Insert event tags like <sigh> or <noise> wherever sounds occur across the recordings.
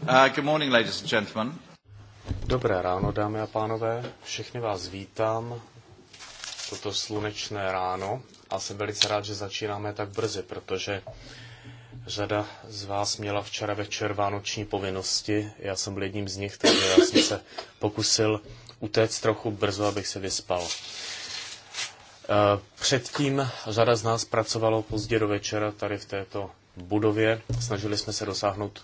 Uh, good morning, ladies and gentlemen. Dobré ráno, dámy a pánové. Všechny vás vítám toto slunečné ráno a jsem velice rád, že začínáme tak brzy, protože řada z vás měla včera večer vánoční povinnosti. Já jsem byl jedním z nich, takže já jsem se pokusil utéct trochu brzo, abych se vyspal. Eh, předtím řada z nás pracovalo pozdě do večera tady v této budově. Snažili jsme se dosáhnout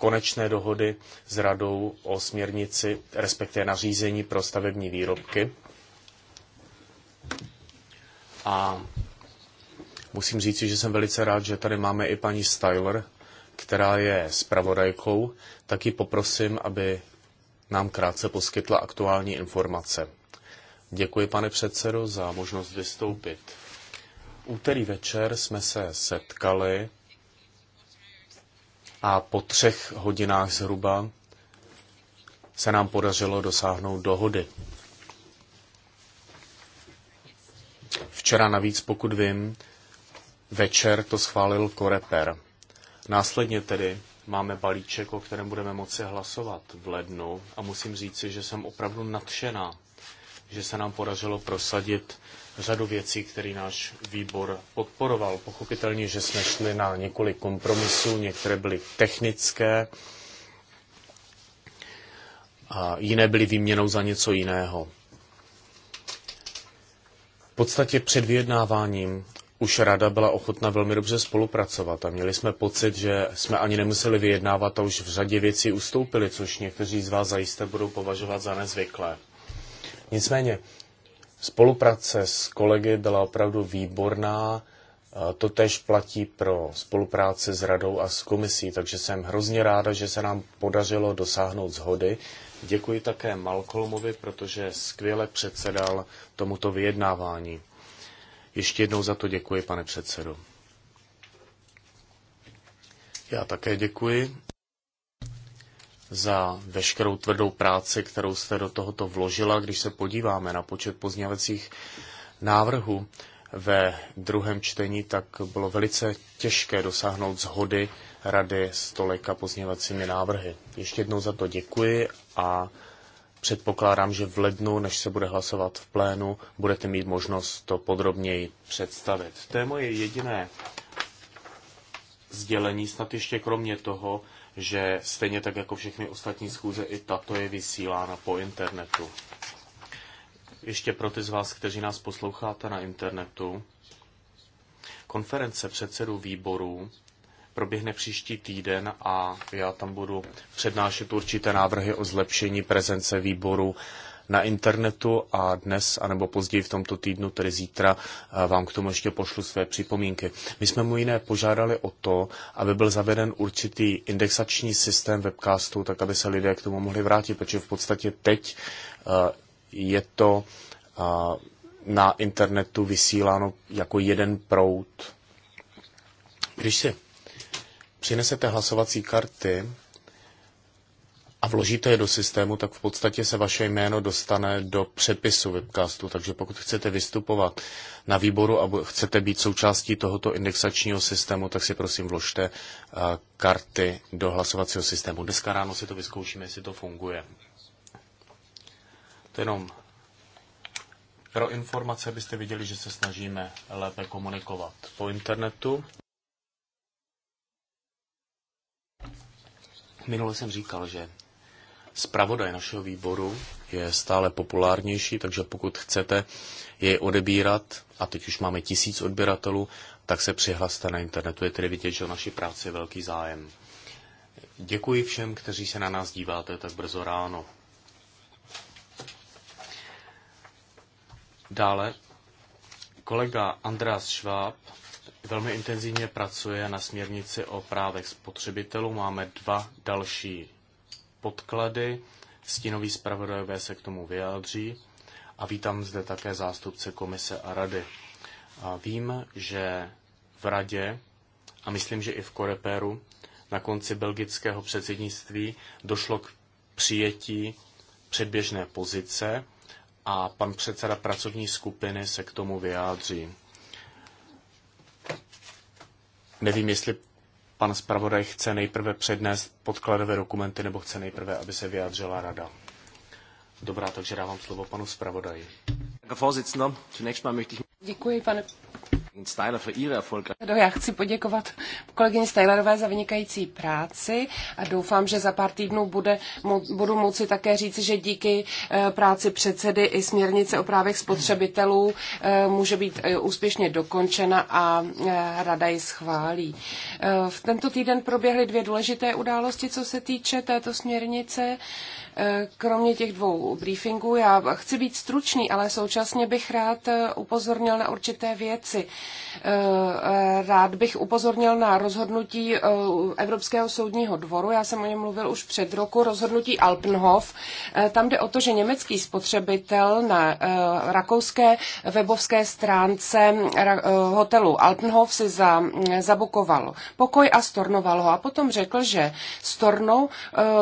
konečné dohody s radou o směrnici, respektive nařízení pro stavební výrobky. A musím říci, že jsem velice rád, že tady máme i paní Styler, která je zpravodajkou, tak ji poprosím, aby nám krátce poskytla aktuální informace. Děkuji, pane předsedo, za možnost vystoupit. Úterý večer jsme se setkali a po třech hodinách zhruba se nám podařilo dosáhnout dohody. Včera navíc, pokud vím, večer to schválil Koreper. Následně tedy máme balíček, o kterém budeme moci hlasovat v lednu a musím říci, že jsem opravdu nadšená že se nám podařilo prosadit řadu věcí, které náš výbor podporoval. Pochopitelně, že jsme šli na několik kompromisů, některé byly technické, a jiné byly výměnou za něco jiného. V podstatě před vyjednáváním už rada byla ochotna velmi dobře spolupracovat a měli jsme pocit, že jsme ani nemuseli vyjednávat a už v řadě věcí ustoupili, což někteří z vás zajisté budou považovat za nezvyklé. Nicméně spolupráce s kolegy byla opravdu výborná. To tež platí pro spolupráci s radou a s komisí, takže jsem hrozně ráda, že se nám podařilo dosáhnout zhody. Děkuji také Malcolmovi, protože skvěle předsedal tomuto vyjednávání. Ještě jednou za to děkuji, pane předsedo. Já také děkuji za veškerou tvrdou práci, kterou jste do tohoto vložila. Když se podíváme na počet pozněvacích návrhů ve druhém čtení, tak bylo velice těžké dosáhnout zhody rady s tolika pozněvacími návrhy. Ještě jednou za to děkuji a předpokládám, že v lednu, než se bude hlasovat v plénu, budete mít možnost to podrobněji představit. To je moje jediné sdělení, snad ještě kromě toho, že stejně tak jako všechny ostatní schůze, i tato je vysílána po internetu. Ještě pro ty z vás, kteří nás posloucháte na internetu, konference předsedů výborů proběhne příští týden a já tam budu přednášet určité návrhy o zlepšení prezence výboru na internetu a dnes, anebo později v tomto týdnu, tedy zítra, eh, vám k tomu ještě pošlu své připomínky. My jsme mu jiné požádali o to, aby byl zaveden určitý indexační systém webcastu, tak aby se lidé k tomu mohli vrátit, protože v podstatě teď eh, je to eh, na internetu vysíláno jako jeden proud. Když si přinesete hlasovací karty, a vložíte je do systému, tak v podstatě se vaše jméno dostane do přepisu webcastu. Takže pokud chcete vystupovat na výboru a chcete být součástí tohoto indexačního systému, tak si prosím vložte eh, karty do hlasovacího systému. Dneska ráno si to vyzkoušíme, jestli to funguje. To jenom pro informace, abyste viděli, že se snažíme lépe komunikovat po internetu. Minule jsem říkal, že zpravodaj našeho výboru je stále populárnější, takže pokud chcete jej odebírat, a teď už máme tisíc odběratelů, tak se přihlaste na internetu. Je tedy vidět, že o naší práci je velký zájem. Děkuji všem, kteří se na nás díváte tak brzo ráno. Dále kolega Andreas Schwab velmi intenzivně pracuje na směrnici o právech spotřebitelů. Máme dva další podklady, stínoví zpravodajové se k tomu vyjádří a vítám zde také zástupce komise a rady. A vím, že v radě a myslím, že i v Koreperu na konci belgického předsednictví došlo k přijetí předběžné pozice a pan předseda pracovní skupiny se k tomu vyjádří. Nevím, jestli pan zpravodaj chce nejprve přednést podkladové dokumenty nebo chce nejprve, aby se vyjádřila rada. Dobrá, takže dávám slovo panu zpravodaji. Děkuji, pane já chci poděkovat kolegyni Stylerové za vynikající práci a doufám, že za pár týdnů bude, budu moci také říci, že díky eh, práci předsedy i směrnice o právech spotřebitelů eh, může být eh, úspěšně dokončena a rada ji schválí. V tento týden proběhly dvě důležité události, co se týče této směrnice. Eh, kromě těch dvou briefingů, já chci být stručný, ale současně bych rád eh, upozornil na určité věci. Eh, rád bych upozornil na rozhodnutí Evropského soudního dvoru, já jsem o něm mluvil už před roku, rozhodnutí Alpenhof. Tam jde o to, že německý spotřebitel na rakouské webovské stránce hotelu Alpenhof si za, mm, zabukoval pokoj a stornoval ho a potom řekl, že stornou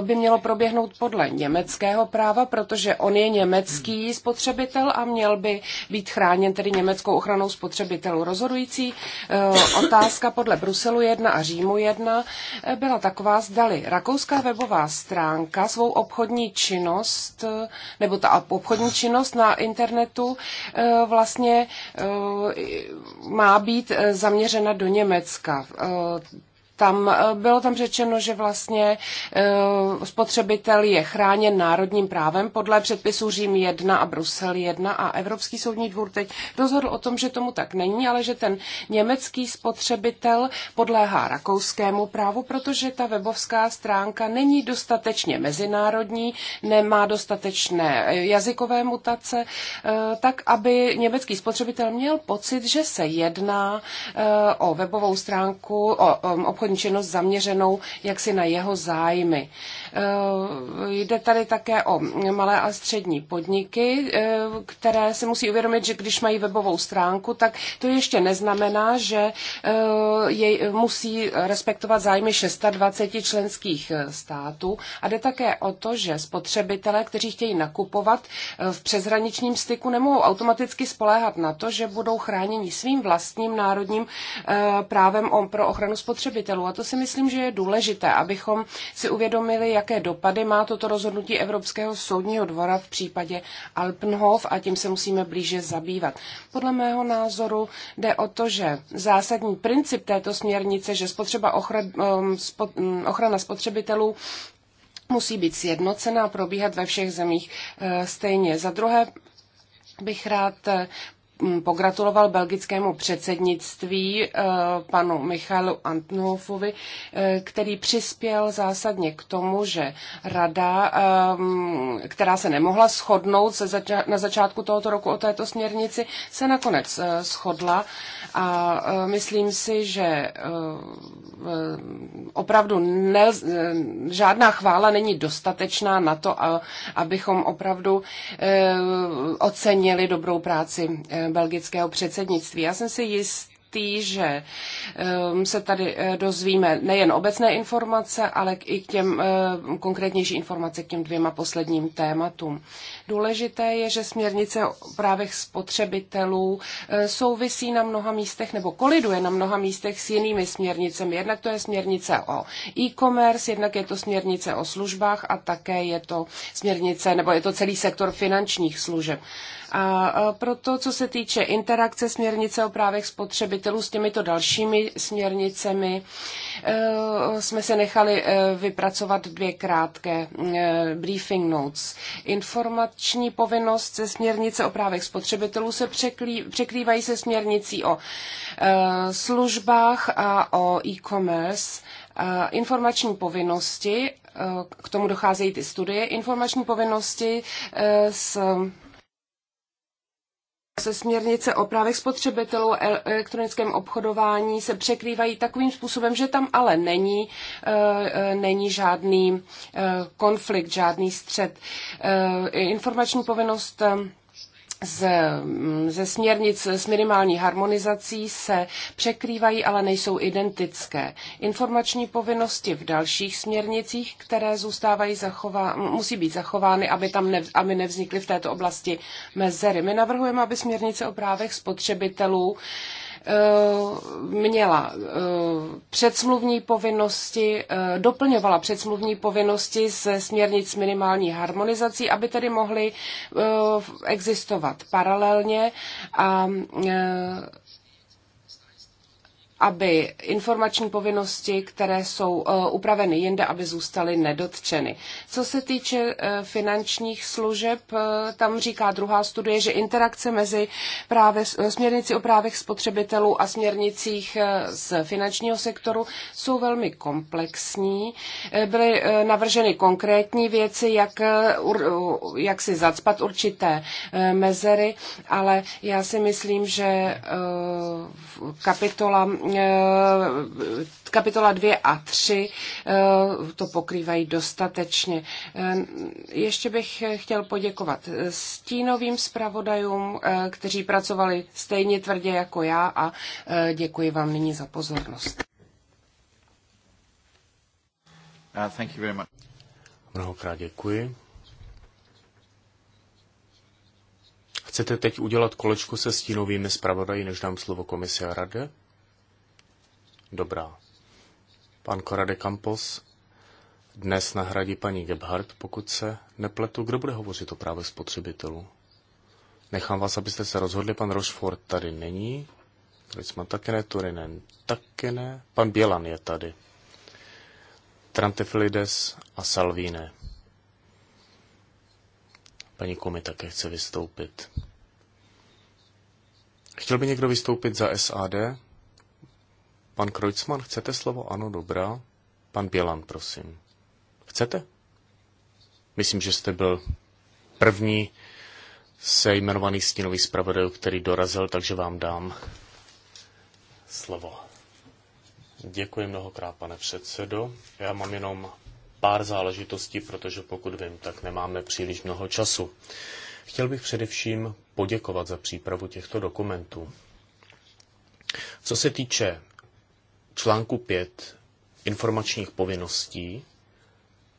by mělo proběhnout podle německého práva, protože on je německý spotřebitel a měl by být chráněn tedy německou ochranou spotřebitelů. Rozhodující eh, otázka podle Bruselu 1 a Římu 1 eh, byla taková, zdali rakouská webová stránka svou obchodní činnost, eh, nebo ta obchodní činnost na internetu vlastně má být zaměřena do Německa tam eh, bylo tam řečeno, že vlastně eh, spotřebitel je chráněn národním právem podle předpisů Řím 1 a Brusel 1 a Evropský soudní dvůr teď rozhodl o tom, že tomu tak není, ale že ten německý spotřebitel podléhá rakouskému právu, protože ta webovská stránka není dostatečně mezinárodní, nemá dostatečné jazykové mutace, eh, tak aby německý spotřebitel měl pocit, že se jedná o webovou stránku, o obchodní obchodní činnost zaměřenou jaksi na jeho zájmy. Eh, jde tady také o malé a střední podniky, eh, které si musí uvědomit, že když mají webovou stránku, tak to ještě neznamená, že eh, jej musí respektovat zájmy 26 členských států. A jde také o to, že spotřebitelé, kteří chtějí nakupovat v přeshraničním styku, nemohou automaticky spoléhat na to, že budou chráněni svým vlastním národním právem pro ochranu spotřebitelů. A to si myslím, že je důležité, abychom si uvědomili, jak jaké dopady má toto rozhodnutí Evropského soudního dvora v případě Alpenhof a tím se musíme blíže zabývat. Podle mého názoru jde o to, že zásadní princip této směrnice, že spotřeba ochra, um, um, ochrana spotřebitelů musí být sjednocená a probíhat ve všech zemích eh, stejně. Za druhé bych rád eh, pogratuloval belgickému předsednictví eh, panu Michalu Antnoufovi, eh, který přispěl zásadně k tomu, že rada, eh, která se nemohla shodnout se na začátku tohoto roku o této směrnici, se nakonec shodla a myslím si, že opravdu ne, žádná chvála není dostatečná na to, abychom opravdu ocenili dobrou práci Eh, belgického předsednictví. Já jsem si jist, týže ehm, se tady eh, dozvíme nejen obecné informace, ale i k těm ehm, konkrétnější informace k těm dvěma posledním tématům. Důležité je, že směrnice o právech spotřebitelů eh, souvisí na mnoha místech nebo koliduje na mnoha místech s jinými směrnicemi. Jednak to je směrnice o e-commerce, jednak je to směrnice o službách a také je to směrnice nebo je to celý sektor finančních služeb. A proto, co se týče interakce směrnice o právech spotřebitelů, spotřebitelů s těmito dalšími směrnicemi eh, jsme se nechali eh, vypracovat dvě krátké eh, briefing notes. Informační povinnost ze směrnice o právech spotřebitelů se překrývají se směrnicí o službách a o e-commerce informační povinnosti, k tomu docházejí ty studie, informační povinnosti s se směrnice o právech spotřebitelů a elektronickém obchodování se překrývají takovým způsobem, že tam ale není, eh, eh, není žádný eh, konflikt, žádný střed. Informační povinnost z, ze směrnic s minimální harmonizací se překrývají, ale nejsou identické. Informační povinnosti v dalších směrnicích, které zůstávají zachová, musí být zachovány, aby tam ne, aby nevznikly v této oblasti mezery. My navrhujeme, aby směrnice o právech spotřebitelů eh, Eh, měla eh, předsmluvní povinnosti, eh, doplňovala předsmluvní povinnosti se směrnic minimální harmonizací, aby tedy mohly existovat paralelně a aby informační povinnosti, které jsou eh, upraveny jinde, aby zůstaly nedotčeny. Co se týče eh, finančních služeb, eh, tam říká druhá studie, že interakce mezi právě směrnici o právech spotřebitelů a směrnicích z finančního sektoru jsou velmi komplexní. Byly navrženy konkrétní věci, jak, jak si zacpat určité mezery, ale já si myslím, že kapitola Eh, kapitola 2 a 3 eh, to pokrývají dostatečně. Eh, ještě bych chtěl poděkovat stínovým zpravodajům, kteří pracovali stejně tvrdě jako já a děkuji vám nyní za pozornost. Uh, thank you very much. Mnohokrát děkuji. Chcete teď udělat kolečko se stínovými zpravodaji, než dám slovo komise a rade? dobrá. Pan Korade Campos dnes nahradí paní Gebhardt, pokud se nepletu, kdo bude hovořit o právě spotřebitelů. Nechám vás, abyste se rozhodli, pan Rochefort tady není, Klicman také ne, Turinen také ne, pan Bělan je tady. Trantefilides a Salvine. Paní Komi také chce vystoupit. Chtěl by někdo vystoupit za SAD? Pan Kreutzmann, chcete slovo? Ano, dobrá. Pan Bělan, prosím. Chcete? Myslím, že jste byl první se jmenovaný stínový zpravodaj, který dorazil, takže vám dám slovo. Děkuji mnohokrát, pane předsedo. Já mám jenom pár záležitostí, protože pokud vím, tak nemáme příliš mnoho času. Chtěl bych především poděkovat za přípravu těchto dokumentů. Co se týče článku 5 informačních povinností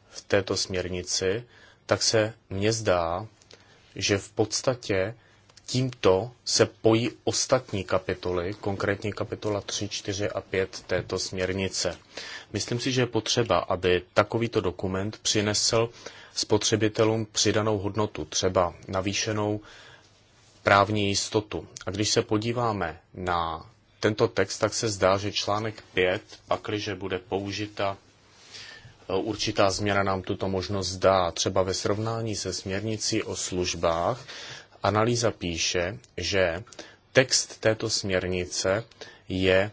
v této směrnici, tak se mně zdá, že v podstatě tímto se pojí ostatní kapitoly, konkrétně kapitola 3, 4 a 5 této směrnice. Myslím si, že je potřeba, aby takovýto dokument přinesl spotřebitelům přidanou hodnotu, třeba navýšenou právní jistotu. A když se podíváme na tento text, tak se zdá, že článek 5, pakliže bude použita e, určitá změna nám tuto možnost dá. Třeba ve srovnání se směrnicí o službách analýza píše, že text této směrnice je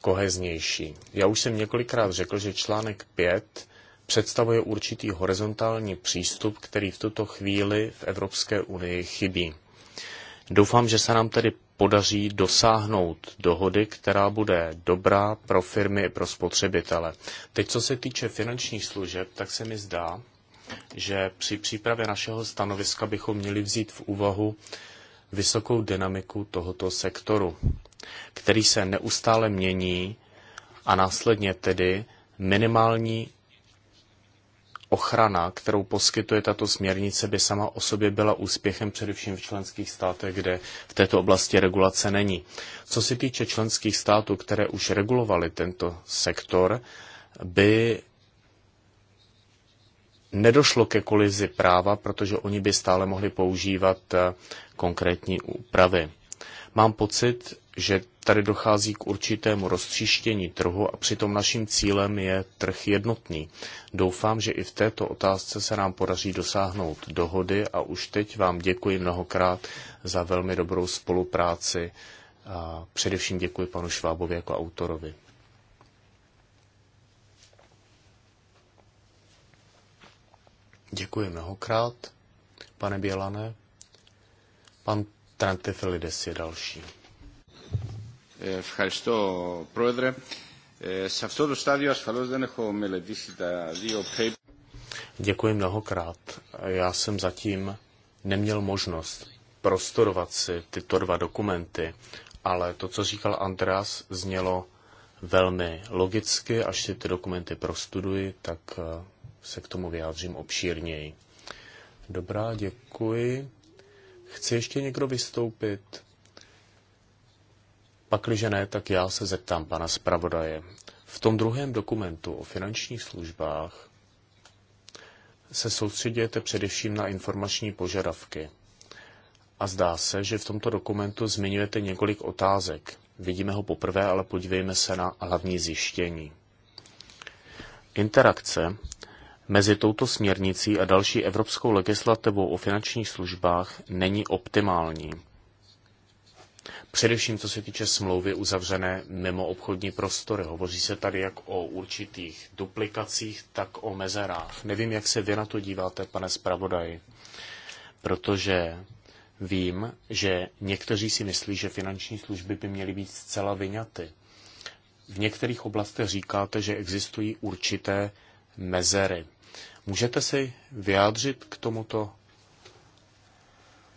koheznější. Já už jsem několikrát řekl, že článek 5 představuje určitý horizontální přístup, který v tuto chvíli v Evropské unii chybí. Doufám, že se nám tedy podaří dosáhnout dohody, která bude dobrá pro firmy i pro spotřebitele. Teď, co se týče finančních služeb, tak se mi zdá, že při přípravě našeho stanoviska bychom měli vzít v úvahu vysokou dynamiku tohoto sektoru, který se neustále mění a následně tedy minimální ochrana, kterou poskytuje tato směrnice, by sama o sobě byla úspěchem především v členských státech, kde v této oblasti regulace není. Co se týče členských států, které už regulovaly tento sektor, by nedošlo ke kolizi práva, protože oni by stále mohli používat eh, konkrétní úpravy. Mám pocit, že tady dochází k určitému roztříštění trhu a přitom naším cílem je trh jednotný. Doufám, že i v této otázce se nám podaří dosáhnout dohody a už teď vám děkuji mnohokrát za velmi dobrou spolupráci a především děkuji panu Švábovi jako autorovi. Děkuji mnohokrát, pane Bělané. Pan Trantefilides je další. Ευχαριστώ, Πρόεδρε. Σε αυτό το στάδιο ασφαλώς δεν έχω μελετήσει τα δύο Děkuji mnohokrát. Já jsem zatím neměl možnost prostorovat si tyto dva dokumenty, ale to, co říkal Andreas, znělo velmi logicky. Až si ty dokumenty prostuduji, tak eh, se k tomu vyjádřím obšírněji. Dobrá, děkuji. Chce ještě někdo vystoupit? Pakliže ne, tak já se zeptám pana zpravodaje. V tom druhém dokumentu o finančních službách se soustředíte především na informační požadavky. A zdá se, že v tomto dokumentu zmiňujete několik otázek. Vidíme ho poprvé, ale podívejme se na hlavní zjištění. Interakce mezi touto směrnicí a další evropskou legislativou o finančních službách není optimální. Především co se týče smlouvy uzavřené mimo obchodní prostory. Hovoří se tady jak o určitých duplikacích, tak o mezerách. Nevím, jak se vy na to díváte, pane zpravodaji, protože vím, že někteří si myslí, že finanční služby by měly být zcela vyňaty. V některých oblastech říkáte, že existují určité mezery. Můžete si vyjádřit k tomuto?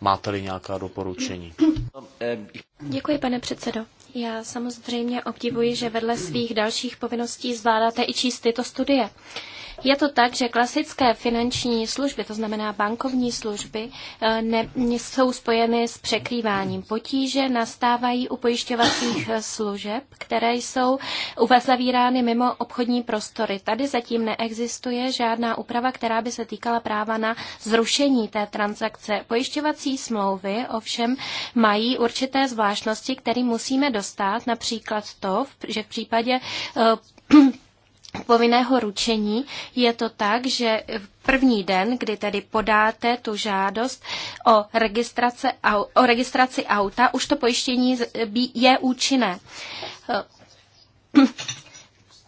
Máte-li nějaká doporučení? Děkuji, pane předsedo. Já samozřejmě obdivuji, že vedle svých dalších povinností zvládáte i číst tyto studie. Je to tak, že klasické finanční služby, to znamená bankovní služby, eh, ne, jsou spojeny s překrýváním. Potíže nastávají u pojišťovacích eh, služeb, které jsou uzavírány mimo obchodní prostory. Tady zatím neexistuje žádná úprava, která by se týkala práva na zrušení té transakce. Pojišťovací smlouvy ovšem mají určité zvláštnosti, které musíme dostat, například to, že v případě eh, povinného ručení je to tak, že první den, kdy tedy podáte tu žádost o, registrace, o registraci auta, už to pojištění je účinné.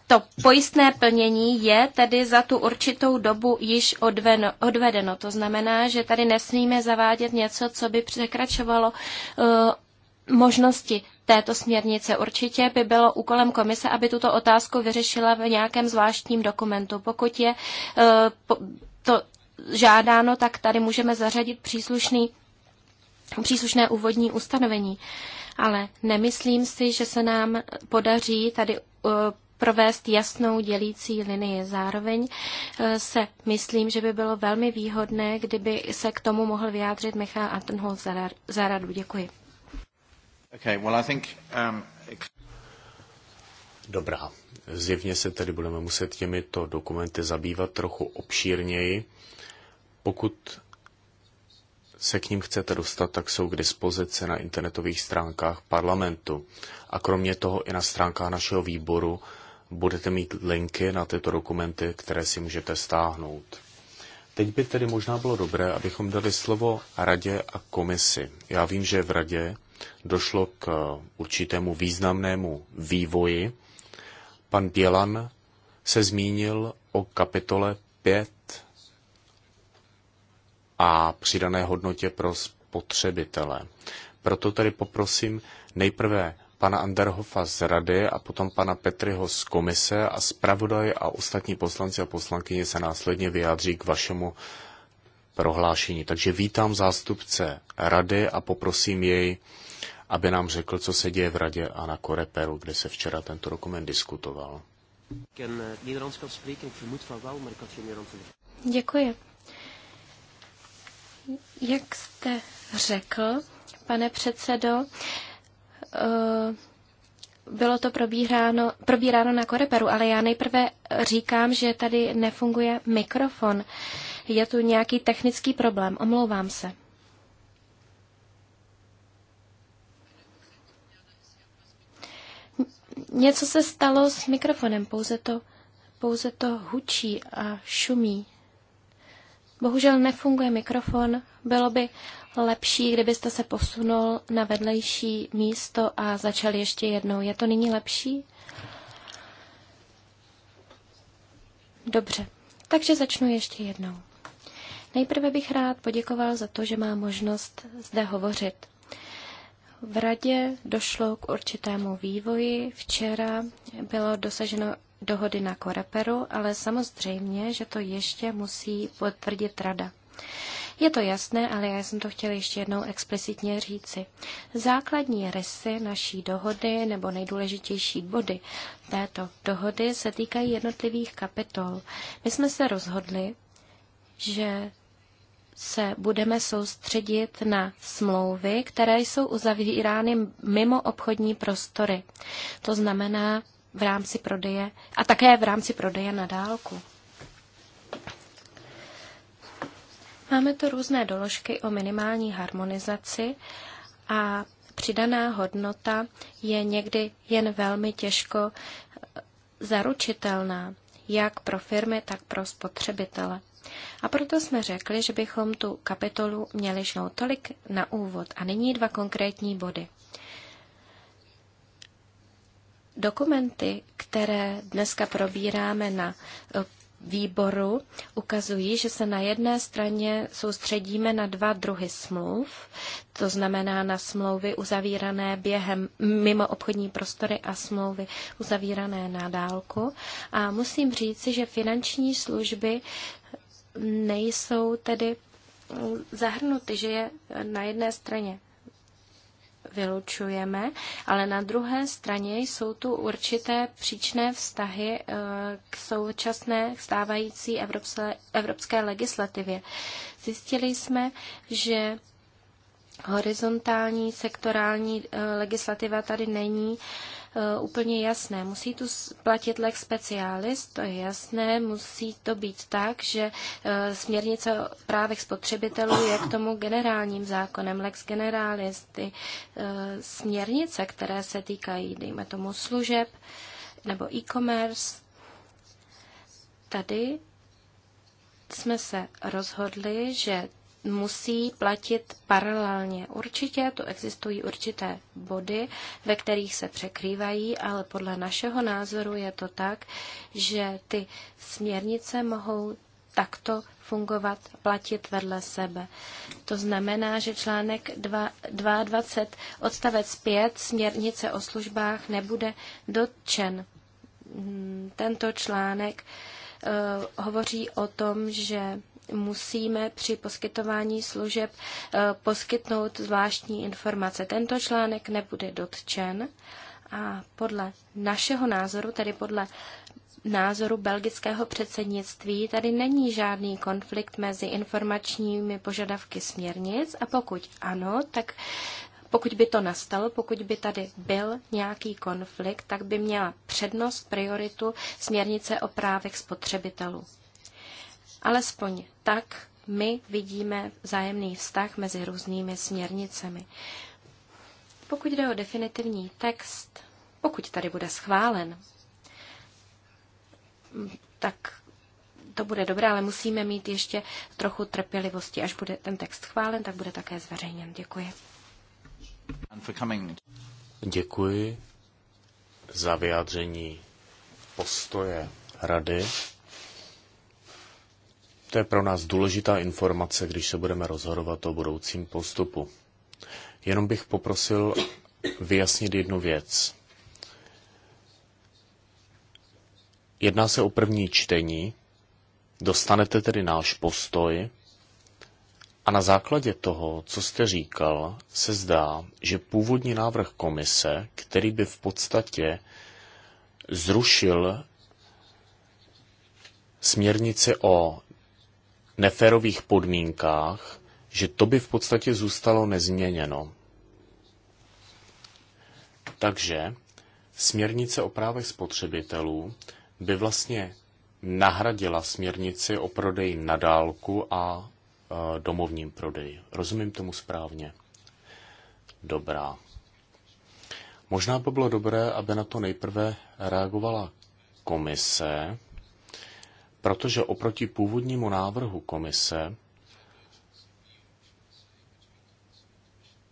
To pojistné plnění je tedy za tu určitou dobu již odveno, odvedeno. To znamená, že tady nesmíme zavádět něco, co by překračovalo uh, možnosti této směrnice. Určitě by bylo úkolem komise, aby tuto otázku vyřešila v nějakém zvláštním dokumentu. Pokud je eh, to žádáno, tak tady můžeme zařadit příslušný, příslušné úvodní ustanovení. Ale nemyslím si, že se nám podaří tady eh, provést jasnou dělící linii. Zároveň eh, se myslím, že by bylo velmi výhodné, kdyby se k tomu mohl vyjádřit Michal Antonhol Zaradu. Děkuji. Okay, well, I think, um... Dobrá. Zjevně se tedy budeme muset těmito dokumenty zabývat trochu obšírněji. Pokud se k ním chcete dostat, tak jsou k dispozici na internetových stránkách parlamentu. A kromě toho i na stránkách našeho výboru budete mít linky na tyto dokumenty, které si můžete stáhnout. Teď by tedy možná bylo dobré, abychom dali slovo radě a komisi. Já vím, že v radě došlo k určitému významnému vývoji. Pan Bělan se zmínil o kapitole 5 a přidané hodnotě pro spotřebitele. Proto tady poprosím nejprve pana Anderhofa z Rady a potom pana Petryho z Komise a zpravodaj a ostatní poslanci a poslankyně se následně vyjádří k vašemu prohlášení. Takže vítám zástupce Rady a poprosím jej, aby nám řekl, co se děje v Radě a na Koreperu, kde se včera tento dokument diskutoval. Děkuji. Jak jste řekl, pane předsedo, Eh, bylo to probíráno, probíráno na koreperu, ale já nejprve říkám, že tady nefunguje mikrofon. Je tu nějaký technický problém, omlouvám se. Něco se stalo s mikrofonem, pouze to, pouze to hučí a šumí. Bohužel nefunguje mikrofon. Bylo by lepší, kdybyste se posunul na vedlejší místo a začal ještě jednou. Je to nyní lepší? Dobře, takže začnu ještě jednou. Nejprve bych rád poděkoval za to, že má možnost zde hovořit. V radě došlo k určitému vývoji. Včera bylo dosaženo dohody na Koreperu, ale samozřejmě, že to ještě musí potvrdit Rada. Je to jasné, ale já jsem to chtěla ještě jednou explicitně říci. Základní rysy naší dohody nebo nejdůležitější body této dohody se týkají jednotlivých kapitol. My jsme se rozhodli, že se budeme soustředit na smlouvy, které jsou uzavírány mimo obchodní prostory. To znamená v rámci prodeje a také v rámci prodeje na dálku. Máme tu různé doložky o minimální harmonizaci a přidaná hodnota je někdy jen velmi těžko eh, zaručitelná, jak pro firmy, tak pro spotřebitele. A proto jsme řekli, že bychom tu kapitolu měli šnout tolik na úvod. A nyní dva konkrétní body. Dokumenty, které dneska probíráme na e, výboru, ukazují, že se na jedné straně soustředíme na dva druhy smluv, to znamená na smlouvy uzavírané během mimo obchodní prostory a smlouvy uzavírané na dálku. A musím říci, že finanční služby nejsou tedy mm, zahrnuty, že je na jedné straně vylučujeme, ale na druhé straně jsou tu určité příčné vztahy eh, k současné stávající evropské, evropské legislativě. Zjistili jsme, že horizontální sektorální eh, legislativa tady není Eh, úplně jasné. Musí tu platit lex specialis, to je jasné, musí to být tak, že eh, směrnice o právech spotřebitelů je k tomu generálním zákonem lex generalis. Ty eh, směrnice, které se týkají, dejme tomu, služeb nebo e-commerce, tady jsme se rozhodli, že musí platit paralelně. Určitě tu existují určité body, ve kterých se překrývají, ale podle našeho názoru je to tak, že ty směrnice mohou takto fungovat, platit vedle sebe. To znamená, že článek 22 odstavec 5 směrnice o službách nebude dotčen. Hmm, tento článek uh, hovoří o tom, že musíme při poskytování služeb eh, poskytnout zvláštní informace. Tento článek nebude dotčen a podle našeho názoru, tedy podle názoru belgického předsednictví tady není žádný konflikt mezi informačními požadavky směrnic a pokud ano, tak pokud by to nastalo, pokud by tady byl nějaký konflikt, tak by měla přednost, prioritu směrnice o právech spotřebitelů. Alespoň tak my vidíme vzájemný vztah mezi různými směrnicemi. Pokud jde o definitivní text, pokud tady bude schválen, tak to bude dobré, ale musíme mít ještě trochu trpělivosti. Až bude ten text schválen, tak bude také zveřejněn. Děkuji. Děkuji za vyjádření postoje rady to je pro nás důležitá informace, když se budeme rozhodovat o budoucím postupu. Jenom bych poprosil vyjasnit jednu věc. Jedná se o první čtení, dostanete tedy náš postoj a na základě toho, co jste říkal, se zdá, že původní návrh komise, který by v podstatě zrušil směrnici o neférových podmínkách, že to by v podstatě zůstalo nezměněno. Takže směrnice o právech spotřebitelů by vlastně nahradila směrnici o prodeji na dálku a e, domovním prodeji. Rozumím tomu správně? Dobrá. Možná by bylo dobré, aby na to nejprve reagovala komise, protože oproti původnímu návrhu komise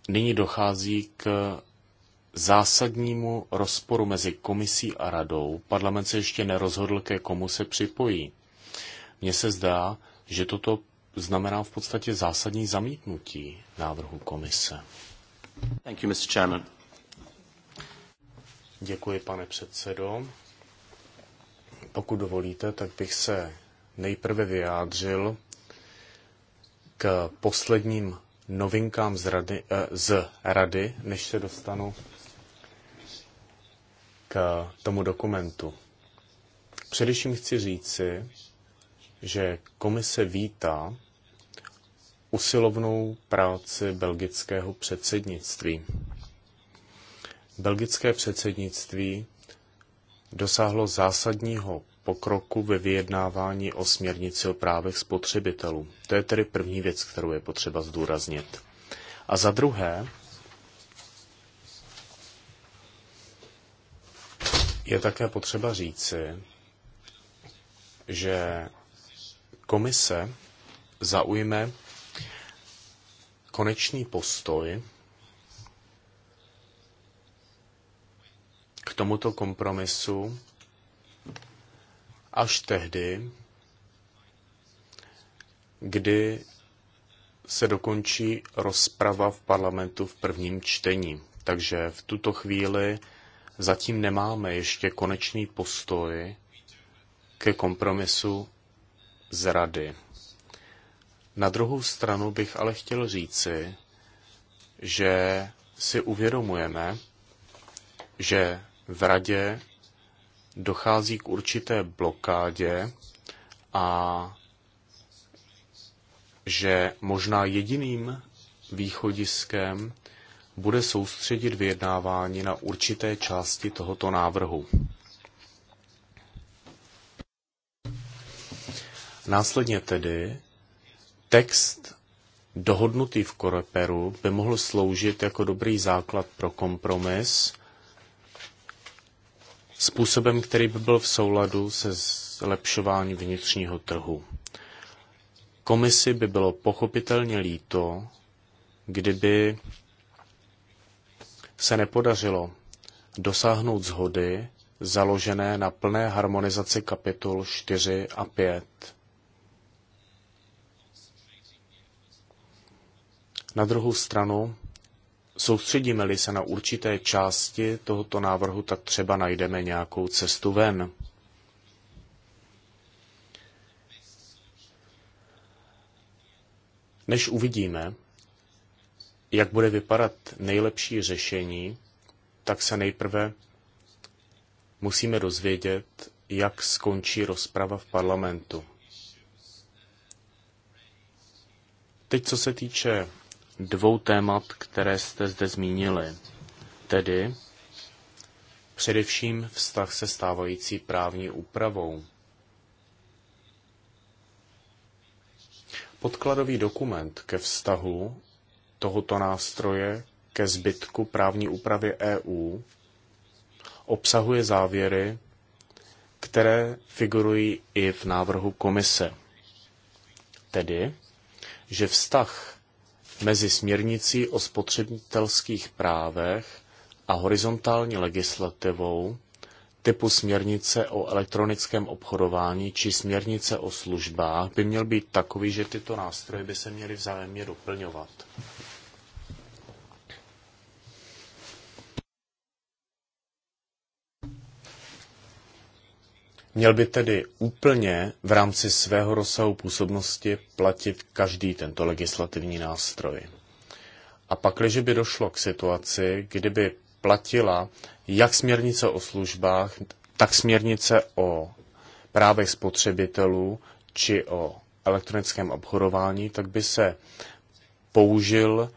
nyní dochází k zásadnímu rozporu mezi komisí a radou. Parlament se ještě nerozhodl, ke komu se připojí. Mně se zdá, že toto znamená v podstatě zásadní zamítnutí návrhu komise. Thank you, Mr. Chairman. Děkuji, pane předsedo. Pokud dovolíte, tak bych se nejprve vyjádřil k posledním novinkám z rady, eh, z rady než se dostanu k tomu dokumentu. Především chci říci, že komise vítá usilovnou práci belgického předsednictví. Belgické předsednictví dosáhlo zásadního pokroku ve vyjednávání o směrnici o právech spotřebitelů. To je tedy první věc, kterou je potřeba zdůraznit. A za druhé, je také potřeba říci, že komise zaujme konečný postoj tomuto kompromisu až tehdy, kdy se dokončí rozprava v parlamentu v prvním čtení. Takže v tuto chvíli zatím nemáme ještě konečný postoj ke kompromisu z rady. Na druhou stranu bych ale chtěl říci, že si uvědomujeme, že v radě dochází k určité blokádě a že možná jediným východiskem bude soustředit vyjednávání na určité části tohoto návrhu. Následně tedy text dohodnutý v Koreperu by mohl sloužit jako dobrý základ pro kompromis způsobem, který by byl v souladu se zlepšováním vnitřního trhu. Komisi by bylo pochopitelně líto, kdyby se nepodařilo dosáhnout zhody založené na plné harmonizaci kapitol 4 a 5. Na druhou stranu Soustředíme-li se na určité části tohoto návrhu, tak třeba najdeme nějakou cestu ven. Než uvidíme, jak bude vypadat nejlepší řešení, tak se nejprve musíme dozvědět, jak skončí rozprava v parlamentu. Teď, co se týče dvou témat, které jste zde zmínili, tedy především vztah se stávající právní úpravou. Podkladový dokument ke vztahu tohoto nástroje ke zbytku právní úpravy EU obsahuje závěry, které figurují i v návrhu komise. Tedy, že vztah mezi směrnicí o spotřebitelských právech a horizontální legislativou typu směrnice o elektronickém obchodování či směrnice o službách by měl být takový, že tyto nástroje by se měly vzájemně doplňovat. Měl by tedy úplně v rámci svého rozsahu působnosti platit každý tento legislativní nástroj. A pak, když by došlo k situaci, kdyby platila jak směrnice o službách, tak směrnice o právech spotřebitelů či o elektronickém obchodování, tak by se použil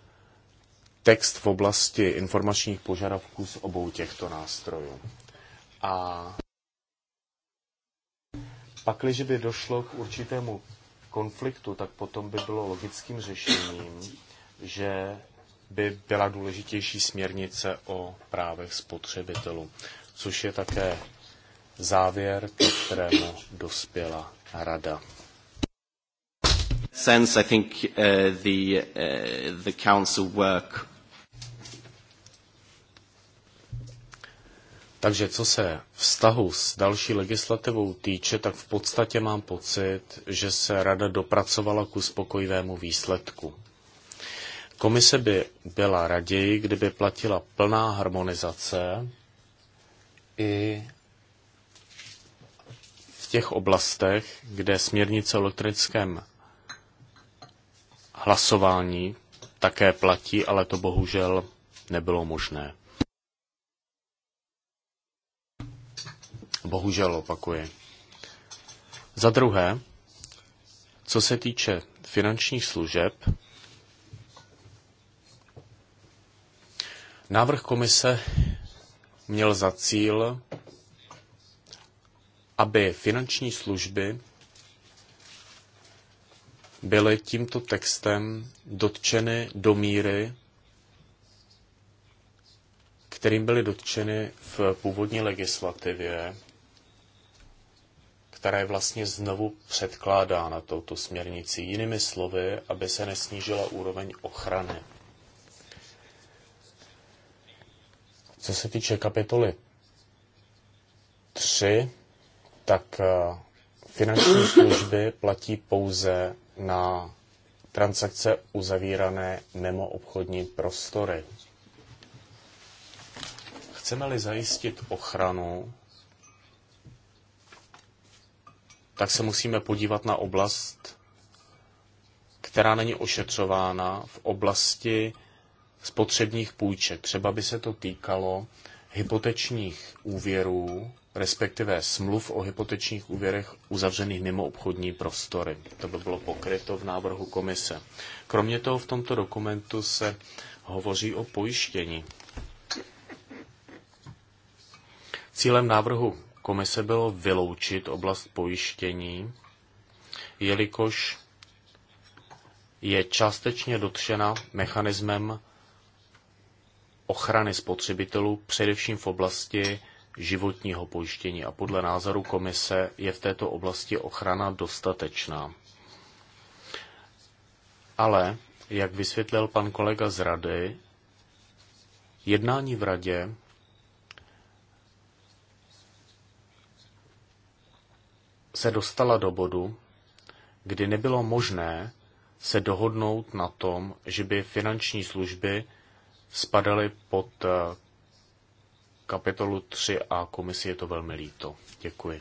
text v oblasti informačních požadavků z obou těchto nástrojů. A Pakliže by došlo k určitému konfliktu, tak potom by bylo logickým řešením, že by byla důležitější směrnice o právech spotřebitelů, což je také závěr, ke kterému dospěla rada. Sense, I think uh, the uh, the council work Takže co se vztahu s další legislativou týče, tak v podstatě mám pocit, že se rada dopracovala k uspokojivému výsledku. Komise by byla raději, kdyby platila plná harmonizace i v těch oblastech, kde směrnice o elektrickém hlasování také platí, ale to bohužel nebylo možné. Bohužel opakuje. Za druhé, co se týče finančních služeb, návrh komise měl za cíl, aby finanční služby byly tímto textem dotčeny do míry, kterým byly dotčeny v původní legislativě která je vlastně znovu předkládána touto směrnicí. Jinými slovy, aby se nesnížila úroveň ochrany. Co se týče kapitoly 3, tak eh, finanční <coughs> služby platí pouze na transakce uzavírané mimo obchodní prostory. Chceme-li zajistit ochranu tak se musíme podívat na oblast, která není ošetřována v oblasti spotřebních půjček. Třeba by se to týkalo hypotečních úvěrů, respektive smluv o hypotečních úvěrech uzavřených mimo obchodní prostory. To by bylo pokryto v návrhu komise. Kromě toho v tomto dokumentu se hovoří o pojištění. Cílem návrhu komise bylo vyloučit oblast pojištění, jelikož je částečně dotčena mechanismem ochrany spotřebitelů, především v oblasti životního pojištění. A podle názoru komise je v této oblasti ochrana dostatečná. Ale, jak vysvětlil pan kolega z rady, jednání v radě se dostala do bodu, kdy nebylo možné se dohodnout na tom, že by finanční služby spadaly pod eh, kapitolu 3 a komisi je to velmi líto. Děkuji.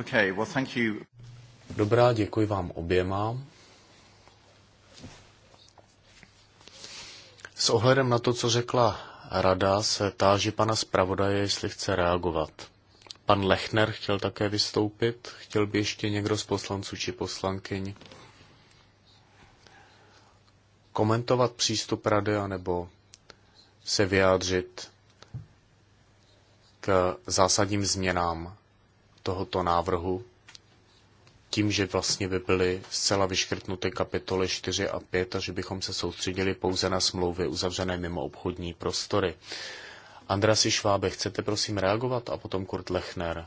Okay, well, thank you. Dobrá, děkuji vám oběma. S ohledem na to, co řekla rada, se táží pana zpravodaje, jestli chce reagovat. Pan Lechner chtěl také vystoupit. Chtěl by ještě někdo z poslanců či poslankyň komentovat přístup rady anebo se vyjádřit k zásadním změnám tohoto návrhu tím, že vlastně by byly zcela vyškrtnuty kapitoly 4 a 5 a že bychom se soustředili pouze na smlouvy uzavřené mimo obchodní prostory. Andrasi Švábe, chcete prosím reagovat? A potom Kurt Lechner,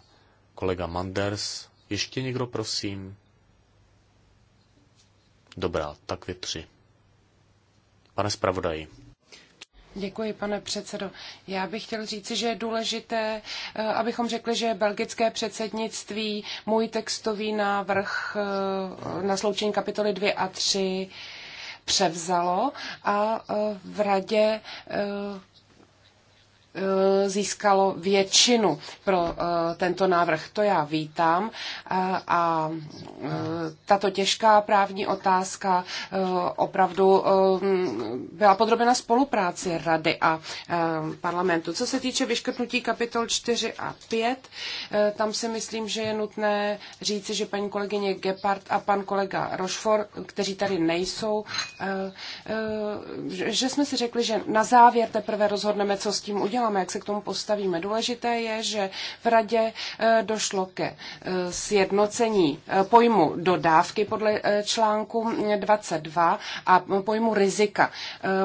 kolega Manders. Ještě někdo prosím? Dobrá, tak vy tři. Pane zpravodaji. Děkuji, pane předsedo. Já bych chtěl říci, že je důležité, eh, abychom řekli, že belgické předsednictví, můj textový návrh eh, na sloučení kapitoly 2 a 3 převzalo a eh, v radě Eh, získalo většinu pro eh, tento návrh. To já vítám eh, a tato těžká právní otázka opravdu byla podrobena spolupráci Rady a parlamentu. Co se týče vyškrtnutí kapitol 4 a 5, tam si myslím, že je nutné říci, že paní kolegyně Gepard a pan kolega Rošfor, kteří tady nejsou, že jsme si řekli, že na závěr teprve rozhodneme, co s tím uděláme uděláme, jak se k tomu postavíme. Důležité je, že v radě eh, došlo ke eh, sjednocení eh, pojmu dodávky podle článku 22 a pojmu rizika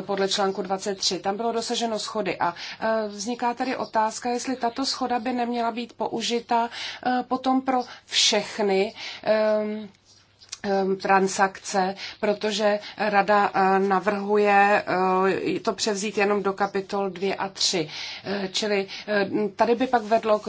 podle článku 23. Tam bylo dosaženo schody a vzniká tady otázka, jestli tato schoda by neměla být použita potom pro všechny transakce, protože rada eh, navrhuje eh, to převzít jenom do kapitol 2 a 3. Eh, čili tady by pak vedlo k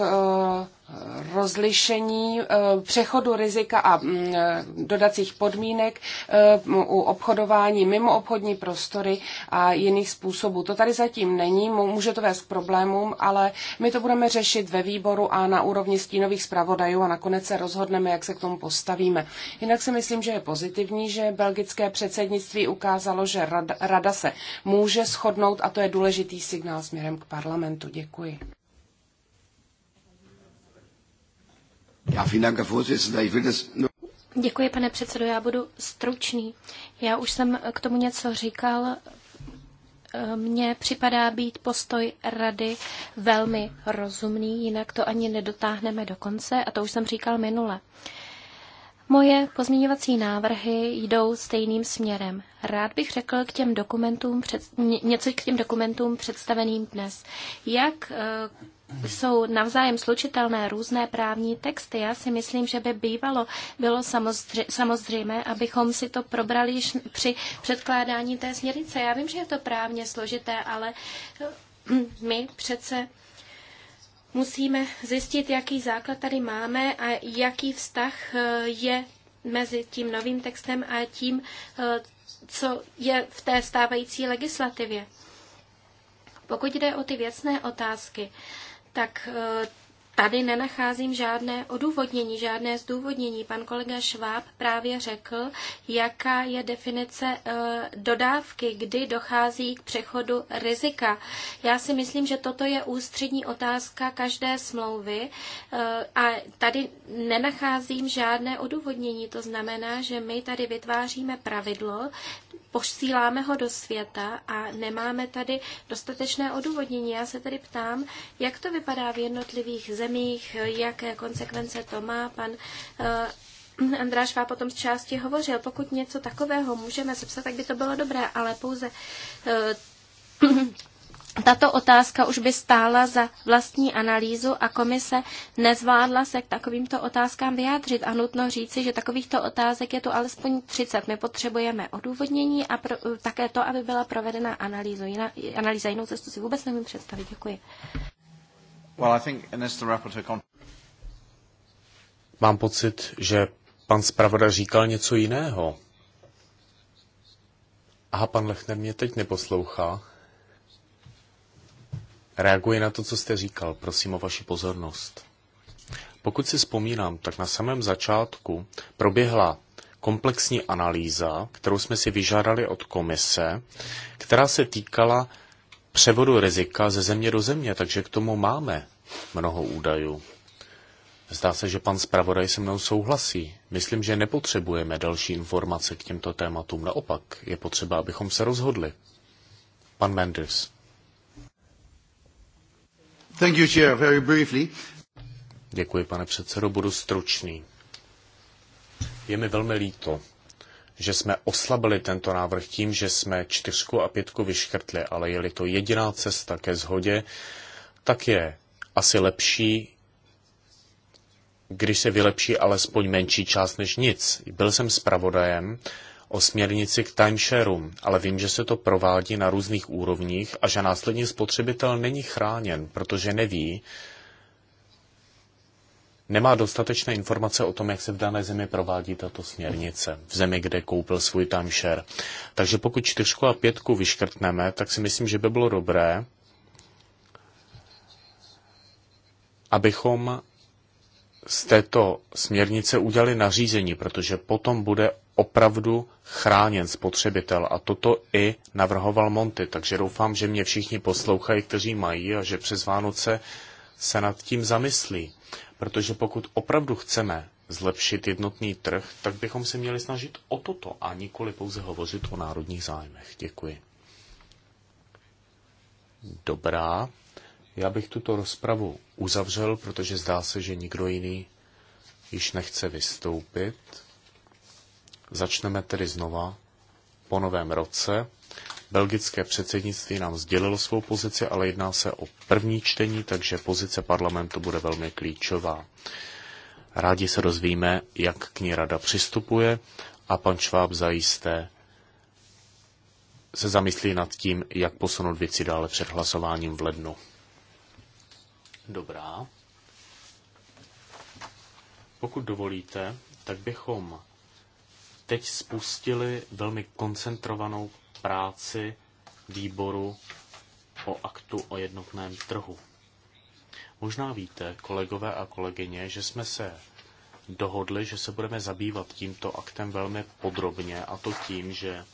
rozlišení eh, přechodu rizika a mm, eh, dodacích podmínek eh, u obchodování mimo obchodní prostory a jiných způsobů. To tady zatím není, může to vést k problémům, ale my to budeme řešit ve výboru a na úrovni stínových zpravodajů a nakonec se rozhodneme, jak se k tomu postavíme. Jinak si myslím, že je pozitivní, že belgické předsednictví ukázalo, že rada se může shodnout a to je důležitý signál směrem k parlamentu. Děkuji. Já, Ich will das nur... Děkuji, pane předsedo, já budu stručný. Já už jsem k tomu něco říkal. Mně připadá být postoj rady velmi rozumný, jinak to ani nedotáhneme do konce a to už jsem říkal minule. Moje pozměňovací návrhy jdou stejným směrem. Rád bych řekl k těm dokumentům před, něco k těm dokumentům představeným dnes. Jak eh, jsou navzájem slučitelné různé právní texty. Já si myslím, že by bývalo bylo samozře, samozřejmé, abychom si to probrali již při předkládání té směrnice. Já vím, že je to právně složité, ale eh, my přece musíme zjistit, jaký základ tady máme a jaký vztah eh, je mezi tím novým textem a tím, eh, co je v té stávající legislativě. Pokud jde o ty věcné otázky, tak eh, tady nenacházím žádné odůvodnění, žádné zdůvodnění. Pan kolega Šváb právě řekl, jaká je definice eh, dodávky, kdy dochází k přechodu rizika. Já si myslím, že toto je ústřední otázka každé smlouvy eh, a tady nenacházím žádné odůvodnění. To znamená, že my tady vytváříme pravidlo, posíláme ho do světa a nemáme tady dostatečné odůvodnění. Já se tedy ptám, jak to vypadá v jednotlivých zemích, jaké konsekvence to má pan eh, András Šváb potom z části hovořil. Pokud něco takového můžeme sepsat, tak by to bylo dobré, ale pouze eh, tato otázka už by stála za vlastní analýzu a komise nezvládla se k takovýmto otázkám vyjádřit a nutno říci, že takovýchto otázek je tu alespoň 30. My potřebujeme odůvodnění a pro, eh, také to, aby byla provedena analýza. Jiná, analýza jinou cestu si vůbec nemůžu představit. Děkuji. Well, I think Mám pocit, že pan zpravoda říkal něco jiného. Aha, pan Lechner mě teď neposlouchá. Reaguji na to, co jste říkal. Prosím o vaši pozornost. Pokud si vzpomínám, tak na samém začátku proběhla komplexní analýza, kterou jsme si vyžádali od komise, která se týkala převodu rizika ze země do země, takže k tomu máme mnoho údajů. Zdá se, že pan zpravodaj se mnou souhlasí. Myslím, že nepotřebujeme další informace k těmto tématům. Naopak, je potřeba, abychom se rozhodli. Pan Mendes. Thank you, Chair. Very briefly. Děkuji, pane předsedo, budu stručný. Je mi velmi líto, že jsme oslabili tento návrh tím, že jsme čtyřku a pětku vyškrtli, ale je-li to jediná cesta ke zhodě, tak je asi lepší, když se vylepší alespoň menší část než nic. Byl jsem zpravodajem o směrnici k timeshareům, ale vím, že se to provádí na různých úrovních a že následně spotřebitel není chráněn, protože neví, nemá dostatečné informace o tom, jak se v dané zemi provádí tato směrnice, v zemi, kde koupil svůj timeshare. Takže pokud čtyřku a pětku vyškrtneme, tak si myslím, že by bylo dobré, abychom z této směrnice udělali nařízení, protože potom bude opravdu chráněn spotřebitel a toto i navrhoval Monty, takže doufám, že mě všichni poslouchají, kteří mají a že přes Vánoce se nad tím zamyslí. Protože pokud opravdu chceme zlepšit jednotný trh, tak bychom se měli snažit o toto a nikoli pouze hovořit o národních zájmech. Děkuji. Dobrá. Já bych tuto rozpravu uzavřel, protože zdá se, že nikdo jiný již nechce vystoupit. Začneme tedy znova po novém roce. Belgické předsednictví nám sdělilo svou pozici, ale jedná se o první čtení, takže pozice parlamentu bude velmi klíčová. Rádi se dozvíme, jak k ní rada přistupuje a pan Šváb zajisté se zamyslí nad tím, jak posunout věci dále před hlasováním v lednu. Dobrá. Pokud dovolíte, tak bychom teď spustili velmi koncentrovanou práci výboru o aktu o jednotném trhu. Možná víte, kolegové a kolegyně, že jsme se dohodli, že se budeme zabývat tímto aktem velmi podrobně, a to tím, že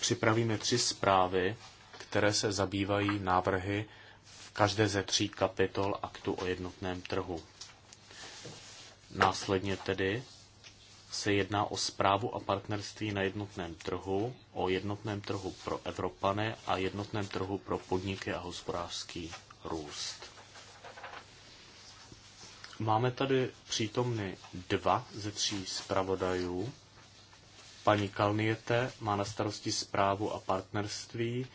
připravíme tři zprávy, které se zabývají návrhy v každé ze tří kapitol aktu o jednotném trhu. Následně tedy se jedná o zprávu a partnerství na jednotném trhu, o jednotném trhu pro Evropany a jednotném trhu pro podniky a hospodářský růst. Máme tady přítomny dva ze tří zpravodajů. Paní Kalniete má na starosti zprávu a partnerství,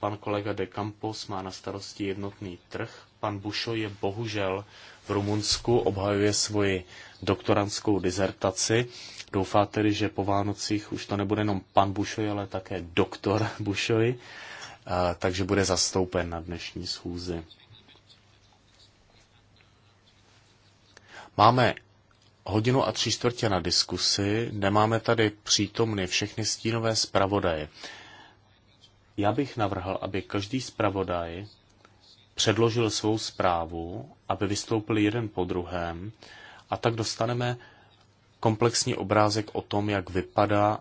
pan kolega De Campos má na starosti jednotný trh Pan Bušo je bohužel v Rumunsku, obhajuje svoji doktorantskou dizertaci. Doufá tedy, že po Vánocích už to nebude jenom pan Bušoj, ale také doktor <laughs> Bušoj, takže bude zastoupen na dnešní schůzi. Máme hodinu a tři čtvrtě na diskusi, nemáme tady přítomny všechny stínové zpravodaje. Já bych navrhl, aby každý zpravodaj předložil svou zprávu, aby vystoupili jeden po druhém a tak dostaneme komplexní obrázek o tom, jak vypadá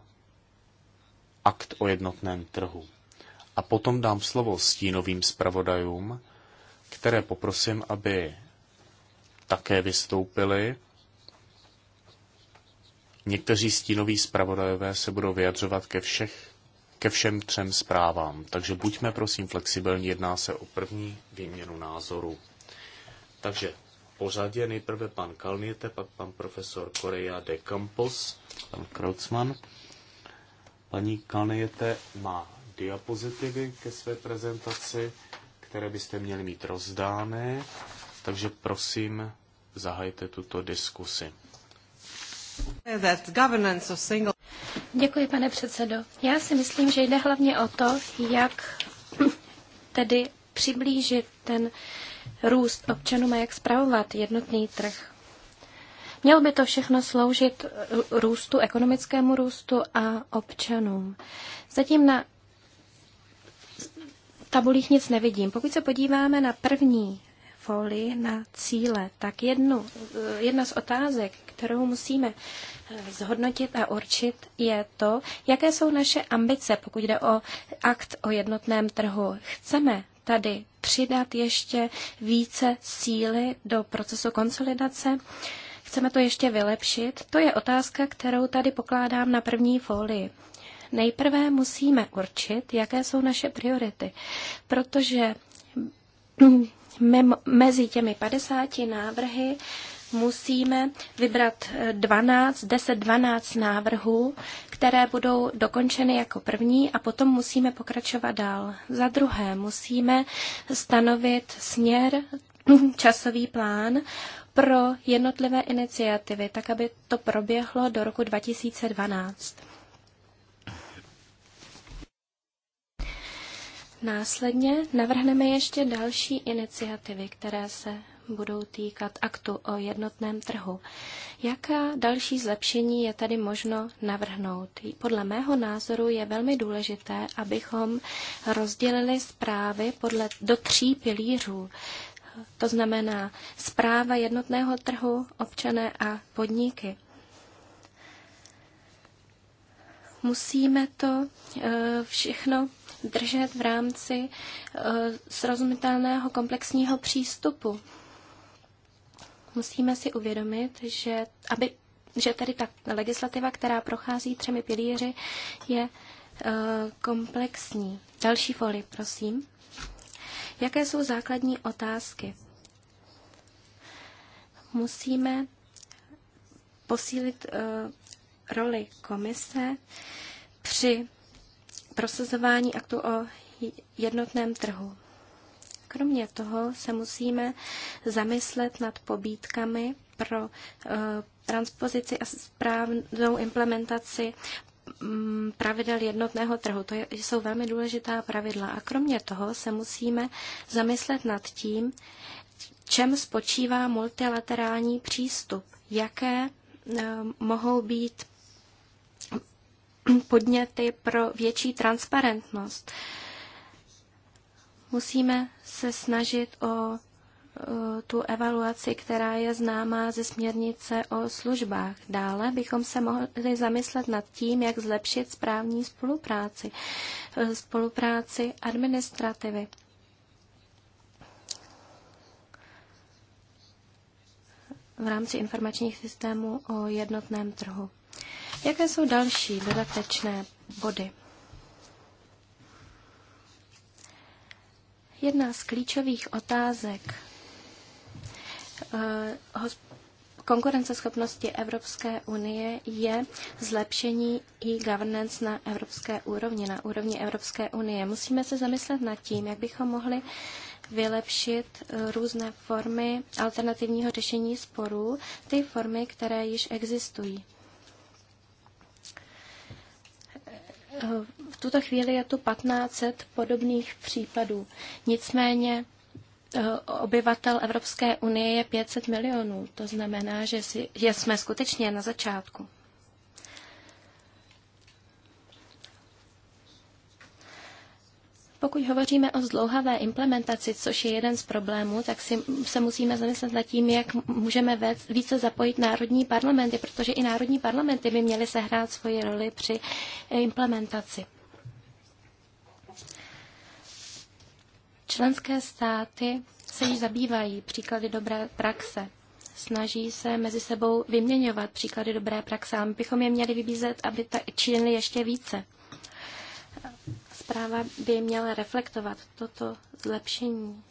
akt o jednotném trhu. A potom dám slovo stínovým zpravodajům, které poprosím, aby také vystoupili. Někteří stínoví zpravodajové se budou vyjadřovat ke všech ke všem třem zprávám. Takže buďme prosím flexibilní, jedná se o první výměnu názoru. Takže pořadě nejprve pan Kalniete, pak pan profesor Korea de Campos, pan Krautsman. Paní Kalniete má diapozitivy ke své prezentaci, které byste měli mít rozdány, takže prosím, zahajte tuto diskusi. Děkuji, pane předsedo. Já si myslím, že jde hlavně o to, jak tedy přiblížit ten růst občanům a jak spravovat jednotný trh. Mělo by to všechno sloužit růstu, ekonomickému růstu a občanům. Zatím na tabulích nic nevidím. Pokud se podíváme na první folii, na cíle, tak jednu, jedna z otázek, kterou musíme eh, zhodnotit a určit, je to, jaké jsou naše ambice, pokud jde o akt o jednotném trhu. Chceme tady přidat ještě více síly do procesu konsolidace. Chceme to ještě vylepšit? To je otázka, kterou tady pokládám na první folii. Nejprve musíme určit, jaké jsou naše priority, protože mezi těmi 50 návrhy musíme vybrat 12, 10, 12 návrhů, které budou dokončeny jako první a potom musíme pokračovat dál. Za druhé musíme stanovit směr, <clears throat> časový plán pro jednotlivé iniciativy, tak aby to proběhlo do roku 2012. Následně navrhneme ještě další iniciativy, které se budou týkat aktu o jednotném trhu. Jaká další zlepšení je tady možno navrhnout? Podle mého názoru je velmi důležité, abychom rozdělili zprávy podle, do tří pilířů. To znamená zpráva jednotného trhu, občané a podniky. Musíme to e, všechno držet v rámci e, srozumitelného komplexního přístupu musíme si uvědomit, že, aby, že tady ta legislativa, která prochází třemi pilíři, je eh, komplexní. Další folie, prosím. Jaké jsou základní otázky? Musíme posílit eh, roli komise při prosazování aktu o jednotném trhu. Kromě toho se musíme zamyslet nad pobídkami pro eh, transpozici a správnou implementaci mm, pravidel jednotného trhu. To je, jsou velmi důležitá pravidla. A kromě toho se musíme zamyslet nad tím, čem spočívá multilaterální přístup, jaké eh, mohou být podněty pro větší transparentnost. Musíme se snažit o tu evaluaci, která je známá ze směrnice o službách. Dále bychom se mohli zamyslet nad tím, jak zlepšit správní spolupráci, spolupráci administrativy. v rámci informačních systémů o jednotném trhu. Jaké jsou další dodatečné body? Jedna z klíčových otázek eh, konkurenceschopnosti Evropské unie je zlepšení i governance na evropské úrovni, na úrovni Evropské unie. Musíme se zamyslet nad tím, jak bychom mohli vylepšit eh, různé formy alternativního řešení sporů, ty formy, které již existují. Eh, tuto chvíli je tu 1500 podobných případů. Nicméně eh, obyvatel Evropské unie je 500 milionů. To znamená, že, si, že jsme skutečně na začátku. Pokud hovoříme o zdlouhavé implementaci, což je jeden z problémů, tak si, se musíme zamyslet nad tím, jak můžeme více zapojit národní parlamenty, protože i národní parlamenty by měly sehrát svoji roli při implementaci. Členské státy se již zabývají příklady dobré praxe. Snaží se mezi sebou vyměňovat příklady dobré praxe a my bychom je měli vybízet, aby to činili ještě více. Zpráva by měla reflektovat toto zlepšení.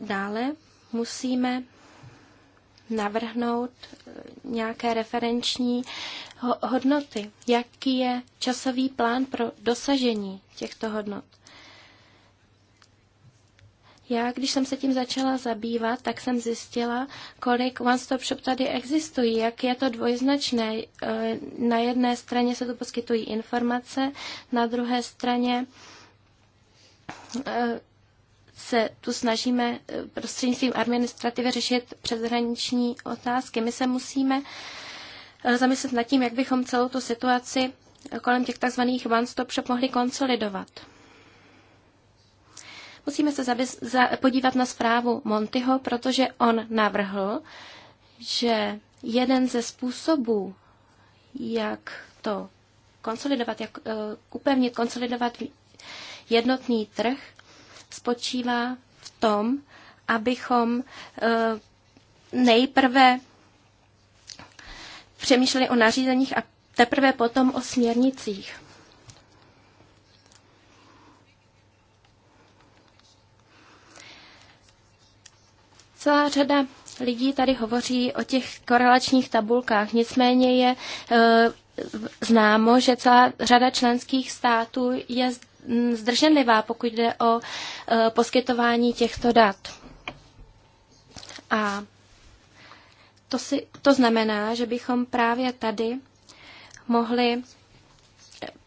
Dále musíme navrhnout eh, nějaké referenční hodnoty. Jaký je časový plán pro dosažení těchto hodnot? Já, když jsem se tím začala zabývat, tak jsem zjistila, kolik one-stop shop tady existují, jak je to dvojznačné. Eh, na jedné straně se tu poskytují informace, na druhé straně eh, se tu snažíme eh, prostřednictvím administrativy řešit přeshraniční otázky. My se musíme eh, zamyslet nad tím, jak bychom celou tu situaci eh, kolem těch tzv. one-stop shop mohli konsolidovat. Musíme se zabys- za- podívat na zprávu Montyho, protože on navrhl, že jeden ze způsobů, jak to konsolidovat, jak uh, upevnit, konsolidovat jednotný trh, spočívá v tom, abychom eh, nejprve přemýšleli o nařízeních a teprve potom o směrnicích. Celá řada lidí tady hovoří o těch korelačních tabulkách, nicméně je e, známo, že celá řada členských států je Mm, zdrženlivá, pokud jde o e, poskytování těchto dat. A to, si, to znamená, že bychom právě tady mohli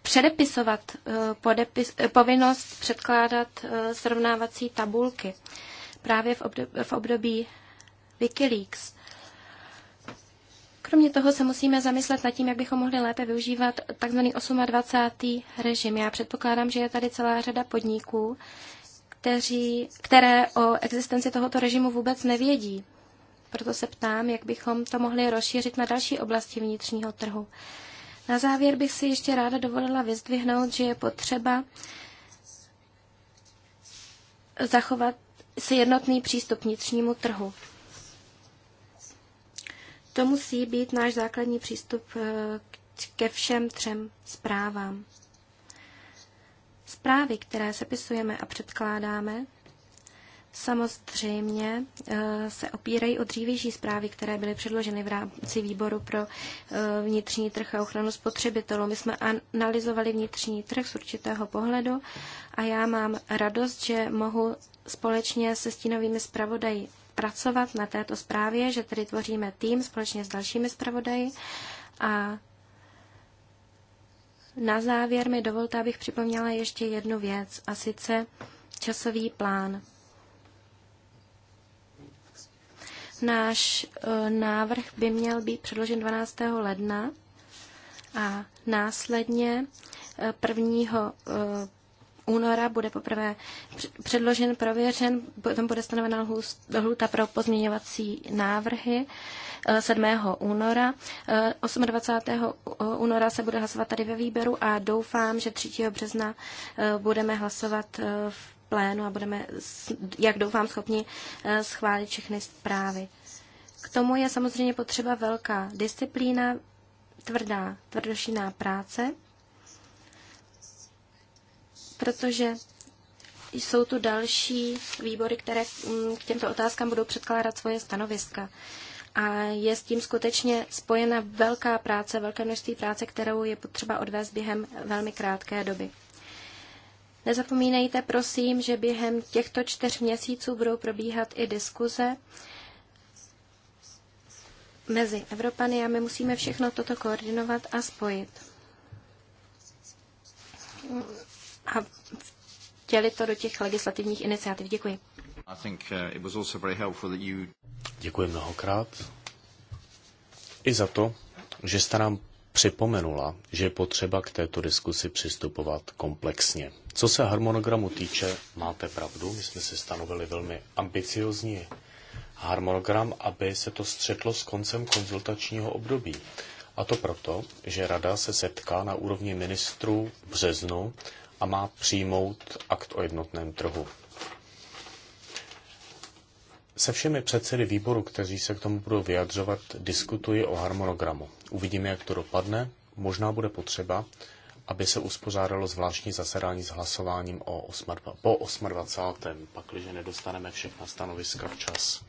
předepisovat e, podepis, e, povinnost předkládat srovnávací tabulky právě v období, v období Wikileaks. Kromě toho se musíme zamyslet nad tím, jak bychom mohli lépe využívat tzv. 28. režim. Já předpokládám, že je tady celá řada podniků, kteří, které o existenci tohoto režimu vůbec nevědí. Proto se ptám, jak bychom to mohli rozšířit na další oblasti vnitřního trhu. Na závěr bych si ještě ráda dovolila vyzdvihnout, že je potřeba zachovat si jednotný přístup vnitřnímu trhu. To musí být náš základní přístup eh, ke všem třem zprávám. Zprávy, které sepisujeme a předkládáme, samozřejmě eh, se opírají o dřívější zprávy, které byly předloženy v rámci výboru pro eh, vnitřní trh a ochranu spotřebitelů. My jsme analyzovali vnitřní trh z určitého pohledu a já mám radost, že mohu společně se stínovými zpravodaji pracovat na této zprávě, že tedy tvoříme tým společně s dalšími zpravodaji a na závěr mi dovolte, abych připomněla ještě jednu věc, a sice časový plán. Náš e, návrh by měl být předložen 12. ledna a následně 1. E, února bude poprvé předložen, prověřen, potom bude stanovena lhůta pro pozměňovací návrhy 7. Eh, února. 28. Eh, února se bude hlasovat tady ve výběru a doufám, že 3. března eh, budeme hlasovat v plénu a budeme, jak doufám, schopni schválit všechny zprávy. K tomu je samozřejmě potřeba velká disciplína, tvrdá, tvrdošinná práce protože jsou tu další výbory, které mm, k těmto otázkám budou předkládat svoje stanoviska. A je s tím skutečně spojena velká práce, velké množství práce, kterou je potřeba odvést během velmi krátké doby. Nezapomínejte prosím, že během těchto čtyř měsíců budou probíhat i diskuze mezi Evropany a my musíme všechno toto koordinovat a spojit a vtělit to do těch legislativních iniciativ. Děkuji. Uh, Děkuji mnohokrát i za to, že jste nám připomenula, že je potřeba k této diskusi přistupovat komplexně. Co se harmonogramu týče, máte pravdu, my jsme si stanovili velmi ambiciozní harmonogram, aby se to střetlo s koncem konzultačního období. A to proto, že rada se setká na úrovni ministrů v březnu a má přijmout akt o jednotném trhu. Se všemi předsedy výboru, kteří se k tomu budou vyjadřovat, diskutuji o harmonogramu. Uvidíme, jak to dopadne. Možná bude potřeba, aby se uspořádalo zvláštní zasedání s hlasováním o 8, po 28. pakliže nedostaneme všechna stanoviska včas.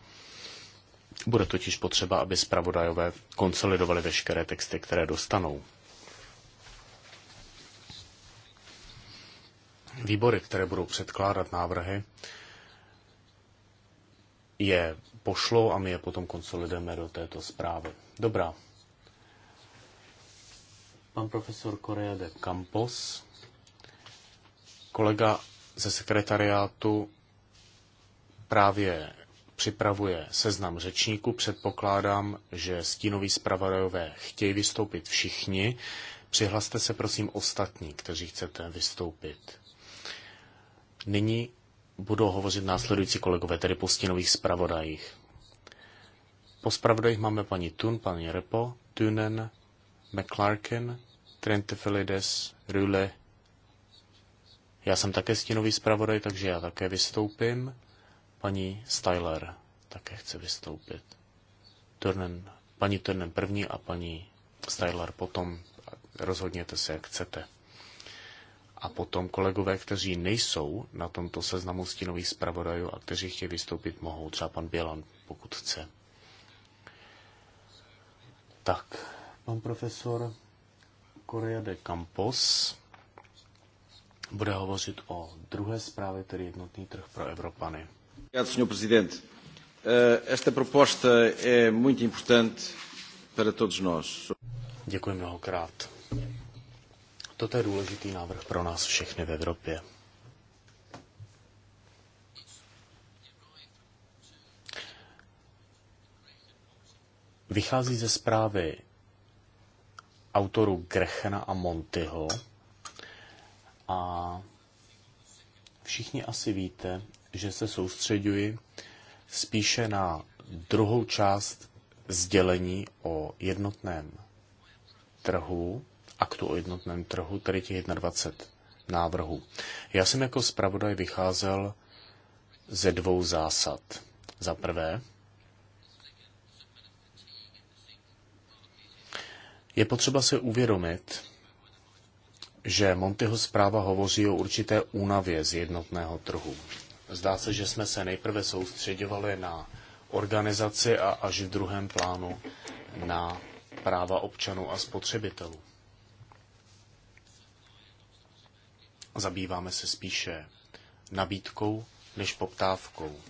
Bude totiž potřeba, aby zpravodajové konsolidovali veškeré texty, které dostanou. výbory, které budou předkládat návrhy, je pošlou a my je potom konsolidujeme do této zprávy. Dobrá. Pan profesor Correa de Campos, kolega ze sekretariátu, právě připravuje seznam řečníků. Předpokládám, že stínoví zpravodajové chtějí vystoupit všichni. Přihlaste se prosím ostatní, kteří chcete vystoupit. Nyní budou hovořit následující kolegové, tedy po stínových zpravodajích. Po zpravodajích máme paní Tun, paní Repo, Tunen, McClarken, Trentefelides, Rule. Já jsem také stínový zpravodaj, takže já také vystoupím. Paní Styler také chce vystoupit. Turnen, paní Turnen první a paní Styler potom. Rozhodněte se, jak chcete. A potom kolegové, kteří nejsou na tomto seznamu stínových zpravodajů a kteří chtějí vystoupit, mohou třeba pan Bělan, pokud chce. Tak, pan profesor Correa de Campos bude hovořit o druhé zprávě, tedy jednotný trh pro Evropany. Obrigado, Sr. Presidente. Eh, esta proposta é muito importante para todos nós. Děkuji mnohokrát. Toto je důležitý návrh pro nás všechny v Evropě. Vychází ze zprávy autorů Grechena a Montyho a všichni asi víte, že se soustředuji spíše na druhou část sdělení o jednotném trhu aktu o jednotném trhu, tedy těch 21 návrhů. Já jsem jako zpravodaj vycházel ze dvou zásad. Za prvé, je potřeba se uvědomit, že Montyho zpráva hovoří o určité únavě z jednotného trhu. Zdá se, že jsme se nejprve soustředovali na organizaci a až v druhém plánu na práva občanů a spotřebitelů. Zabýváme se spíše nabídkou než poptávkou.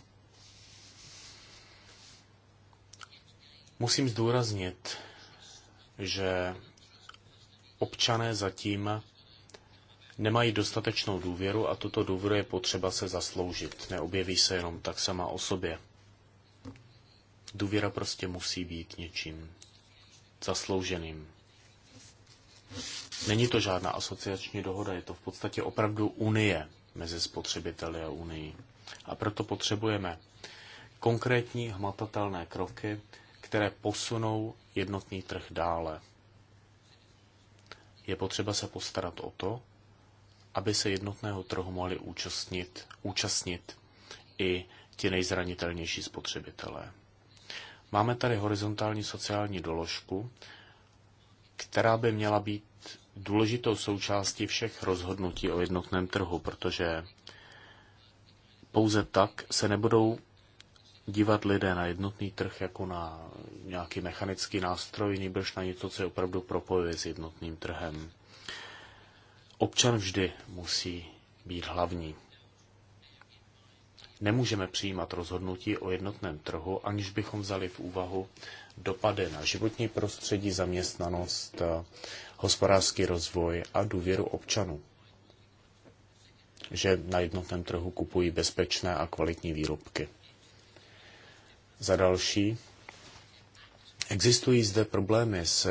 Musím zdůraznit, že občané zatím nemají dostatečnou důvěru a tuto důvěru je potřeba se zasloužit. Neobjeví se jenom tak sama o sobě. Důvěra prostě musí být něčím zaslouženým. Není to žádná asociační dohoda, je to v podstatě opravdu unie mezi spotřebiteli a unii. A proto potřebujeme konkrétní hmatatelné kroky, které posunou jednotný trh dále. Je potřeba se postarat o to, aby se jednotného trhu mohli účastnit, účastnit i ti nejzranitelnější spotřebitelé. Máme tady horizontální sociální doložku, která by měla být důležitou součástí všech rozhodnutí o jednotném trhu, protože pouze tak se nebudou dívat lidé na jednotný trh jako na nějaký mechanický nástroj, nebož na něco, co je opravdu propojuje s jednotným trhem. Občan vždy musí být hlavní. Nemůžeme přijímat rozhodnutí o jednotném trhu, aniž bychom vzali v úvahu dopady na životní prostředí, zaměstnanost, hospodářský rozvoj a důvěru občanů, že na jednotném trhu kupují bezpečné a kvalitní výrobky. Za další, existují zde problémy s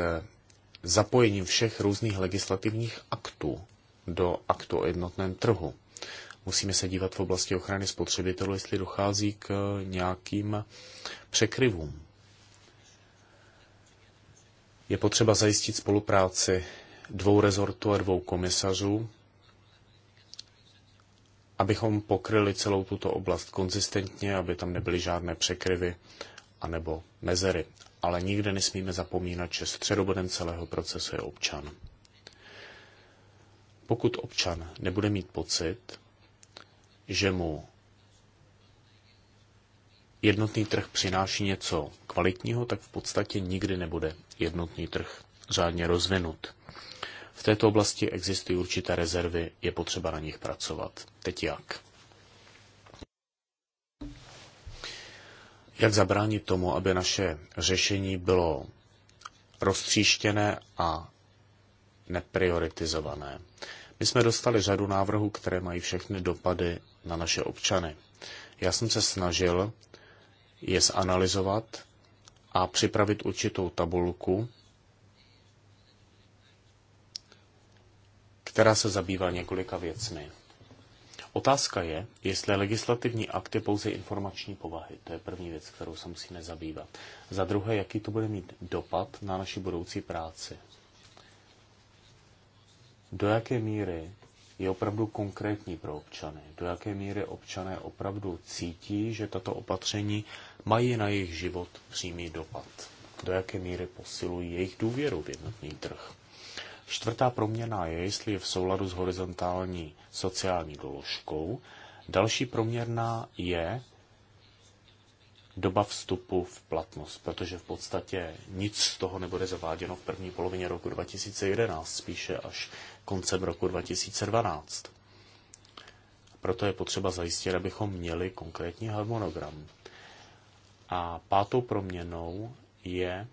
zapojením všech různých legislativních aktů do aktu o jednotném trhu. Musíme se dívat v oblasti ochrany spotřebitelů, jestli dochází k nějakým překryvům je potřeba zajistit spolupráci dvou rezortů a dvou komisařů, abychom pokryli celou tuto oblast konzistentně, aby tam nebyly žádné překryvy anebo mezery. Ale nikde nesmíme zapomínat, že středobodem celého procesu je občan. Pokud občan nebude mít pocit, že mu jednotný trh přináší něco kvalitního, tak v podstatě nikdy nebude jednotný trh řádně rozvinut. V této oblasti existují určité rezervy, je potřeba na nich pracovat. Teď jak? Jak zabránit tomu, aby naše řešení bylo roztříštěné a neprioritizované? My jsme dostali řadu návrhů, které mají všechny dopady na naše občany. Já jsem se snažil je zanalizovat a připravit určitou tabulku, která se zabývá několika věcmi. Otázka je, jestli legislativní akt je pouze informační povahy. To je první věc, kterou se musíme zabývat. Za druhé, jaký to bude mít dopad na naši budoucí práci. Do jaké míry je opravdu konkrétní pro občany. Do jaké míry občané opravdu cítí, že tato opatření mají na jejich život přímý dopad. Do jaké míry posilují jejich důvěru v jednotný trh. Čtvrtá proměna je, jestli je v souladu s horizontální sociální doložkou. Další proměrná je doba vstupu v platnost, protože v podstatě nic z toho nebude zaváděno v první polovině roku 2011, spíše až koncem roku 2012. Proto je potřeba zajistit, abychom měli konkrétní harmonogram. A pátou proměnou je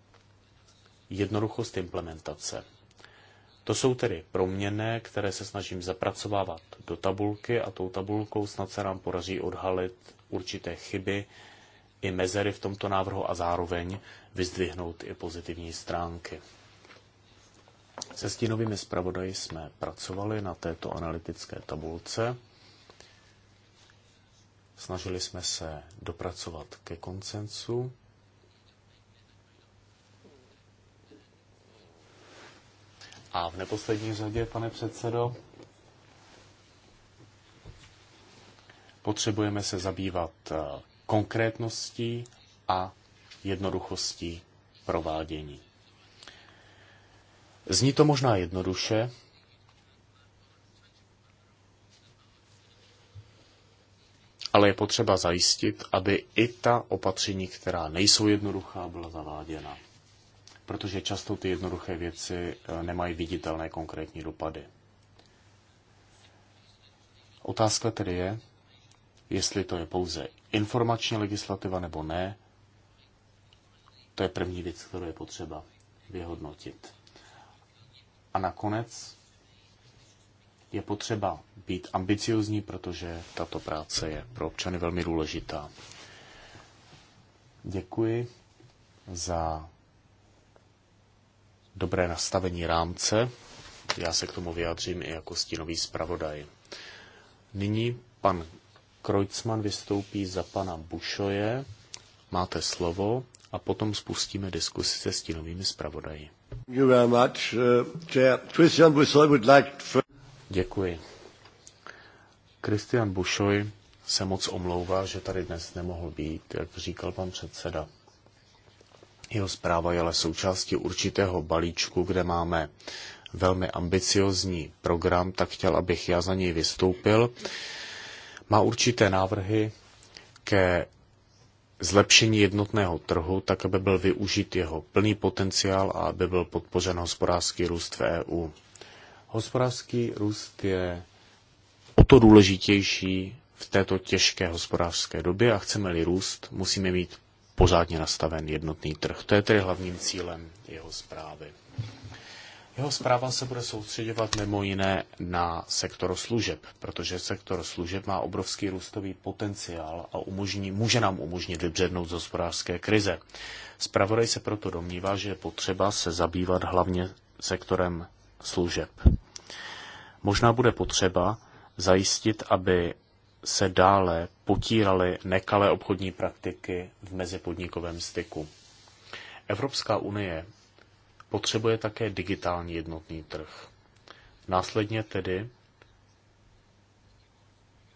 jednoduchost implementace. To jsou tedy proměny, které se snažím zapracovávat do tabulky a tou tabulkou snad se nám podaří odhalit určité chyby i mezery v tomto návrhu a zároveň vyzdvihnout i pozitivní stránky. Se stínovými zpravodaji jsme pracovali na této analytické tabulce. Snažili jsme se dopracovat ke koncensu. A v neposlední řadě, pane předsedo, potřebujeme se zabývat eh, konkrétností a jednoduchostí provádění. Zní to možná jednoduše, ale je potřeba zajistit, aby i ta opatření, která nejsou jednoduchá, byla zaváděna. Protože často ty jednoduché věci eh, nemají viditelné konkrétní dopady. Otázka tedy je, jestli to je pouze informační legislativa nebo ne. To je první věc, kterou je potřeba vyhodnotit. A nakonec je potřeba být ambiciozní, protože tato práce je pro občany velmi důležitá. Děkuji za dobré nastavení rámce. Já se k tomu vyjádřím i jako stínový zpravodaj. Nyní pan Kreutzmann vystoupí za pana Bušoje. Máte slovo a potom spustíme diskusi se stínovými zpravodaji. Uh, Děkuji. Christian Bušoj se moc omlouvá, že tady dnes nemohl být, jak říkal pan předseda. Jeho zpráva je ale součástí určitého balíčku, kde máme velmi ambiciozní program, tak chtěl, abych já za něj vystoupil. Má určité návrhy ke zlepšení jednotného trhu, tak aby byl využit jeho plný potenciál a aby byl podpořen hospodářský růst v EU. Hospodářský růst je o to důležitější v této těžké hospodářské době a chceme-li růst, musíme mít pořádně nastaven jednotný trh. To je tedy hlavním cílem jeho zprávy. Jeho zpráva se bude soustředovat mimo jiné na sektor služeb, protože sektor služeb má obrovský růstový potenciál a umožní, může nám umožnit vybřednout z hospodářské krize. Zpravodaj se proto domnívá, že je potřeba se zabývat hlavně sektorem služeb. Možná bude potřeba zajistit, aby se dále potíraly nekalé obchodní praktiky v mezipodnikovém styku. Evropská unie potřebuje také digitální jednotný trh. Následně tedy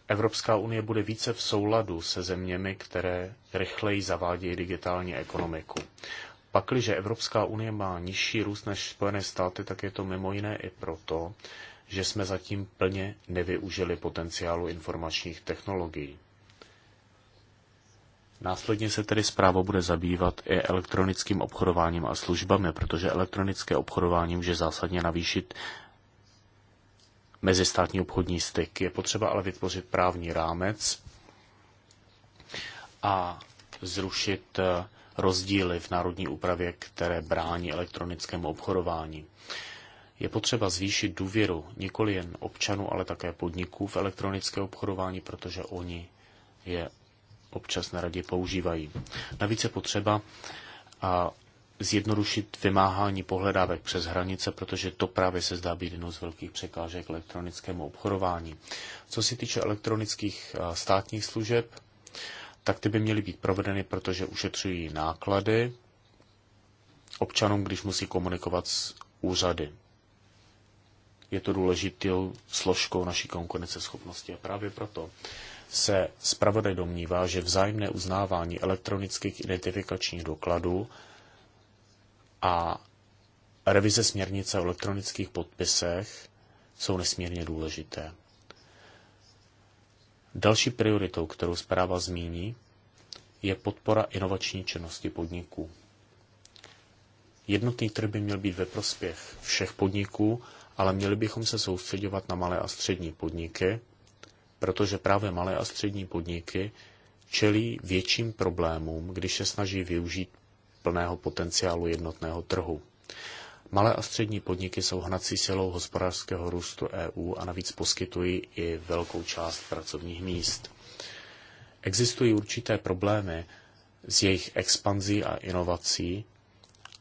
Evropská unie bude více v souladu se zeměmi, které rychleji zavádějí digitální ekonomiku. Pakliže Evropská unie má nižší růst než Spojené státy, tak je to mimo jiné i proto, že jsme zatím plně nevyužili potenciálu informačních technologií. Následně se tedy zpráva bude zabývat i elektronickým obchodováním a službami, protože elektronické obchodování může zásadně navýšit mezistátní obchodní styk. Je potřeba ale vytvořit právní rámec a zrušit eh, rozdíly v národní úpravě, které brání elektronickému obchodování. Je potřeba zvýšit důvěru nikoli jen občanů, ale také podniků v elektronické obchodování, protože oni je občas na radě používají. Navíc je potřeba a zjednodušit vymáhání pohledávek přes hranice, protože to právě se zdá být jednou z velkých překážek elektronickému obchodování. Co se týče elektronických státních služeb, tak ty by měly být provedeny, protože ušetřují náklady občanům, když musí komunikovat s úřady. Je to důležitou složkou naší konkurenceschopnosti a právě proto se zpravodaj domnívá, že vzájemné uznávání elektronických identifikačních dokladů a revize směrnice o elektronických podpisech jsou nesmírně důležité. Další prioritou, kterou zpráva zmíní, je podpora inovační činnosti podniků. Jednotný trh by měl být ve prospěch všech podniků, ale měli bychom se soustředovat na malé a střední podniky, protože právě malé a střední podniky čelí větším problémům, když se snaží využít plného potenciálu jednotného trhu. Malé a střední podniky jsou hnací silou hospodářského růstu EU a navíc poskytují i velkou část pracovních míst. Existují určité problémy s jejich expanzí a inovací,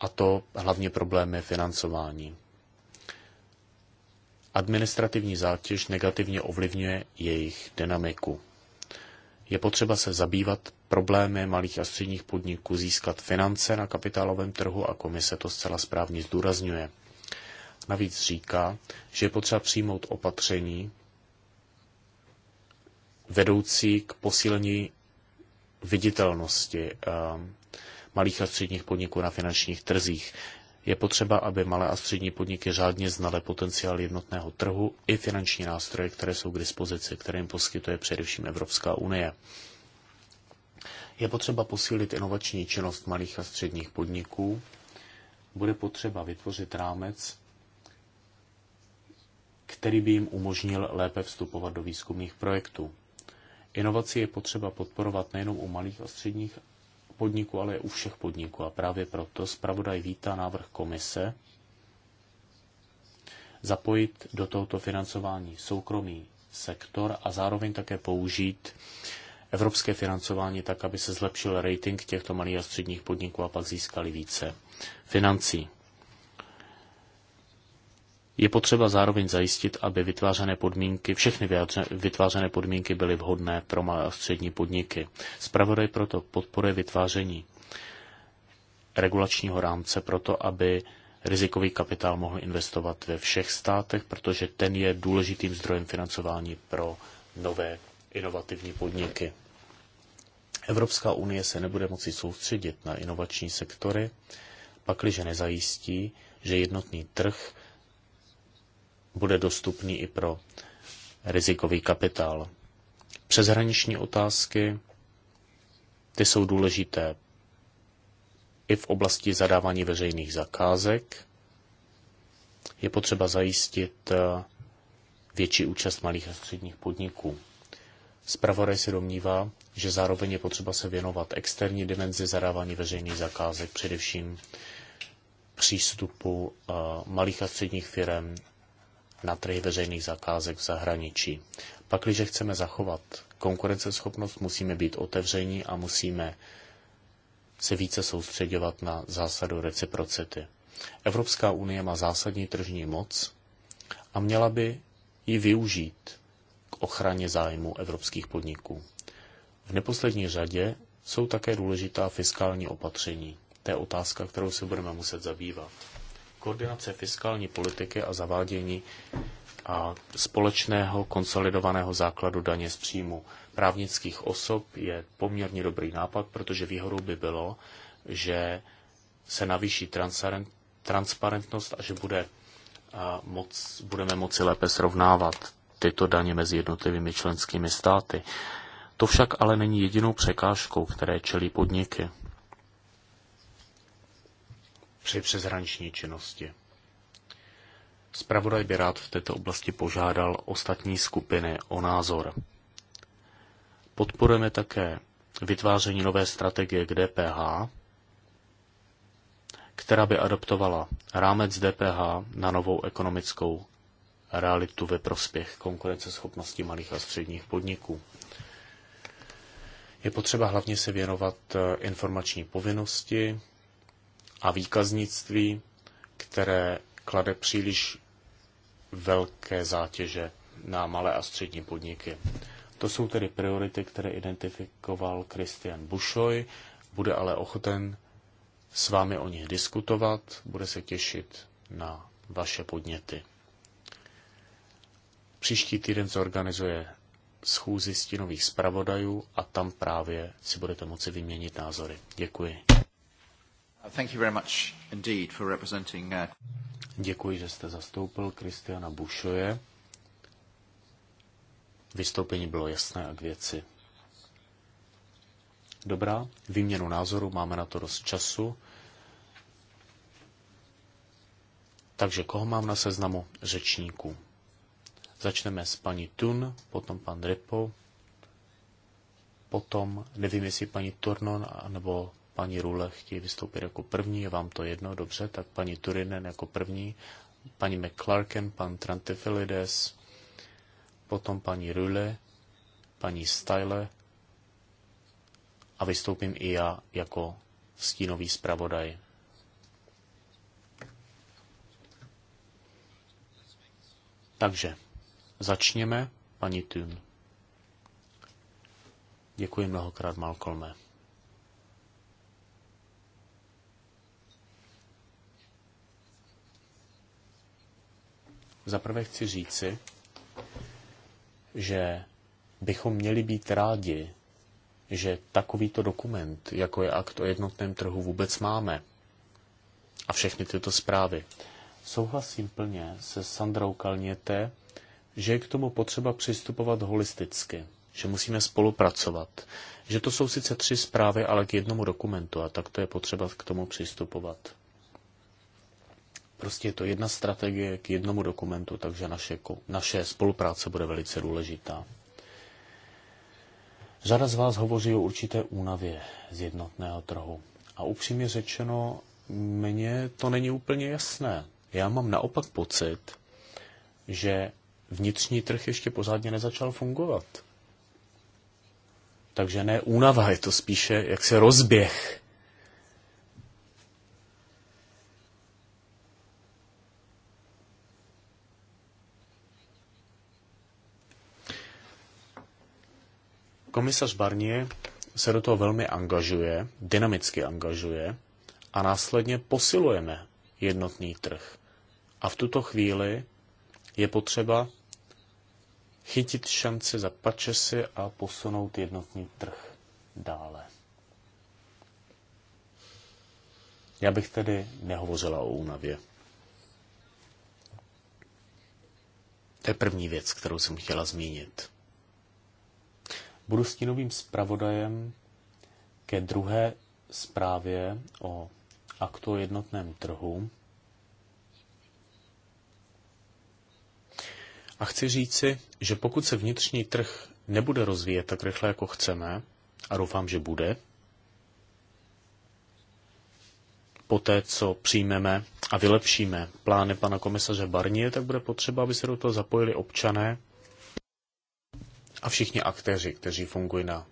a to hlavně problémy financování. Administrativní zátěž negativně ovlivňuje jejich dynamiku. Je potřeba se zabývat problémy malých a středních podniků získat finance na kapitálovém trhu a komise to zcela správně zdůrazňuje. Navíc říká, že je potřeba přijmout opatření vedoucí k posílení viditelnosti eh, malých a středních podniků na finančních trzích. Je potřeba, aby malé a střední podniky řádně znaly potenciál jednotného trhu i finanční nástroje, které jsou k dispozici, které jim poskytuje především Evropská unie. Je potřeba posílit inovační činnost malých a středních podniků. Bude potřeba vytvořit rámec, který by jim umožnil lépe vstupovat do výzkumných projektů. Inovaci je potřeba podporovat nejenom u malých a středních podniků, ale je u všech podniků. A právě proto zpravodaj vítá návrh komise zapojit do tohoto financování soukromý sektor a zároveň také použít evropské financování tak, aby se zlepšil rating těchto malých a středních podniků a pak získali více financí. Je potřeba zároveň zajistit, aby vytvářené podmínky, všechny vytvářené podmínky byly vhodné pro malé a střední podniky. Spravodaj proto podporuje vytváření regulačního rámce proto, aby rizikový kapitál mohl investovat ve všech státech, protože ten je důležitým zdrojem financování pro nové inovativní podniky. Evropská unie se nebude moci soustředit na inovační sektory, pakliže nezajistí, že jednotný trh bude dostupný i pro rizikový kapitál. Přeshraniční otázky, ty jsou důležité i v oblasti zadávání veřejných zakázek. Je potřeba zajistit eh, větší účast malých a středních podniků. Zpravodaj se domnívá, že zároveň je potřeba se věnovat externí dimenzi zadávání veřejných zakázek, především přístupu eh, malých a středních firm na trhy veřejných zakázek v zahraničí. Pakliže chceme zachovat konkurenceschopnost, musíme být otevření a musíme se více soustředovat na zásadu reciprocity. Evropská unie má zásadní tržní moc a měla by ji využít k ochraně zájmu evropských podniků. V neposlední řadě jsou také důležitá fiskální opatření. To je otázka, kterou se budeme muset zabývat koordinace fiskální politiky a zavádění a společného konsolidovaného základu daně z příjmu právnických osob je poměrně dobrý nápad, protože výhodou by bylo, že se navýší transparentnost a že bude a moc, budeme moci lépe srovnávat tyto daně mezi jednotlivými členskými státy. To však ale není jedinou překážkou, které čelí podniky při přeshraniční činnosti. Spravodaj by rád v této oblasti požádal ostatní skupiny o názor. Podporujeme také vytváření nové strategie k DPH, která by adoptovala rámec DPH na novou ekonomickou realitu ve prospěch konkurenceschopnosti malých a středních podniků. Je potřeba hlavně se věnovat eh, informační povinnosti, a výkaznictví, které klade příliš velké zátěže na malé a střední podniky. To jsou tedy priority, které identifikoval Christian Bušoj, bude ale ochoten s vámi o nich diskutovat, bude se těšit na vaše podněty. Příští týden zorganizuje schůzi stínových zpravodajů a tam právě si budete moci vyměnit názory. Děkuji. Uh, Děkuji, že jste zastoupil Kristiana Bušoje. Vystoupení bylo jasné a k věci. Dobrá, výměnu názoru, máme na to dost času. Takže koho mám na seznamu řečníků? Začneme s paní Tun, potom pan Repo, potom, nevím, jestli paní Tornon nebo Paní Rule chtějí vystoupit jako první, je vám to jedno, dobře, tak paní Turinen jako první, paní McClarken, pan Trantifilides, potom paní Rule, paní Style a vystoupím i já jako stínový zpravodaj. Takže začněme, paní Tun. Děkuji mnohokrát, Malcolme. Zaprvé chci říci, že bychom měli být rádi, že takovýto dokument, jako je akt o jednotném trhu, vůbec máme. A všechny tyto zprávy. Souhlasím plně se Sandrou Kalněte, že je k tomu potřeba přistupovat holisticky, že musíme spolupracovat, že to jsou sice tři zprávy, ale k jednomu dokumentu a tak to je potřeba k tomu přistupovat. Prostě je to jedna strategie k jednomu dokumentu, takže naše, naše spolupráce bude velice důležitá. Řada z vás hovoří o určité únavě z jednotného trhu. A upřímně řečeno, mně to není úplně jasné. Já mám naopak pocit, že vnitřní trh ještě pořádně nezačal fungovat. Takže ne únava, je to spíše jak se rozběh Komisař Barnier se do toho velmi angažuje, dynamicky angažuje a následně posilujeme jednotný trh. A v tuto chvíli je potřeba chytit šance za pačesy a posunout jednotný trh dále. Já bych tedy nehovořila o únavě. To je první věc, kterou jsem chtěla zmínit. Budu stínovým zpravodajem ke druhé zprávě o aktu o jednotném trhu. A chci říci, že pokud se vnitřní trh nebude rozvíjet tak rychle, jako chceme, a doufám, že bude, poté, co přijmeme a vylepšíme plány pana komisaře Barnie, tak bude potřeba, aby se do toho zapojili občané a všichni aktéři, kteří fungují na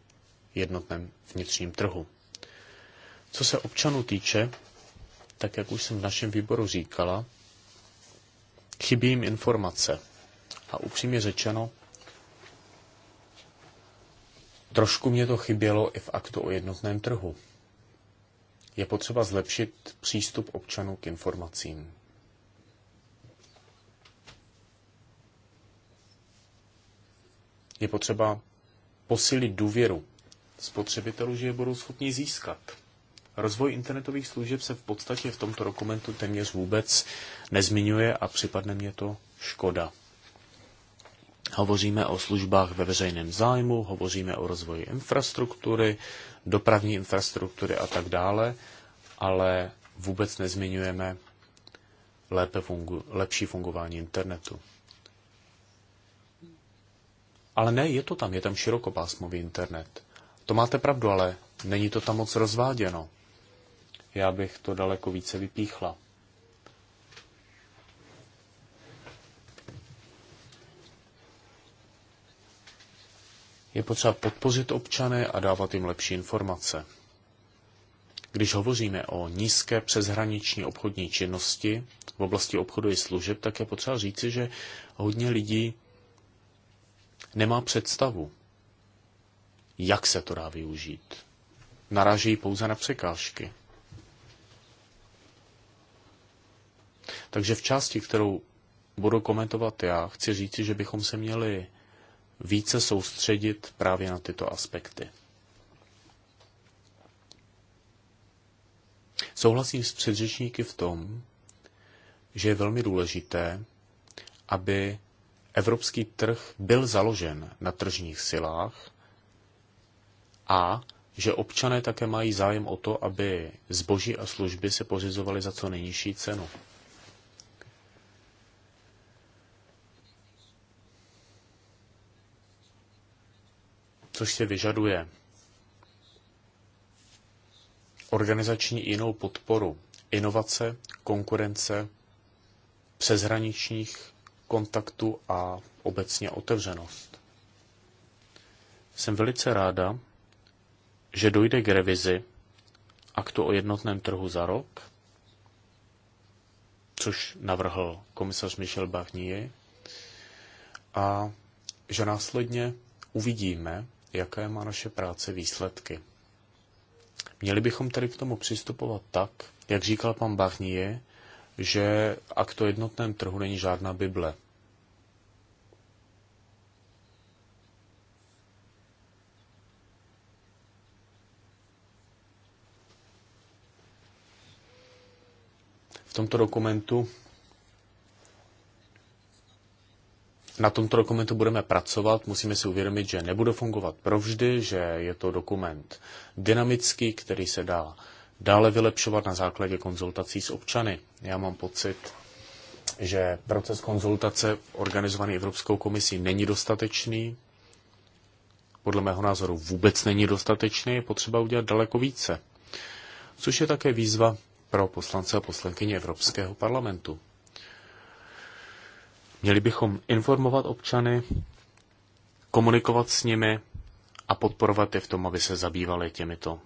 jednotném vnitřním trhu. Co se občanů týče, tak jak už jsem v našem výboru říkala, chybí jim informace. A upřímně řečeno, trošku mě to chybělo i v aktu o jednotném trhu. Je potřeba zlepšit přístup občanů k informacím. Je potřeba posílit důvěru spotřebitelů, že je budou schopni získat. Rozvoj internetových služeb se v podstatě v tomto dokumentu téměř vůbec nezmiňuje a připadne mě to škoda. Hovoříme o službách ve veřejném zájmu, hovoříme o rozvoji infrastruktury, dopravní infrastruktury a tak dále, ale vůbec nezmiňujeme lépe fungu- lepší fungování internetu. Ale ne, je to tam, je tam širokopásmový internet. To máte pravdu, ale není to tam moc rozváděno. Já bych to daleko více vypíchla. Je potřeba podpořit občany a dávat jim lepší informace. Když hovoříme o nízké přeshraniční obchodní činnosti v oblasti obchodu i služeb, tak je potřeba říci, že hodně lidí nemá představu, jak se to dá využít. Naraží pouze na překážky. Takže v části, kterou budu komentovat já, chci říci, že bychom se měli více soustředit právě na tyto aspekty. Souhlasím s předřečníky v tom, že je velmi důležité, aby Evropský trh byl založen na tržních silách a že občané také mají zájem o to, aby zboží a služby se pořizovaly za co nejnižší cenu. Což se vyžaduje organizační i jinou podporu, inovace, konkurence, přeshraničních kontaktu a obecně otevřenost. Jsem velice ráda, že dojde k revizi aktu o jednotném trhu za rok, což navrhl komisař Michel Barnier, a že následně uvidíme, jaké má naše práce výsledky. Měli bychom tedy k tomu přistupovat tak, jak říkal pan Barnier, že akt o jednotném trhu není žádná Bible. V tomto dokumentu na tomto dokumentu budeme pracovat, musíme si uvědomit, že nebude fungovat provždy, že je to dokument dynamický, který se dá dále vylepšovat na základě konzultací s občany. Já mám pocit, že proces konzultace organizovaný Evropskou komisí není dostatečný. Podle mého názoru vůbec není dostatečný, je potřeba udělat daleko více. Což je také výzva pro poslance a poslankyně Evropského parlamentu. Měli bychom informovat občany, komunikovat s nimi a podporovat je v tom, aby se zabývali těmito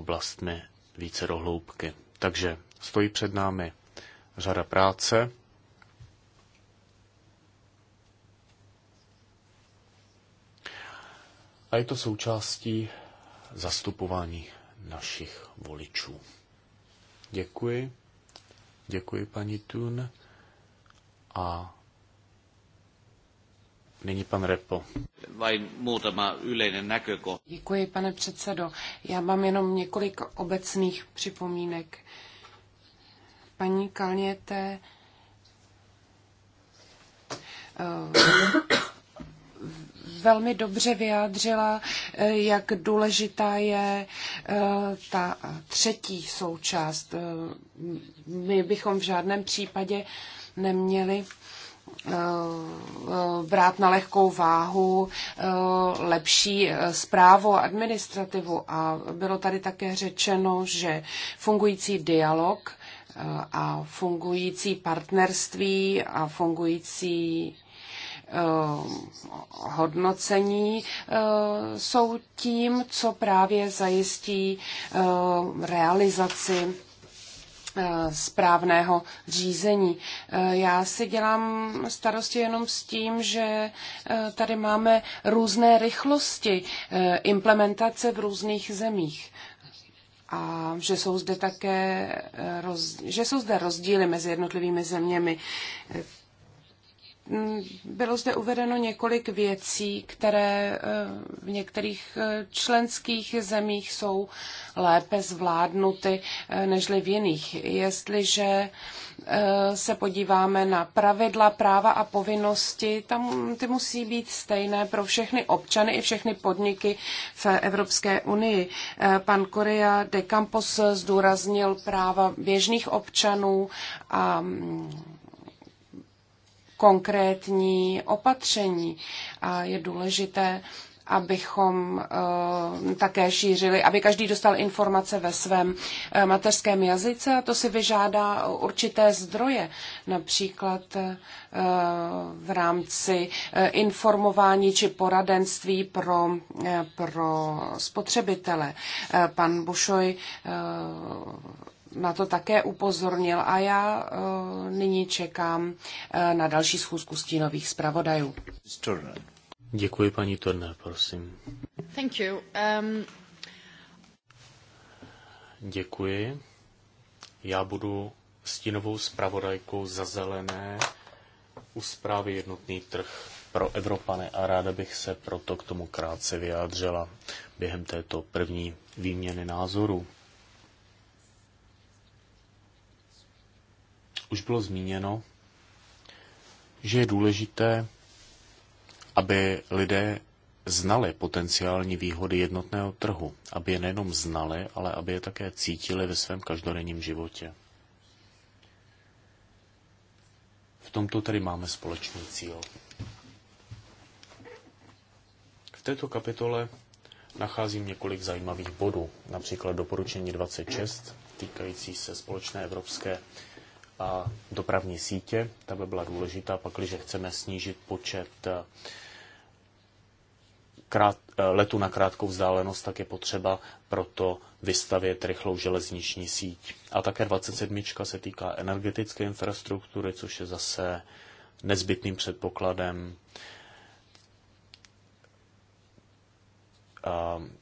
oblastmi více dohloubky. Takže stojí před námi řada práce. A je to součástí zastupování našich voličů. Děkuji. Děkuji, paní Tun. A Nyní pan Repo. Děkuji, pane předsedo. Já mám jenom několik obecných připomínek. Paní Kalněte eh, velmi dobře vyjádřila, eh, jak důležitá je eh, ta třetí součást. My bychom v žádném případě neměli Eh, brát na lehkou váhu eh, lepší zprávu eh, a administrativu. A bylo tady také řečeno, že fungující dialog a fungující partnerství a fungující hodnocení jsou tím, co právě zajistí realizaci Eh, správného řízení. Eh, já si dělám starosti jenom s tím, že eh, tady máme různé rychlosti implementace v různých zemích a že jsou zde také roz, že jsou zde rozdíly mezi jednotlivými zeměmi. Mm, bylo zde uvedeno několik věcí, které eh, v některých eh, členských zemích jsou lépe zvládnuty eh, nežli v jiných. Jestliže se podíváme na pravidla, práva a povinnosti, tam ty musí být stejné pro všechny občany i všechny podniky v Evropské unii. Pan Korea de Campos zdůraznil práva běžných občanů a mm, konkrétní opatření. A je důležité, abychom eh, také šířili, aby každý dostal informace ve svém eh, mateřském jazyce a to si vyžádá určité zdroje, například eh, v rámci informování či poradenství pro, pro spotřebitele. Pan Bušoj na to také upozornil a já eh, nyní čekám eh, na další schůzku stínových zpravodajů. Děkuji, paní Turner, prosím. Thank you. Um... Děkuji. Já budu stínovou zpravodajkou za zelené u zprávy jednotný trh pro Evropany a ráda bych se proto k tomu krátce vyjádřila během této první výměny názorů. už bylo zmíněno, že je důležité, aby lidé znali potenciální výhody jednotného trhu, aby je nejenom znali, ale aby je také cítili ve svém každodenním životě. V tomto tedy máme společný cíl. V této kapitole nacházím několik zajímavých bodů, například doporučení 26 týkající se společné evropské a dopravní sítě, ta by byla důležitá, pakliže chceme snížit počet eh, krát, eh, letu na krátkou vzdálenost, tak je potřeba proto vystavět rychlou železniční síť. A také 27. se týká energetické infrastruktury, což je zase nezbytným předpokladem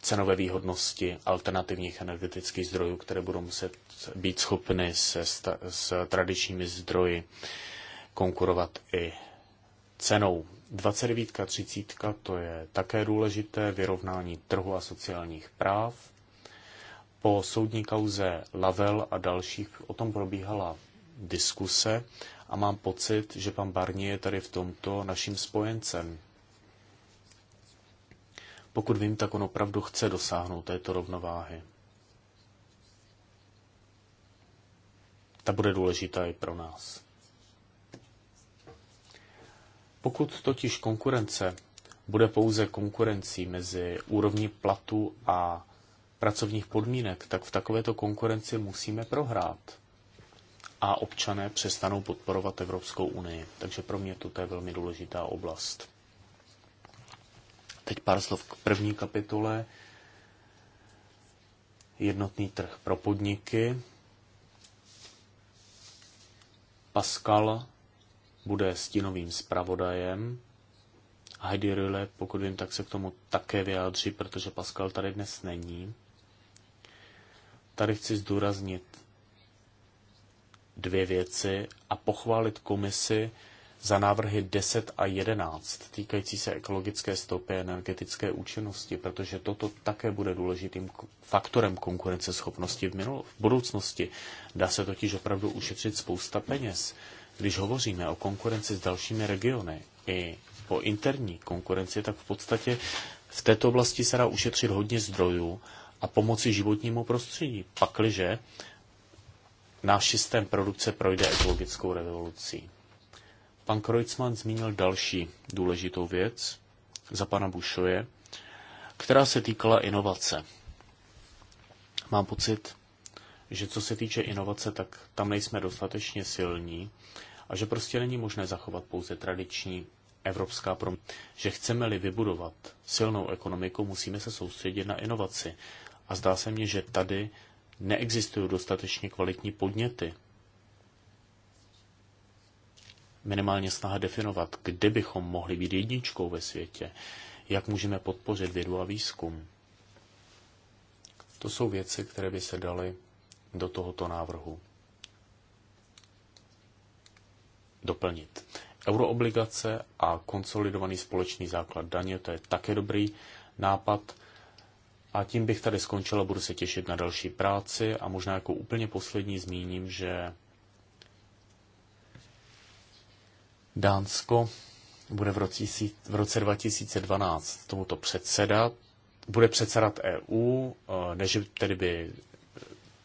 cenové výhodnosti alternativních energetických zdrojů, které budou muset být schopny se s tradičními zdroji konkurovat i cenou. 29 30 to je také důležité vyrovnání trhu a sociálních práv. Po soudní kauze Lavel a dalších o tom probíhala diskuse a mám pocit, že pan Barnier je tady v tomto naším spojencem. Pokud vím, tak on opravdu chce dosáhnout této rovnováhy. Ta bude důležitá i pro nás. Pokud totiž konkurence bude pouze konkurencí mezi úrovní platu a pracovních podmínek, tak v takovéto konkurenci musíme prohrát. A občané přestanou podporovat Evropskou unii. Takže pro mě toto je velmi důležitá oblast. Teď pár slov k první kapitole. Jednotný trh pro podniky. Pascal bude stínovým zpravodajem. Heidi Rille, pokud vím, tak se k tomu také vyjádří, protože Pascal tady dnes není. Tady chci zdůraznit dvě věci a pochválit komisi za návrhy 10 a 11 týkající se ekologické stopy energetické účinnosti, protože toto také bude důležitým faktorem konkurenceschopnosti v, minul- v budoucnosti. Dá se totiž opravdu ušetřit spousta peněz. Když hovoříme o konkurenci s dalšími regiony i o interní konkurenci, tak v podstatě v této oblasti se dá ušetřit hodně zdrojů a pomoci životnímu prostředí, pakliže náš systém produkce projde ekologickou revolucí. Pan Kreutzmann zmínil další důležitou věc za pana Bušoje, která se týkala inovace. Mám pocit, že co se týče inovace, tak tam nejsme dostatečně silní a že prostě není možné zachovat pouze tradiční evropská prom. Že chceme-li vybudovat silnou ekonomiku, musíme se soustředit na inovaci. A zdá se mně, že tady neexistují dostatečně kvalitní podněty minimálně snaha definovat, kde bychom mohli být jedničkou ve světě, jak můžeme podpořit vědu a výzkum. To jsou věci, které by se daly do tohoto návrhu doplnit. Euroobligace a konsolidovaný společný základ daně, to je také dobrý nápad. A tím bych tady skončila, budu se těšit na další práci a možná jako úplně poslední zmíním, že Dánsko bude v roce, v roce 2012 tomuto předsedat, bude předsedat EU, eh, než tedy by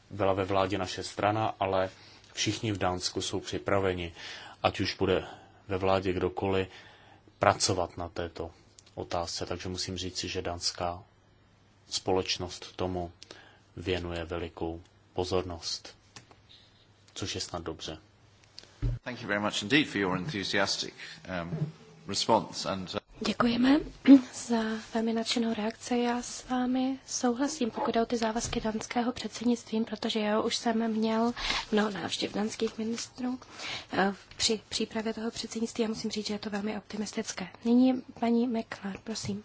byla ve vládě naše strana, ale všichni v Dánsku jsou připraveni, ať už bude ve vládě kdokoliv, pracovat na této otázce. Takže musím říci, že dánská společnost tomu věnuje velikou pozornost, což je snad dobře. Thank you very much indeed for your enthusiastic um, response and uh... Děkujeme za velmi nadšenou reakci. Já s vámi souhlasím, pokud jde o ty závazky danského předsednictví, protože já už jsem měl mnoho návštěv danských ministrů eh, při přípravě toho předsednictví a musím říct, že je to velmi optimistické. Nyní paní Meklar, prosím.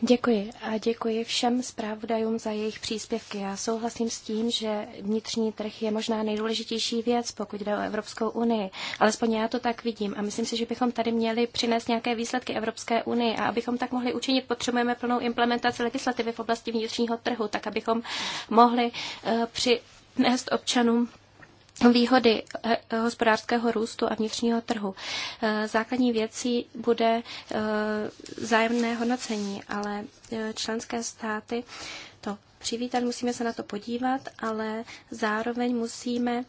Děkuji a děkuji všem zpravodajům za jejich příspěvky. Já souhlasím s tím, že vnitřní trh je možná nejdůležitější věc, pokud jde o Evropskou unii. Alespoň já to tak vidím a myslím si, že bychom tady měli přinést nějaké výsledky Evropské unii a abychom tak mohli učinit, potřebujeme plnou implementaci legislativy v oblasti vnitřního trhu, tak abychom mohli uh, přinést občanům výhody eh, hospodářského růstu a vnitřního trhu. Eh, základní věcí bude eh, zájemné hodnocení, ale členské státy to přivítat, musíme se na to podívat, ale zároveň musíme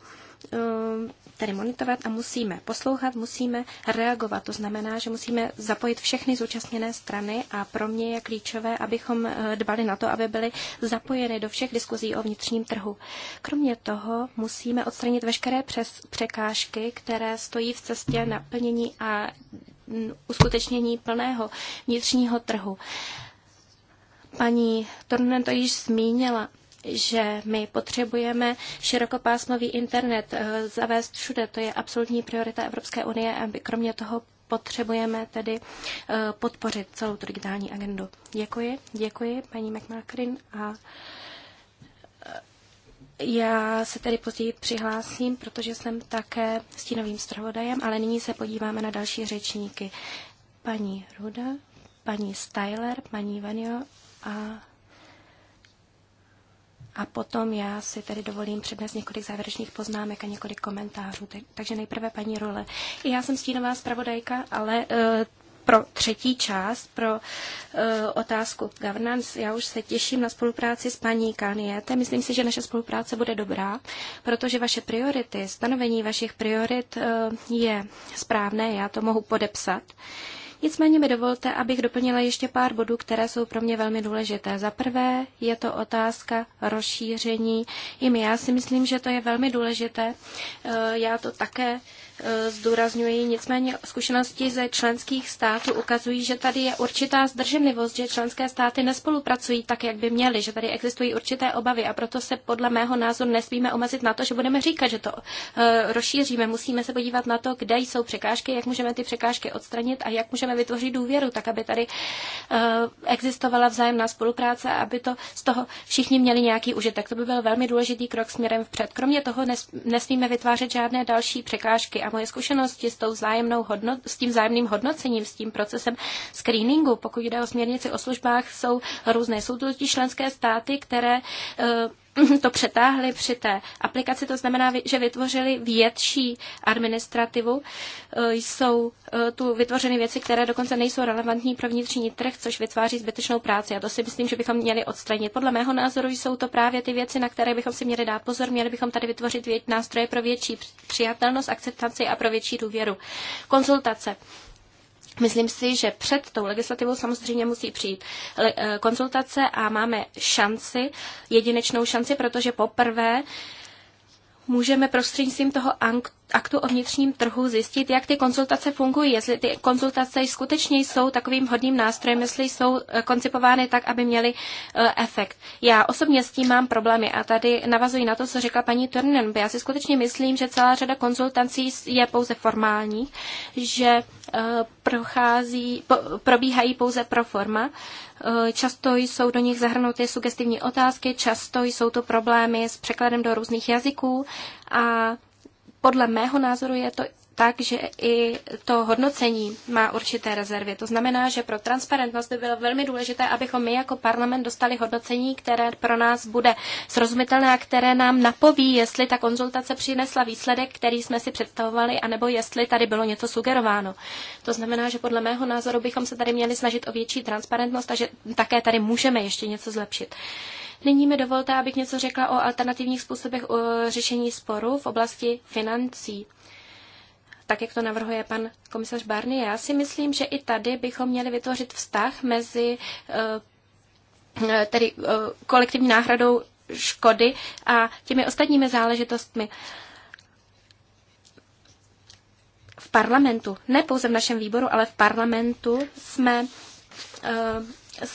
Eh, tedy monitorovat a musíme poslouchat, musíme reagovat. To znamená, že musíme zapojit všechny zúčastněné strany a pro mě je klíčové, abychom eh, dbali na to, aby byly zapojeny do všech diskuzí o vnitřním trhu. Kromě toho musíme odstranit veškeré přes překážky, které stojí v cestě naplnění a mm, uskutečnění plného vnitřního trhu. Paní Tornen to již zmínila že my potřebujeme širokopásmový internet eh, zavést všude. To je absolutní priorita Evropské unie a kromě toho potřebujeme tedy eh, podpořit celou tu digitální agendu. Děkuji, děkuji paní McMakrin a eh, já se tedy později přihlásím, protože jsem také stínovým zpravodajem, ale nyní se podíváme na další řečníky. Paní Ruda, paní Styler, paní Vanio a a potom já si tedy dovolím přednést několik závěrečných poznámek a několik komentářů. Takže nejprve paní Role. I já jsem stínová zpravodajka, ale eh, pro třetí část, pro uh, otázku governance. Já už se těším na spolupráci s paní Kaniete. Myslím si, že naše spolupráce bude dobrá, protože vaše priority, stanovení vašich priorit uh, je správné, já to mohu podepsat. Uh, Nicméně mi dovolte, abych doplnila ještě pár bodů, které jsou pro mě velmi důležité. Za prvé je to otázka rozšíření. I já si myslím, že to je velmi důležité. Eh, já to také E, zdůrazňuji, nicméně zkušenosti ze členských států ukazují, že tady je určitá zdrženlivost, že členské státy nespolupracují tak, jak by měly, že tady existují určité obavy a proto se podle mého názoru nesmíme omezit na to, že budeme říkat, že to e, rozšíříme. Musíme se podívat na to, kde jsou překážky, jak můžeme ty překážky odstranit a jak můžeme vytvořit důvěru, tak aby tady e, existovala vzájemná spolupráce a aby to z toho všichni měli nějaký užitek. To by byl velmi důležitý krok směrem vpřed. Kromě toho nesmíme vytvářet žádné další překážky a moje zkušenosti s, tou vzájemnou hodnot, s tím vzájemným hodnocením, s tím procesem screeningu, pokud jde o směrnici o službách, jsou různé. Jsou to ti členské státy, které eh, Mhm, to přetáhli při té aplikaci, to znamená, že vytvořili větší administrativu. E, jsou e, tu vytvořeny věci, které dokonce nejsou relevantní pro vnitřní trh, což vytváří zbytečnou práci. A to si myslím, že bychom měli odstranit. Podle mého názoru jsou to právě ty věci, na které bychom si měli dát pozor. Měli bychom tady vytvořit nástroje pro větší přijatelnost, akceptaci a pro větší důvěru. Konzultace. Myslím si, že před tou legislativou samozřejmě musí přijít eh, konzultace a máme šanci, jedinečnou šanci, protože poprvé můžeme prostřednictvím toho aktu o vnitřním trhu zjistit, jak ty konzultace fungují, jestli ty konzultace skutečně jsou takovým hodným nástrojem, jestli jsou eh, koncipovány tak, aby měly eh, efekt. Já osobně s tím mám problémy a tady navazuji na to, co řekla paní Turnen. Já si skutečně myslím, že celá řada konzultací je pouze formální, že eh, prochází, probíhají pouze pro forma Eh, často jsou do nich zahrnuty sugestivní otázky, často jsou to problémy s překladem do různých jazyků a podle mého názoru je to tak, že i to hodnocení má určité rezervy. To znamená, že pro transparentnost by bylo velmi důležité, abychom my jako parlament dostali hodnocení, které pro nás bude srozumitelné a které nám napoví, jestli ta konzultace přinesla výsledek, který jsme si představovali, anebo jestli tady bylo něco sugerováno. To znamená, že podle mého názoru bychom se tady měli snažit o větší transparentnost a že také tady můžeme ještě něco zlepšit. Nyní mi dovolte, abych něco řekla o alternativních způsobech uh, řešení sporu v oblasti financí tak jak to navrhuje pan komisař Barny. Já si myslím, že i tady bychom měli vytvořit vztah mezi eh, tedy eh, kolektivní náhradou škody a těmi ostatními záležitostmi v parlamentu, ne pouze v našem výboru, ale v parlamentu jsme eh,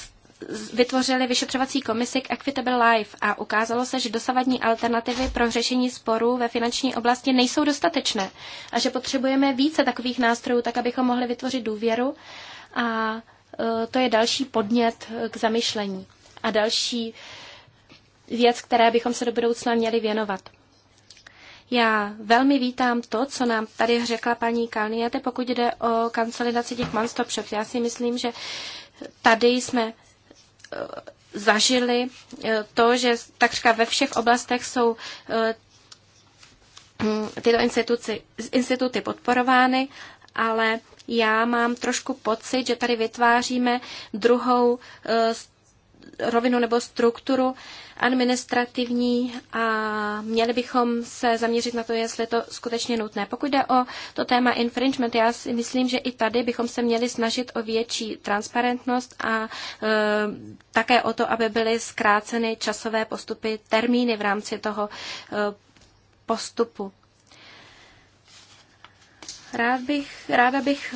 vytvořili vyšetřovací komisi k Equitable Life a ukázalo se, že dosavadní alternativy pro řešení sporů ve finanční oblasti nejsou dostatečné a že potřebujeme více takových nástrojů, tak abychom mohli vytvořit důvěru a e, to je další podnět e, k zamyšlení a další věc, které bychom se do budoucna měli věnovat. Já velmi vítám to, co nám tady řekla paní Kalniete, pokud jde o kancelizaci těch one Já si myslím, že tady jsme Eh, zažili eh, to, že takřka ve všech oblastech jsou eh, hm, tyto instituci, instituty podporovány, ale já mám trošku pocit, že tady vytváříme druhou rovinu nebo strukturu administrativní a měli bychom se zaměřit na to, jestli je to skutečně nutné. Pokud jde o to téma infringement, já si myslím, že i tady bychom se měli snažit o větší transparentnost a e, také o to, aby byly zkráceny časové postupy, termíny v rámci toho e, postupu. Rád bych, ráda bych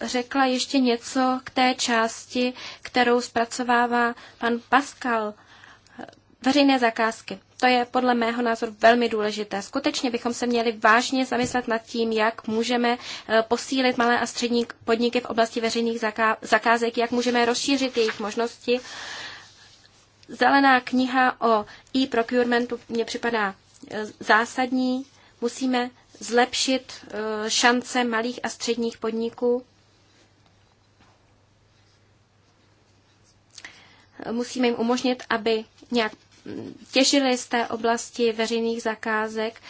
řekla ještě něco k té části, kterou zpracovává pan Pascal. Veřejné zakázky. To je podle mého názoru velmi důležité. Skutečně bychom se měli vážně zamyslet nad tím, jak můžeme eh, posílit malé a střední podniky v oblasti veřejných zakázek, jak můžeme rozšířit jejich možnosti. Zelená kniha o e-procurementu mně připadá eh, zásadní. Musíme zlepšit eh, šance malých a středních podniků. musíme jim umožnit, aby nějak těžili z té oblasti veřejných zakázek.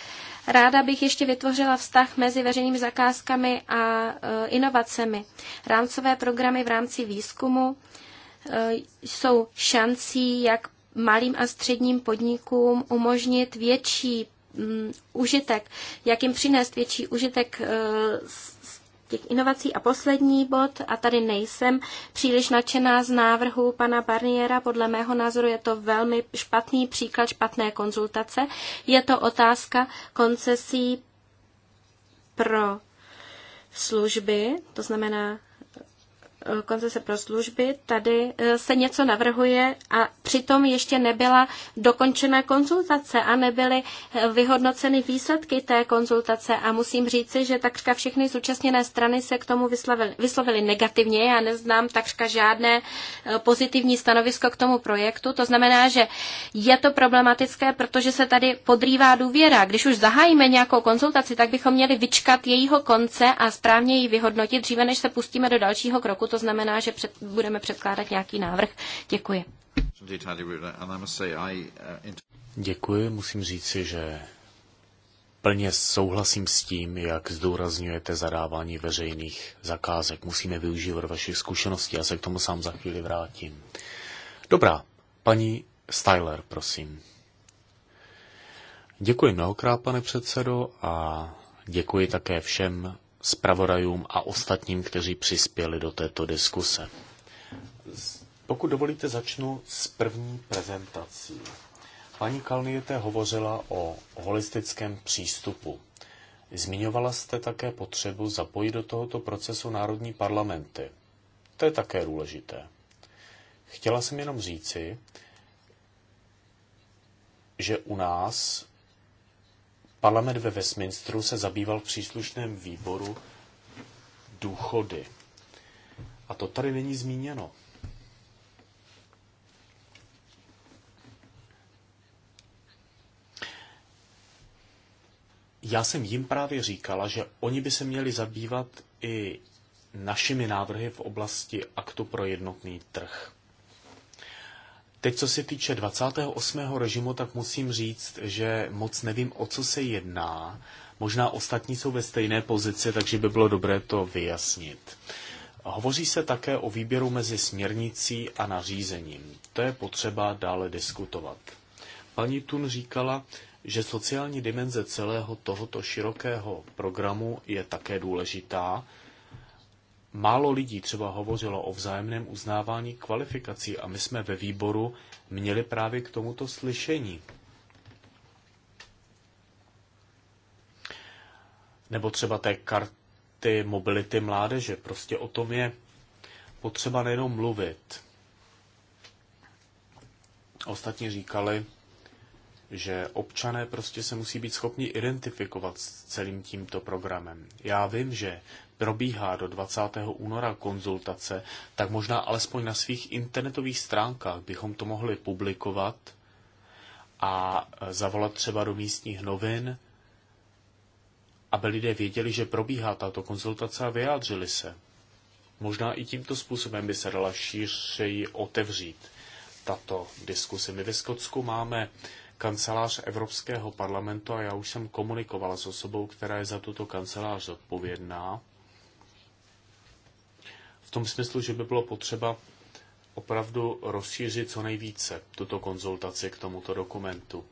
Ráda bych ještě vytvořila vztah mezi veřejnými zakázkami a e, inovacemi. Rámcové programy v rámci výzkumu e, jsou šancí, jak malým a středním podnikům umožnit větší mm, užitek, jak jim přinést větší užitek z e, těch inovací. A poslední bod, a tady nejsem příliš nadšená z návrhu pana Barniera, podle mého názoru je to velmi špatný příklad špatné konzultace. Je to otázka koncesí pro služby, to znamená koncese pro služby, tady eh, se něco navrhuje a přitom ještě nebyla dokončena konzultace a nebyly eh, vyhodnoceny výsledky té konzultace a musím říci, že takřka všechny zúčastněné strany se k tomu vyslovili, vyslovili negativně. Já neznám takřka žádné eh, pozitivní stanovisko k tomu projektu. To znamená, že je to problematické, protože se tady podrývá důvěra. Když už zahájíme nějakou konzultaci, tak bychom měli vyčkat jejího konce a správně ji vyhodnotit dříve, než se pustíme do dalšího kroku. To to znamená, že před, budeme předkládat nějaký návrh. Děkuji. Děkuji, musím říci, že plně souhlasím s tím, jak zdůrazňujete zadávání veřejných zakázek. Musíme využívat vaše zkušenosti, já se k tomu sám za chvíli vrátím. Dobrá, paní Styler, prosím. Děkuji mnohokrát, pane předsedo, a děkuji také všem zpravodajům a ostatním, kteří přispěli do této diskuse. Pokud dovolíte, začnu s první prezentací. Paní Kalniete hovořila o holistickém přístupu. Zmiňovala jste také potřebu zapojit do tohoto procesu národní parlamenty. To je také důležité. Chtěla jsem jenom říci, že u nás Parlament ve Westminsteru se zabýval v příslušném výboru důchody. A to tady není zmíněno. Já jsem jim právě říkala, že oni by se měli zabývat i našimi návrhy v oblasti aktu pro jednotný trh. Teď, co se týče 28. režimu, tak musím říct, že moc nevím, o co se jedná. Možná ostatní jsou ve stejné pozici, takže by bylo dobré to vyjasnit. Hovoří se také o výběru mezi směrnicí a nařízením. To je potřeba dále diskutovat. Paní Tun říkala, že sociální dimenze celého tohoto širokého programu je také důležitá, Málo lidí třeba hovořilo o vzájemném uznávání kvalifikací a my jsme ve výboru měli právě k tomuto slyšení. Nebo třeba té karty mobility mládeže. Prostě o tom je potřeba nejenom mluvit. Ostatně říkali, že občané prostě se musí být schopni identifikovat s celým tímto programem. Já vím, že probíhá do 20. února konzultace, tak možná alespoň na svých internetových stránkách bychom to mohli publikovat a zavolat třeba do místních novin, aby lidé věděli, že probíhá tato konzultace a vyjádřili se. Možná i tímto způsobem by se dala šířeji otevřít tato diskuse. My ve Skotsku máme kancelář Evropského parlamentu a já už jsem komunikovala s osobou, která je za tuto kancelář odpovědná v tom smyslu, že by bylo potřeba opravdu rozšířit co nejvíce tuto konzultaci k tomuto dokumentu.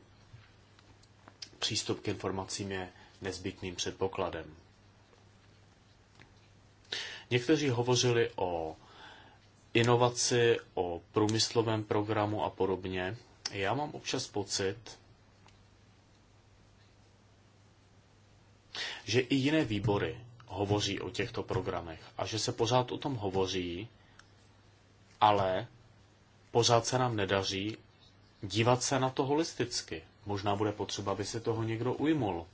Přístup k informacím je nezbytným předpokladem. Někteří hovořili o inovaci, o průmyslovém programu a podobně. Já mám občas pocit, že i jiné výbory hovoří o těchto programech a že se pořád o tom hovoří, ale pořád se nám nedaří dívat se na to holisticky. Možná bude potřeba, aby se toho někdo ujmul.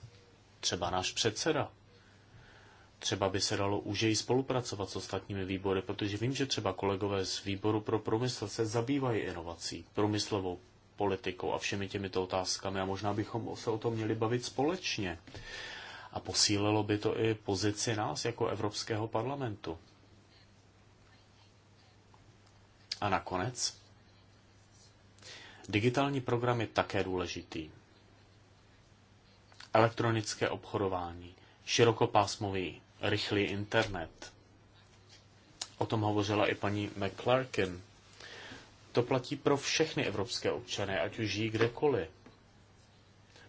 Třeba náš předseda. Třeba by se dalo užeji spolupracovat s ostatními výbory, protože vím, že třeba kolegové z výboru pro průmysl se zabývají inovací, průmyslovou politikou a všemi těmito otázkami a možná bychom se o tom měli bavit společně a posílilo by to i pozici nás jako Evropského parlamentu. A nakonec, digitální program je také důležitý. Elektronické obchodování, širokopásmový, rychlý internet. O tom hovořila i paní McClarkin. To platí pro všechny evropské občany, ať už žijí kdekoliv.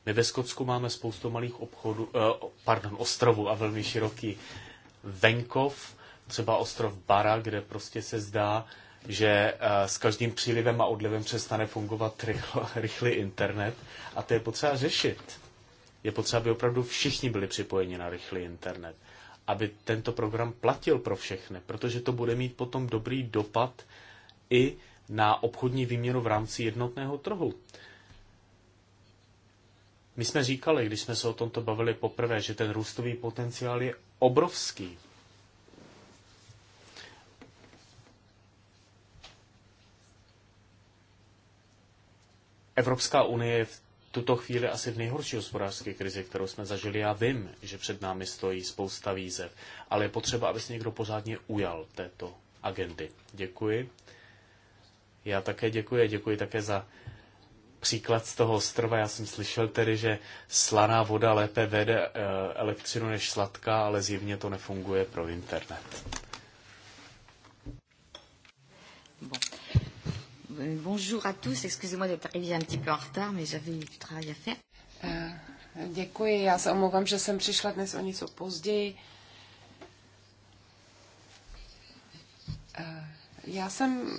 My ve Skotsku máme spoustu malých obchodů, eh, pardon, ostrovů a velmi široký venkov, třeba ostrov Bara, kde prostě se zdá, že eh, s každým přílivem a odlivem přestane fungovat rychlo, <laughs> rychlý internet a to je potřeba řešit. Je potřeba, aby opravdu všichni byli připojeni na rychlý internet, aby tento program platil pro všechny, protože to bude mít potom dobrý dopad i na obchodní výměnu v rámci jednotného trhu. My jsme říkali, když jsme se o tomto bavili poprvé, že ten růstový potenciál je obrovský. Evropská unie je v tuto chvíli asi v nejhorší hospodářské krizi, kterou jsme zažili. Já vím, že před námi stojí spousta výzev, ale je potřeba, aby se někdo pořádně ujal této agendy. Děkuji. Já také děkuji a děkuji také za příklad z toho ostrova. Já jsem slyšel tedy, že slaná voda lépe vede eh, elektřinu než sladká, ale zjevně to nefunguje pro internet. Bon. Euh, bonjour à tous, excusez-moi d'être arrivé un petit peu en retard, mais j'avais du travail à faire. Eh, děkuji, já se omlouvám, že jsem přišla dnes o něco později. Eh, já jsem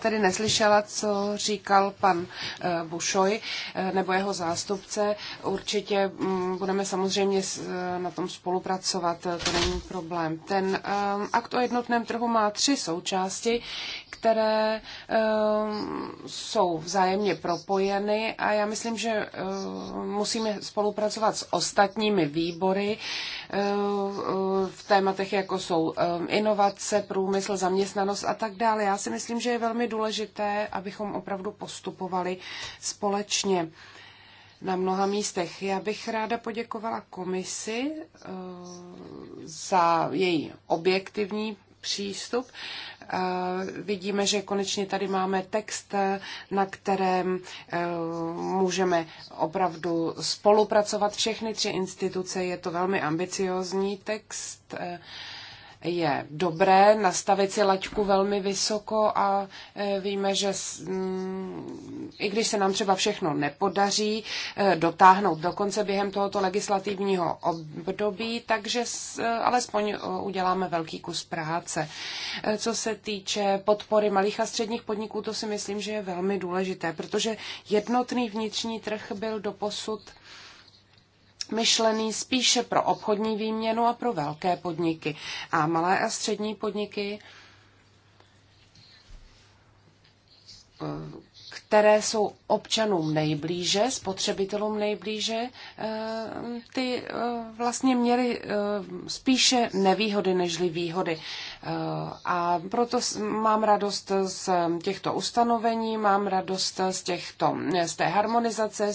tedy neslyšela, co říkal pan eh, Bušoj eh, nebo jeho zástupce. Určitě mm, budeme samozřejmě eh, na tom spolupracovat, to není problém. Ten akt o jednotném trhu má tři součásti, které jsou vzájemně propojeny a já myslím, že musíme spolupracovat s ostatními výbory v tématech, jako jsou inovace, průmysl, zaměstnanost a tak dále. Já si myslím, myslím, že je velmi důležité, abychom opravdu postupovali společně na mnoha místech. Já bych ráda poděkovala komisi eh, za její objektivní přístup. Eh, vidíme, že konečně tady máme text, na kterém eh, můžeme opravdu spolupracovat všechny tři instituce. Je to velmi ambiciozní text je dobré nastavit si laťku velmi vysoko a e, víme, že mm, i když se nám třeba všechno nepodaří e, dotáhnout do konce během tohoto legislativního období, takže e, alespoň uděláme velký kus práce. Co se týče podpory malých a středních podniků, to si myslím, že je velmi důležité, protože jednotný vnitřní trh byl doposud posud myšlený spíše pro obchodní výměnu a pro velké podniky. A malé a střední podniky které jsou občanům nejblíže, spotřebitelům nejblíže, eh, ty eh, vlastně měly eh, spíše nevýhody nežli výhody. A proto mám radost z těchto ustanovení, mám radost z, těchto, z té harmonizace,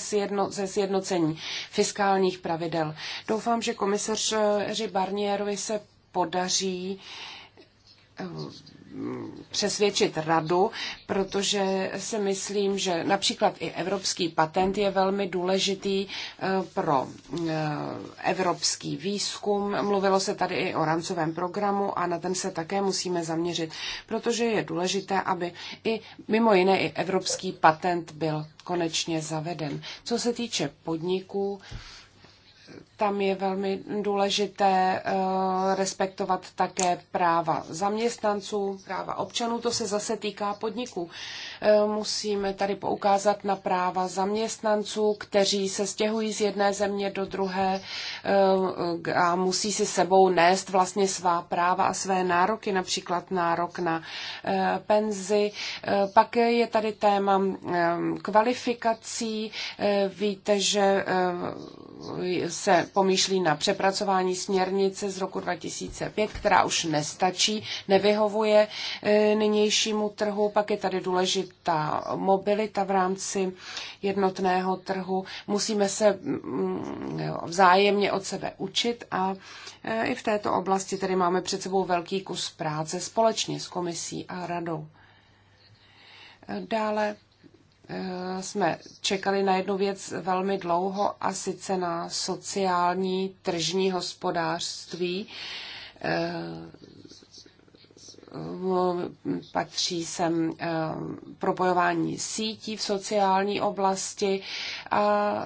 ze sjednocení fiskálních pravidel. Doufám, že komisaři Barnierovi se podaří přesvědčit radu, protože si myslím, že například i evropský patent je velmi důležitý eh, pro eh, evropský výzkum. Mluvilo se tady i o rámcovém programu a na ten se také musíme zaměřit, protože je důležité, aby i mimo jiné i evropský patent byl konečně zaveden. Co se týče podniků, tam je velmi důležité eh, respektovat také práva zaměstnanců, práva občanů, to se zase týká podniků. Eh, musíme tady poukázat na práva zaměstnanců, kteří se stěhují z jedné země do druhé eh, a musí si sebou nést vlastně svá práva a své nároky, například nárok na penzi. Pak je tady téma kvalifikací. Víte, že se pomýšlí na přepracování směrnice z roku 2005, která už nestačí, nevyhovuje e, nynějšímu trhu. Pak je tady důležitá mobilita v rámci jednotného trhu. Musíme se mm, vzájemně od sebe učit a e, i v této oblasti tedy máme před sebou velký kus práce společně s komisí a radou. E, dále Eh, jsme čekali na jednu věc velmi dlouho a sice na sociální tržní hospodářství. Eh, patří sem eh, propojování sítí v sociální oblasti a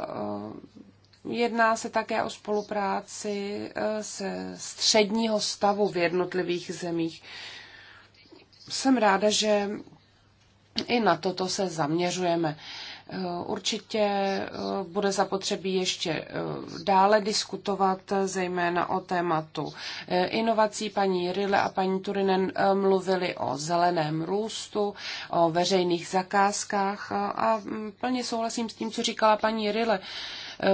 Jedná se také o spolupráci se středního stavu v jednotlivých zemích. Jsem ráda, že i na toto se zaměřujeme. Eh, určitě eh, bude zapotřebí ještě eh, dále diskutovat, zejména o tématu inovací. Paní Rille a paní Turinen mluvili o zeleném růstu, o veřejných zakázkách a mm, plně souhlasím s tím, co říkala paní Rille. Eh,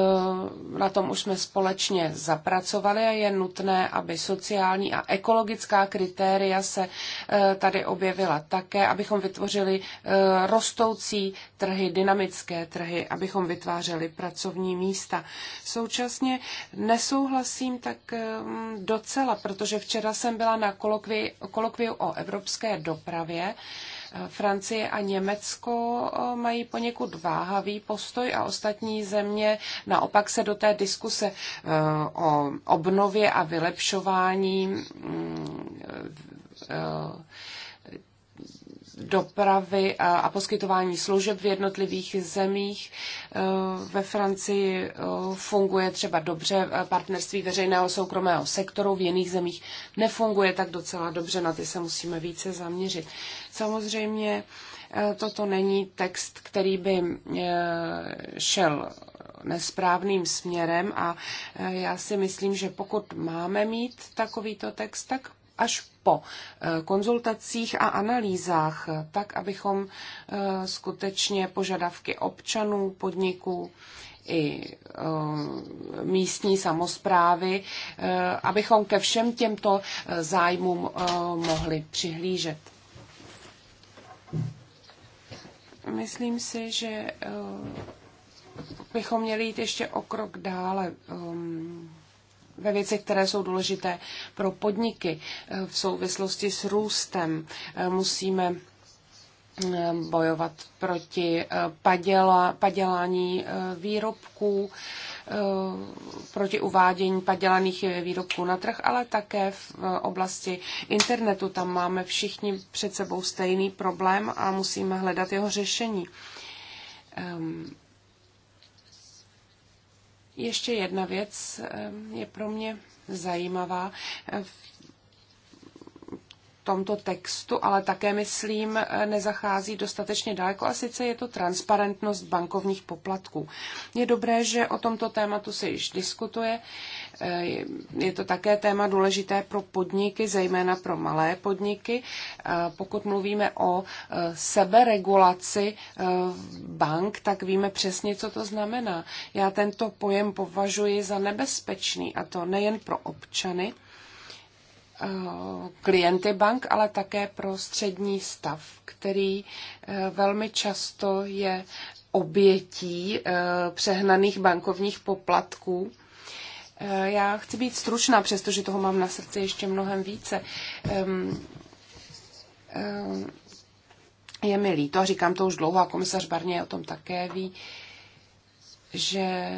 na tom už jsme společně zapracovali a je nutné, aby sociální a ekologická kritéria se eh, tady objevila také, abychom vytvořili eh, rostoucí trhy, dynamické trhy, abychom vytvářeli pracovní místa. Současně nesouhlasím tak docela, protože včera jsem byla na kolokviu o evropské dopravě, Francie a Německo eh, mají poněkud váhavý postoj a ostatní země naopak se do té diskuse eh, o obnově a vylepšování mm, eh, dopravy a, a poskytování služeb v jednotlivých zemích. E, ve Francii e, funguje třeba dobře e, partnerství veřejného soukromého sektoru, v jiných zemích nefunguje tak docela dobře, na ty se musíme více zaměřit. Samozřejmě toto není text, který by šel nesprávným směrem a já si myslím, že pokud máme mít takovýto text, tak až po eh, konzultacích a analýzách, tak abychom eh, skutečně požadavky občanů, podniků i eh, místní samozprávy, abychom ke všem těmto zájmům mohli přihlížet. Myslím si, že bychom měli jít ještě o krok dále. Ehm, ve věcech, které jsou důležité pro podniky v souvislosti s růstem. Eh, musíme eh, bojovat proti eh, paděla, padělání výrobků, proti uvádění padělaných výrobků na trh, ale také v oblasti internetu. Tam máme všichni před sebou stejný problém a musíme hledat jeho řešení. Ehm, ještě jedna věc ehm, je pro mě zajímavá tomto textu, ale také, myslím, nezachází dostatečně daleko a sice je to transparentnost bankovních poplatků. Je dobré, že o tomto tématu se již diskutuje. Je to také téma důležité pro podniky, zejména pro malé podniky. Pokud mluvíme o seberegulaci bank, tak víme přesně, co to znamená. Já tento pojem považuji za nebezpečný a to nejen pro občany, Eh, klienty bank, ale také pro střední stav, který eh, velmi často je obětí eh, přehnaných bankovních poplatků. Já chci být stručná, přestože toho mám na srdci ještě mnohem více. Je mi líto, a říkám to už dlouho, a komisař Barně o tom také ví, že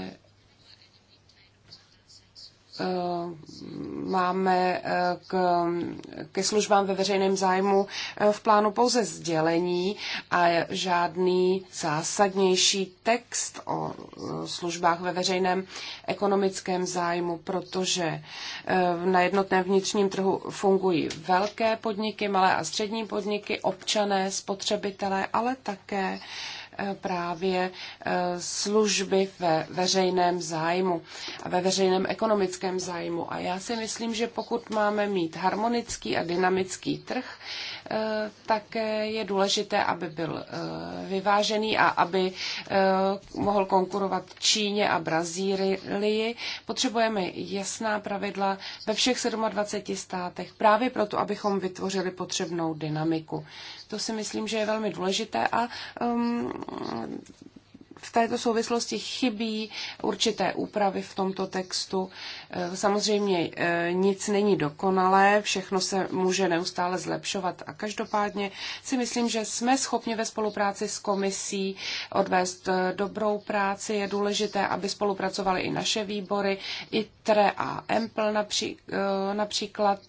Eh, máme eh, k, ke službám ve veřejném zájmu eh, v plánu pouze sdělení a žádný zásadnější text o službách ve veřejném ekonomickém zájmu, protože na jednotném vnitřním trhu fungují velké podniky, malé a střední podniky, občané, spotřebitelé, ale také Eh, právě eh, služby ve veřejném zájmu a ve veřejném ekonomickém zájmu. A já si myslím, že pokud máme mít harmonický a dynamický trh, eh, tak je důležité, aby byl vyvážený a aby mohl konkurovat Číně a Brazílii. Potřebujeme jasná pravidla ve všech 27 státech, právě proto, abychom vytvořili potřebnou dynamiku. To si myslím, že je velmi důležité a um, v této souvislosti chybí určité úpravy v tomto textu. Eh, samozřejmě eh, nic není dokonalé, všechno se může neustále zlepšovat a každopádně si myslím, že jsme schopni ve spolupráci s komisí odvést eh, dobrou práci. Je důležité, aby spolupracovaly i naše výbory, i TRE a EMPL například.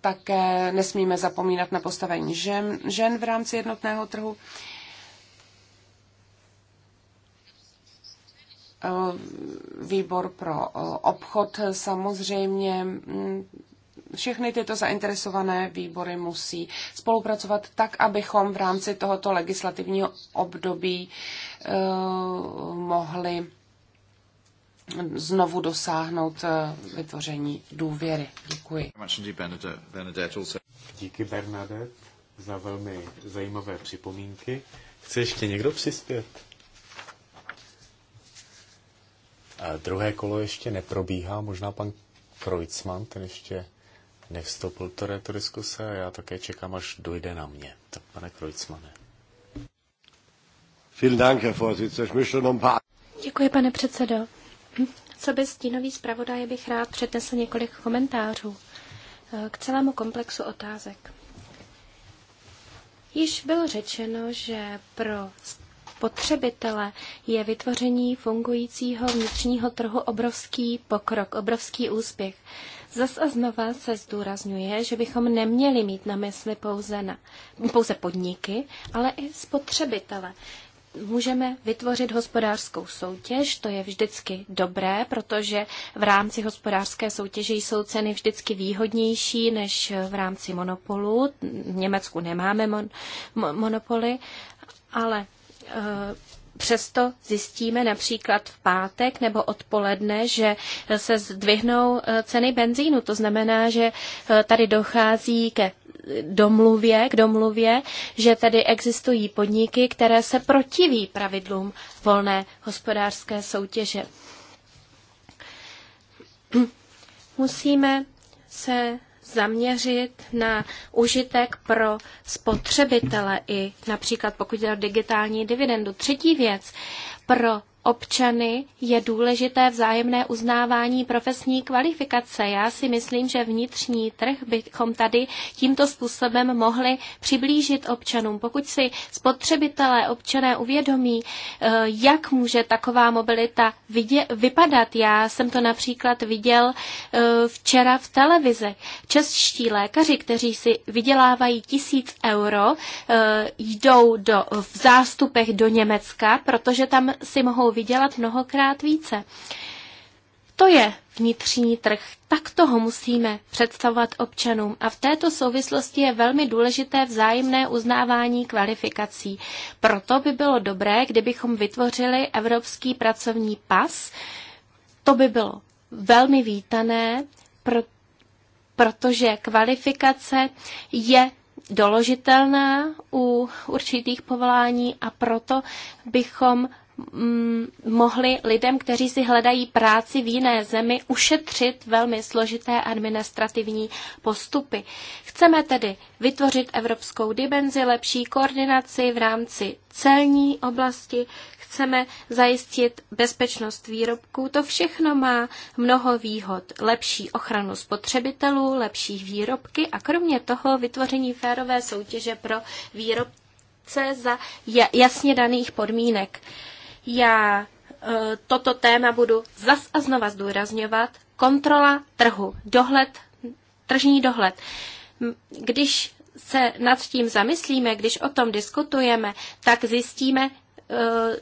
Také nesmíme zapomínat na postavení žen, žen v rámci jednotného trhu. Eh, výbor pro eh, obchod samozřejmě mm, všechny tyto zainteresované výbory musí spolupracovat tak, abychom v rámci tohoto legislativního období eh, mohli znovu dosáhnout vytvoření důvěry. Děkuji. Díky Bernadette za velmi zajímavé připomínky. Chce ještě někdo přispět? Druhé kolo ještě neprobíhá, možná pan Kreutzmann, ten ještě nevstoupil do této diskuse a já také čekám, až dojde na mě. Tak pane Kreutzmane. Děkuji, pane předsedo. Hm, co by stínový zpravodaj bych rád přednesl několik komentářů eh, k celému komplexu otázek. Již bylo řečeno, že pro spotřebitele je vytvoření fungujícího vnitřního trhu obrovský pokrok, obrovský úspěch. Zas a znova se zdůrazňuje, že bychom neměli mít na mysli pouze, na, pouze podniky, ale i spotřebitele. Můžeme vytvořit hospodářskou soutěž, to je vždycky dobré, protože v rámci hospodářské soutěže jsou ceny vždycky výhodnější než v rámci monopolu. V Německu nemáme mon, mo, monopoly, ale Eh, přesto zjistíme například v pátek nebo odpoledne, že se zdvihnou eh, ceny benzínu. To znamená, že eh, tady dochází ke domluvě, k domluvě, že tedy existují podniky, které se protiví pravidlům volné hospodářské soutěže. <clears throat> Musíme se zaměřit na užitek pro spotřebitele i například pokud jde o digitální dividendu. Třetí věc, pro občany je důležité vzájemné uznávání profesní kvalifikace. Já si myslím, že vnitřní trh bychom tady tímto způsobem mohli přiblížit občanům. Pokud si spotřebitelé občané uvědomí, eh, jak může taková mobilita vidě- vypadat, já jsem to například viděl eh, včera v televizi. Čeští lékaři, kteří si vydělávají tisíc euro, eh, jdou do, v zástupech do Německa, protože tam si mohou vydělat mnohokrát více. To je vnitřní trh. Tak toho musíme představovat občanům. A v této souvislosti je velmi důležité vzájemné uznávání kvalifikací. Proto by bylo dobré, kdybychom vytvořili evropský pracovní pas. To by bylo velmi vítané, protože kvalifikace je doložitelná u určitých povolání a proto bychom Mm, mohli lidem, kteří si hledají práci v jiné zemi, ušetřit velmi složité administrativní postupy. Chceme tedy vytvořit evropskou dimenzi, lepší koordinaci v rámci celní oblasti, chceme zajistit bezpečnost výrobků. To všechno má mnoho výhod. Lepší ochranu spotřebitelů, lepší výrobky a kromě toho vytvoření férové soutěže pro výrobce za jasně daných podmínek. Já eh, toto téma budu zas a znova zdůrazňovat. Kontrola trhu, dohled, tržní dohled. Když se nad tím zamyslíme, když o tom diskutujeme, tak zjistíme eh,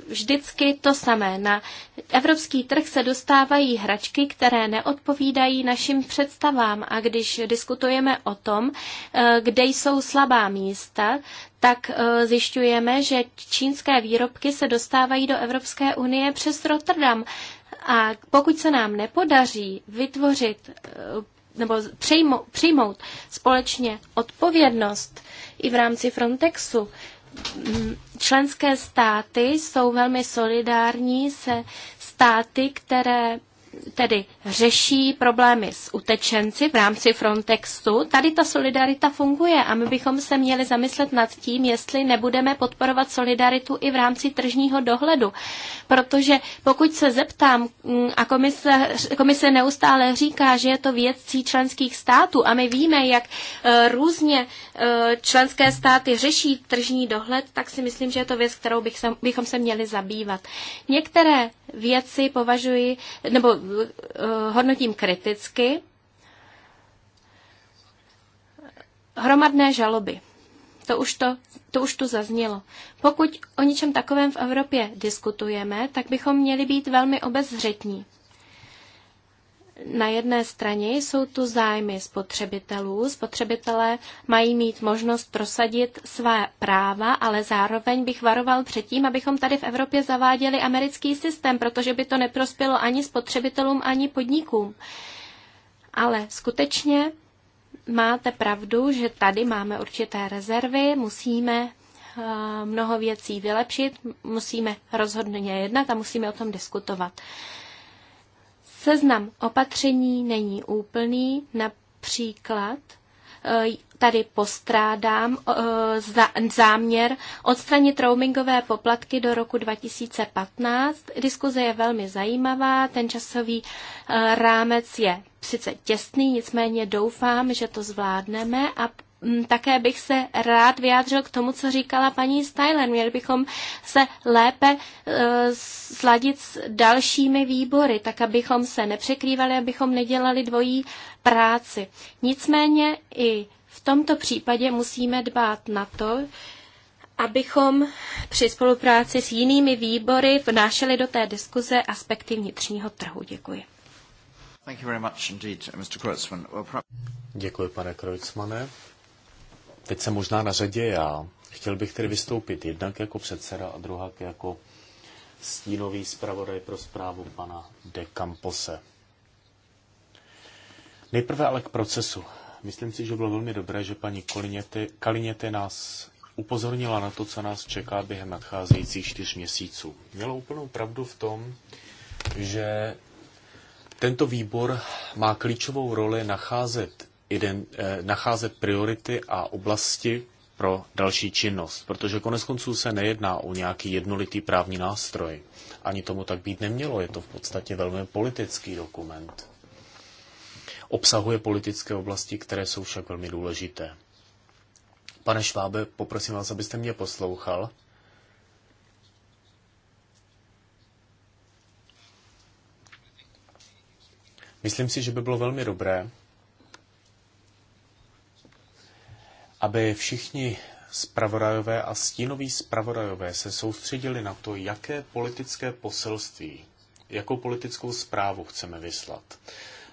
vždycky to samé. Na evropský trh se dostávají hračky, které neodpovídají našim představám a když diskutujeme o tom, eh, kde jsou slabá místa, tak eh, zjišťujeme, že čínské výrobky se dostávají do Evropské unie přes Rotterdam. A pokud se nám nepodaří vytvořit eh, nebo přijmout, přijmout společně odpovědnost i v rámci Frontexu, mm, členské státy jsou velmi solidární se státy, které tedy řeší problémy s utečenci v rámci Frontexu. Tady ta solidarita funguje a my bychom se měli zamyslet nad tím, jestli nebudeme podporovat solidaritu i v rámci tržního dohledu. Protože pokud se zeptám mm, a komise, komise neustále říká, že je to věcí členských států a my víme, jak e, různě e, členské státy řeší tržní dohled, tak si myslím, že je to věc, kterou bych se, bychom se měli zabývat. Některé věci považuji nebo eh, hodnotím kriticky. Hromadné žaloby. To už, to, to už tu zaznělo. Pokud o něčem takovém v Evropě diskutujeme, tak bychom měli být velmi obezřetní na jedné straně jsou tu zájmy spotřebitelů. Spotřebitelé mají mít možnost prosadit své práva, ale zároveň bych varoval před tím, abychom tady v Evropě zaváděli americký systém, protože by to neprospělo ani spotřebitelům, ani podnikům. Ale skutečně máte pravdu, že tady máme určité rezervy, musíme eh, mnoho věcí vylepšit, musíme rozhodně jednat a musíme o tom diskutovat. Seznam opatření není úplný, například e, tady postrádám e, záměr odstranit roamingové poplatky do roku 2015. Diskuze je velmi zajímavá, ten časový e, rámec je sice těsný, nicméně doufám, že to zvládneme a Mm, také bych se rád vyjádřil k tomu, co říkala paní Styler. Měli bychom se lépe e, sladit s dalšími výbory, tak abychom se nepřekrývali, abychom nedělali dvojí práci. Nicméně i v tomto případě musíme dbát na to, abychom při spolupráci s jinými výbory vnášeli do té diskuze aspekty vnitřního trhu. Děkuji. Děkuji, pane Kreutzmane. Teď jsem možná na řadě já. Chtěl bych tedy vystoupit jednak jako předseda a druhá jako stínový zpravodaj pro zprávu pana De Campose. Nejprve ale k procesu. Myslím si, že bylo velmi dobré, že paní Kaliněte nás upozornila na to, co nás čeká během nadcházejících čtyř měsíců. Měla úplnou pravdu v tom, že tento výbor má klíčovou roli nacházet Eh, nacházet priority a oblasti pro další činnost, protože konec konců se nejedná o nějaký jednolitý právní nástroj. Ani tomu tak být nemělo, je to v podstatě velmi politický dokument. Obsahuje politické oblasti, které jsou však velmi důležité. Pane Švábe, poprosím vás, abyste mě poslouchal. Myslím si, že by bylo velmi dobré, aby všichni spravodajové a stínoví spravodajové se soustředili na to, jaké politické poselství, jakou politickou zprávu chceme vyslat.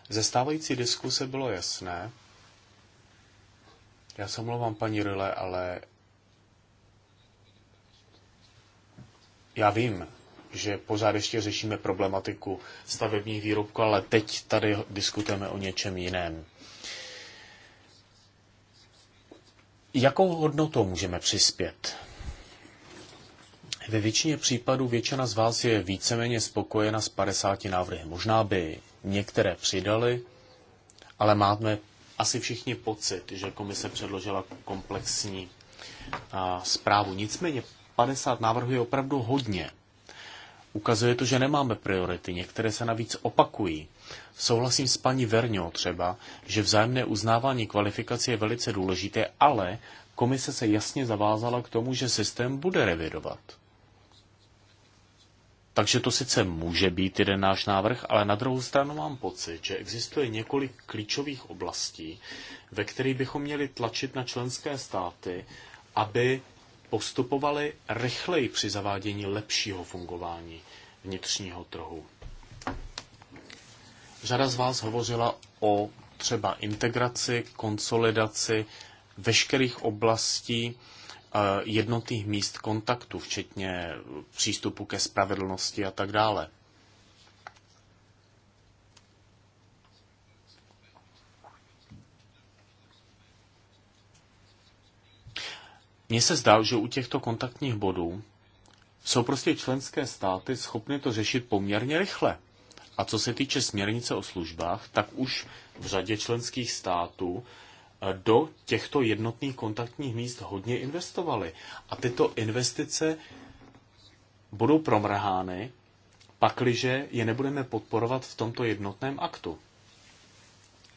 Ze stávající diskuse bylo jasné, já se omlouvám paní Ryle, ale já vím, že pořád ještě řešíme problematiku stavebních výrobků, ale teď tady diskutujeme o něčem jiném. Jakou hodnotou můžeme přispět? Ve většině případů většina z vás je víceméně spokojena s 50 návrhy. Možná by některé přidali, ale máme asi všichni pocit, že komise předložila komplexní a, zprávu. Nicméně 50 návrhů je opravdu hodně. Ukazuje to, že nemáme priority, některé se navíc opakují. Souhlasím s paní Verňou třeba, že vzájemné uznávání kvalifikace je velice důležité, ale komise se jasně zavázala k tomu, že systém bude revidovat. Takže to sice může být jeden náš návrh, ale na druhou stranu mám pocit, že existuje několik klíčových oblastí, ve kterých bychom měli tlačit na členské státy, aby postupovali rychleji při zavádění lepšího fungování vnitřního trhu. Řada z vás hovořila o třeba integraci, konsolidaci veškerých oblastí eh, jednotných míst kontaktu, včetně přístupu ke spravedlnosti a tak dále. Mně se zdá, že u těchto kontaktních bodů jsou prostě členské státy schopny to řešit poměrně rychle. A co se týče směrnice o službách, tak už v řadě členských států eh, do těchto jednotných kontaktních míst hodně investovali. A tyto investice budou promrhány, pakliže je nebudeme podporovat v tomto jednotném aktu.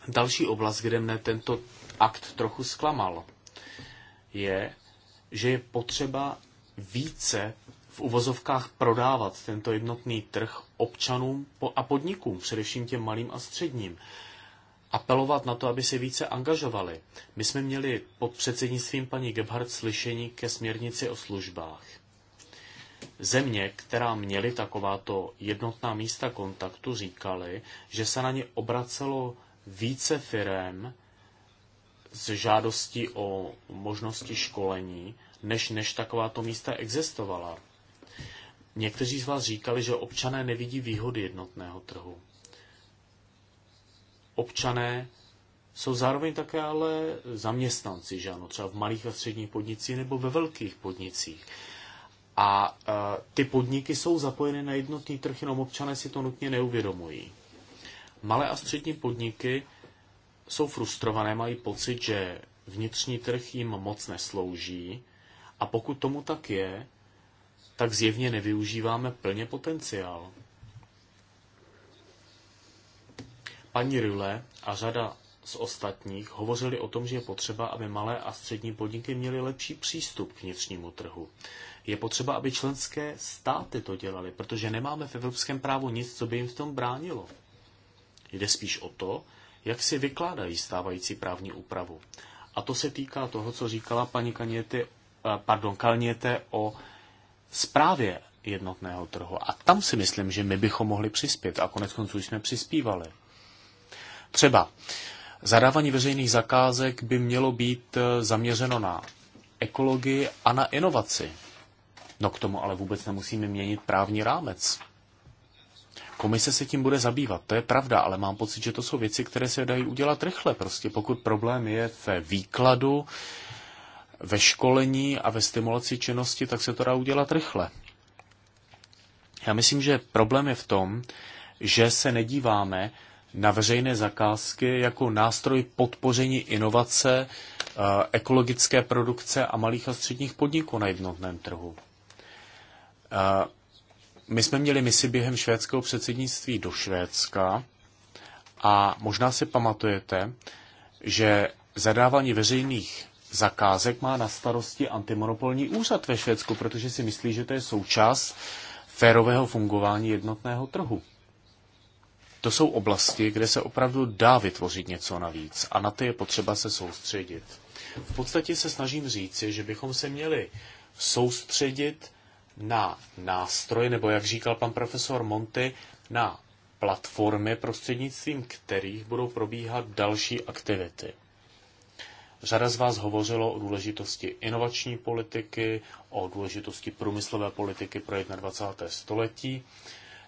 Další oblast, kde mne tento akt trochu zklamal, je, že je potřeba více v uvozovkách prodávat tento jednotný trh občanům a podnikům, především těm malým a středním. Apelovat na to, aby se více angažovali. My jsme měli pod předsednictvím paní Gebhardt slyšení ke směrnici o službách. Země, která měly takováto jednotná místa kontaktu, říkali, že se na ně obracelo více firem s žádostí o možnosti školení, než, než takováto místa existovala. Někteří z vás říkali, že občané nevidí výhody jednotného trhu. Občané jsou zároveň také ale zaměstnanci, že ano, třeba v malých a středních podnicích nebo ve velkých podnicích. A e, ty podniky jsou zapojeny na jednotný trh, jenom občané si to nutně neuvědomují. Malé a střední podniky jsou frustrované, mají pocit, že vnitřní trh jim moc neslouží a pokud tomu tak je, tak zjevně nevyužíváme plně potenciál. Paní Rule a řada z ostatních hovořili o tom, že je potřeba, aby malé a střední podniky měly lepší přístup k vnitřnímu trhu. Je potřeba, aby členské státy to dělaly, protože nemáme v evropském právu nic, co by jim v tom bránilo. Jde spíš o to, jak si vykládají stávající právní úpravu. A to se týká toho, co říkala paní Kaněty, eh, pardon, Kalněte o zprávě jednotného trhu. A tam si myslím, že my bychom mohli přispět a konec konců jsme přispívali. Třeba zadávání veřejných zakázek by mělo být eh, zaměřeno na ekologii a na inovaci. No k tomu ale vůbec nemusíme měnit právní rámec. Komise se tím bude zabývat, to je pravda, ale mám pocit, že to jsou věci, které se dají udělat rychle. Prostě pokud problém je v výkladu, ve školení a ve stimulaci činnosti, tak se to dá udělat rychle. Já myslím, že problém je v tom, že se nedíváme na veřejné zakázky jako nástroj podpoření inovace, eh, ekologické produkce a malých a středních podniků na jednotném trhu. Eh, my jsme měli misi během švédského předsednictví do Švédska a možná si pamatujete, že zadávání veřejných zakázek má na starosti antimonopolní úřad ve Švédsku, protože si myslí, že to je součást férového fungování jednotného trhu. To jsou oblasti, kde se opravdu dá vytvořit něco navíc a na ty je potřeba se soustředit. V podstatě se snažím říci, že bychom se měli soustředit na nástroje, nebo jak říkal pan profesor Monty, na platformy, prostřednictvím kterých budou probíhat další aktivity. Řada z vás hovořilo o důležitosti inovační politiky, o důležitosti průmyslové politiky pro 21. století.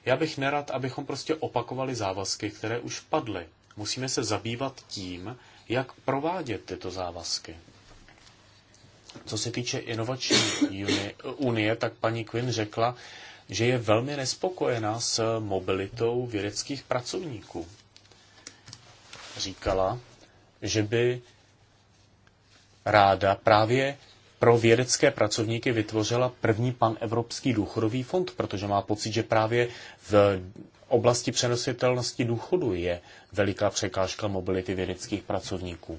Já bych nerad, abychom prostě opakovali závazky, které už padly. Musíme se zabývat tím, jak provádět tyto závazky. Co se týče inovační unie, tak paní Quinn řekla, že je velmi nespokojená s mobilitou vědeckých pracovníků. Říkala, že by ráda právě pro vědecké pracovníky vytvořila první panevropský důchodový fond, protože má pocit, že právě v oblasti přenositelnosti důchodu je veliká překážka mobility vědeckých pracovníků.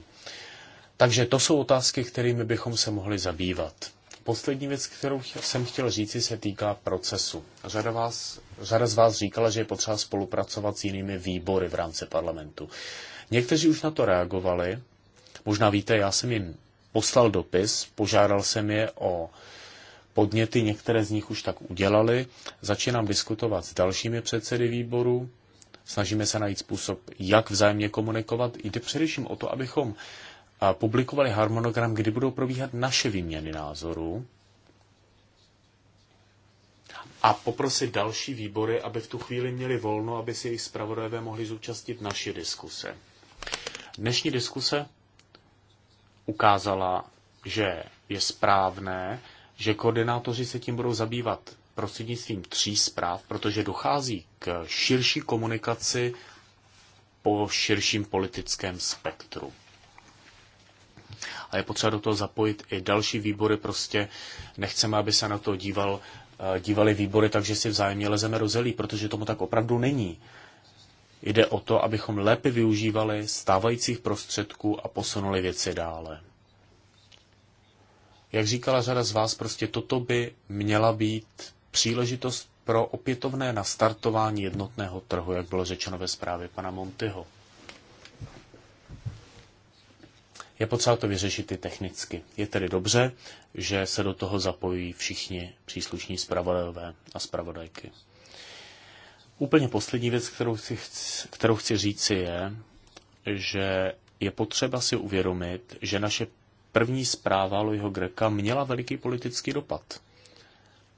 Takže to jsou otázky, kterými bychom se mohli zabývat. Poslední věc, kterou jsem chtěl říci, se týká procesu. Řada, vás, řada z vás říkala, že je potřeba spolupracovat s jinými výbory v rámci parlamentu. Někteří už na to reagovali. Možná víte, já jsem jim poslal dopis, požádal jsem je o podněty, některé z nich už tak udělali. Začínám diskutovat s dalšími předsedy výboru, snažíme se najít způsob, jak vzájemně komunikovat. Jde především o to, abychom publikovali harmonogram, kdy budou probíhat naše výměny názorů a poprosit další výbory, aby v tu chvíli měli volno, aby si jejich zpravodajové mohli zúčastnit naše diskuse. Dnešní diskuse ukázala, že je správné, že koordinátoři se tím budou zabývat prostřednictvím tří zpráv, protože dochází k širší komunikaci po širším politickém spektru. A je potřeba do toho zapojit i další výbory, prostě nechceme, aby se na to díval, eh, dívali výbory, takže si vzájemně lezeme rozelí, protože tomu tak opravdu není. Jde o to, abychom lépe využívali stávajících prostředků a posunuli věci dále. Jak říkala řada z vás, prostě toto by měla být příležitost pro opětovné nastartování jednotného trhu, jak bylo řečeno ve zprávě pana Montyho. Je potřeba to vyřešit i technicky. Je tedy dobře, že se do toho zapojí všichni příslušní zpravodajové a zpravodajky. Úplně poslední věc, kterou chci, kterou chci říci, je, že je potřeba si uvědomit, že naše první zpráva Louisho Greka měla veliký politický dopad.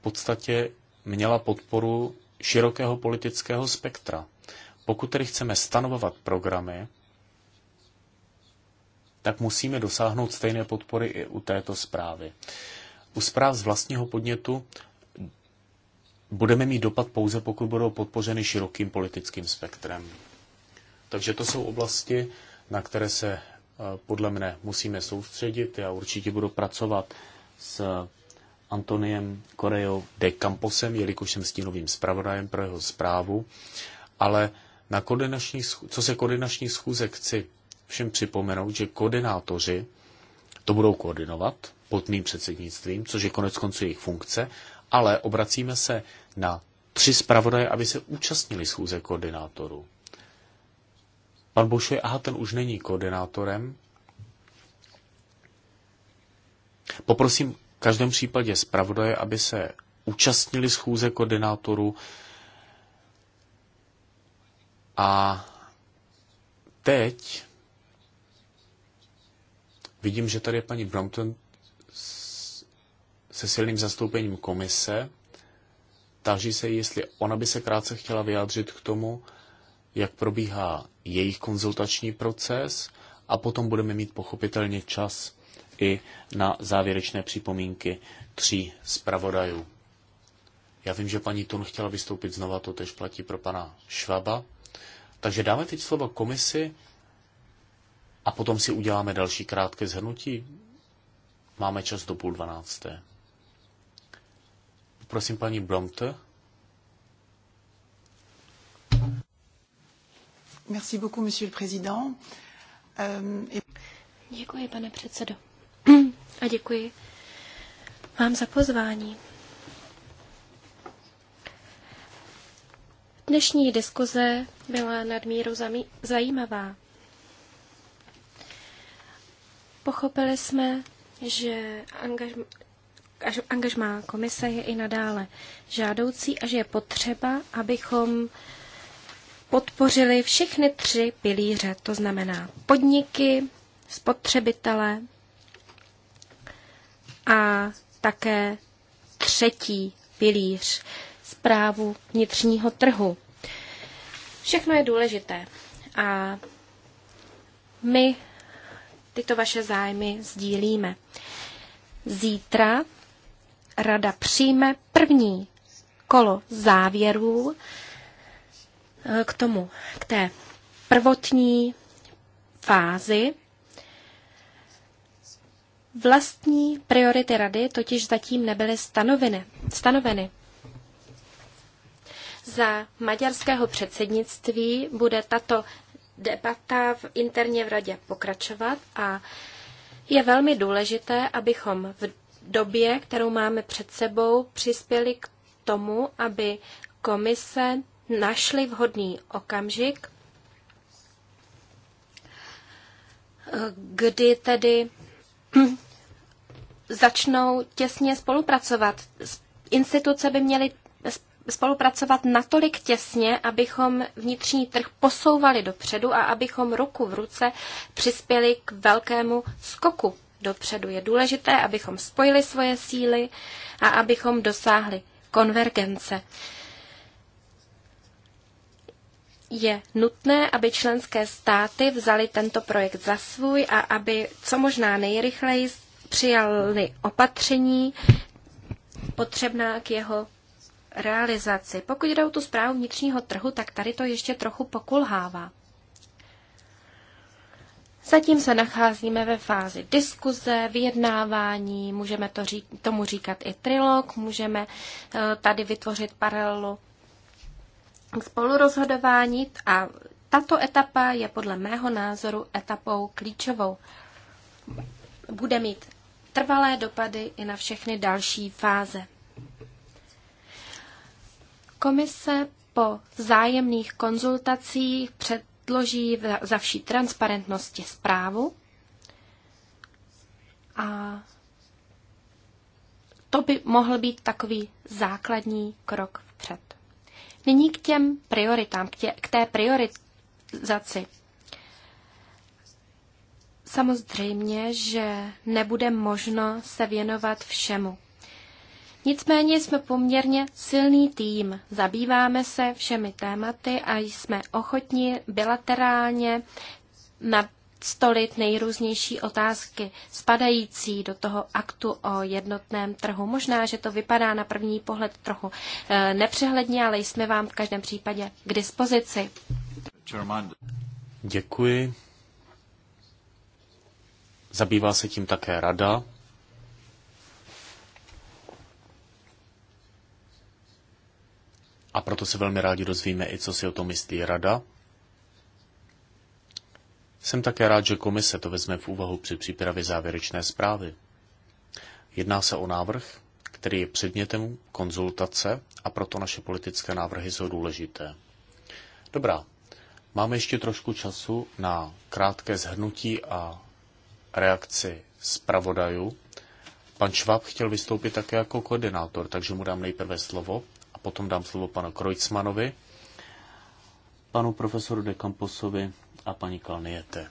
V podstatě měla podporu širokého politického spektra. Pokud tedy chceme stanovovat programy, tak musíme dosáhnout stejné podpory i u této zprávy. U zpráv z vlastního podnětu budeme mít dopad pouze, pokud budou podpořeny širokým politickým spektrem. Takže to jsou oblasti, na které se eh, podle mne musíme soustředit. Já určitě budu pracovat s eh, Antoniem Correo de Camposem, jelikož jsem stínovým zpravodajem pro jeho zprávu, ale na koordinační, co se koordinační schůze chci všem připomenout, že koordinátoři to budou koordinovat pod mým předsednictvím, což je konec konců jejich funkce, ale obracíme se na tři zpravodaje, aby se účastnili schůze koordinátorů. Pan Bošoj, aha, ten už není koordinátorem. Poprosím v každém případě zpravodaje, aby se účastnili schůze koordinátorů a teď vidím, že tady je paní Brompton, se silným zastoupením komise. Táží se, jestli ona by se krátce chtěla vyjádřit k tomu, jak probíhá jejich konzultační proces a potom budeme mít pochopitelně čas i na závěrečné připomínky tří zpravodajů. Já vím, že paní Tun chtěla vystoupit znova, to tež platí pro pana Švaba. Takže dáme teď slovo komisi a potom si uděláme další krátké zhrnutí. Máme čas do půl dvanácté. Prosím paní Blomte. Merci beaucoup, monsieur le président. Um, et... Děkuji, pane předsedo. A děkuji vám za pozvání. Dnešní diskuze byla nadmíru zajímavá. Pochopili jsme, že angaž, angažmá komise je i nadále žádoucí a že je potřeba, abychom podpořili všechny tři pilíře, to znamená podniky, spotřebitele a také třetí pilíř, zprávu vnitřního trhu. Všechno je důležité a my tyto vaše zájmy sdílíme. Zítra rada přijme první kolo závěrů eh, k tomu, k té prvotní fázi. Vlastní priority rady totiž zatím nebyly stanoveny. stanoveny. Za maďarského předsednictví bude tato debata v interně v radě pokračovat a je velmi důležité, abychom v době, kterou máme před sebou, přispěli k tomu, aby komise našly vhodný okamžik, kdy tedy <clears throat> začnou těsně spolupracovat. Instituce by měly spolupracovat natolik těsně, abychom vnitřní trh posouvali dopředu a abychom ruku v ruce přispěli k velkému skoku dopředu. Je důležité, abychom spojili svoje síly a abychom dosáhli konvergence. Je nutné, aby členské státy vzali tento projekt za svůj a aby co možná nejrychleji přijali opatření potřebná k jeho realizaci. Pokud jde o tu zprávu vnitřního trhu, tak tady to ještě trochu pokulhává. Zatím se nacházíme ve fázi diskuze, vyjednávání, můžeme to řík, tomu říkat i trilog, můžeme eh, tady vytvořit paralelu k spolurozhodování a tato etapa je podle mého názoru etapou klíčovou. Bude mít trvalé dopady i na všechny další fáze. Komise po zájemných konzultacích před předloží za vší transparentnosti zprávu a to by mohl být takový základní krok vpřed. Nyní k těm prioritám, k, tě, k té prioritizaci. Samozřejmě, že nebude možno se věnovat všemu. Nicméně jsme poměrně silný tým. Zabýváme se všemi tématy a jsme ochotni bilaterálně nastolit nejrůznější otázky spadající do toho aktu o jednotném trhu. Možná, že to vypadá na první pohled trochu eh, nepřehledně, ale jsme vám v každém případě k dispozici. Děkuji. Zabývá se tím také rada A proto se velmi rádi dozvíme i, co si o tom myslí rada. Jsem také rád, že komise to vezme v úvahu při přípravě závěrečné zprávy. Jedná se o návrh, který je předmětem konzultace a proto naše politické návrhy jsou důležité. Dobrá, máme ještě trošku času na krátké zhrnutí a reakci zpravodajů. Pan Šváb chtěl vystoupit také jako koordinátor, takže mu dám nejprve slovo potom dám slovo panu Krojcmanovi, panu profesoru de Camposovi a paní Kalniete.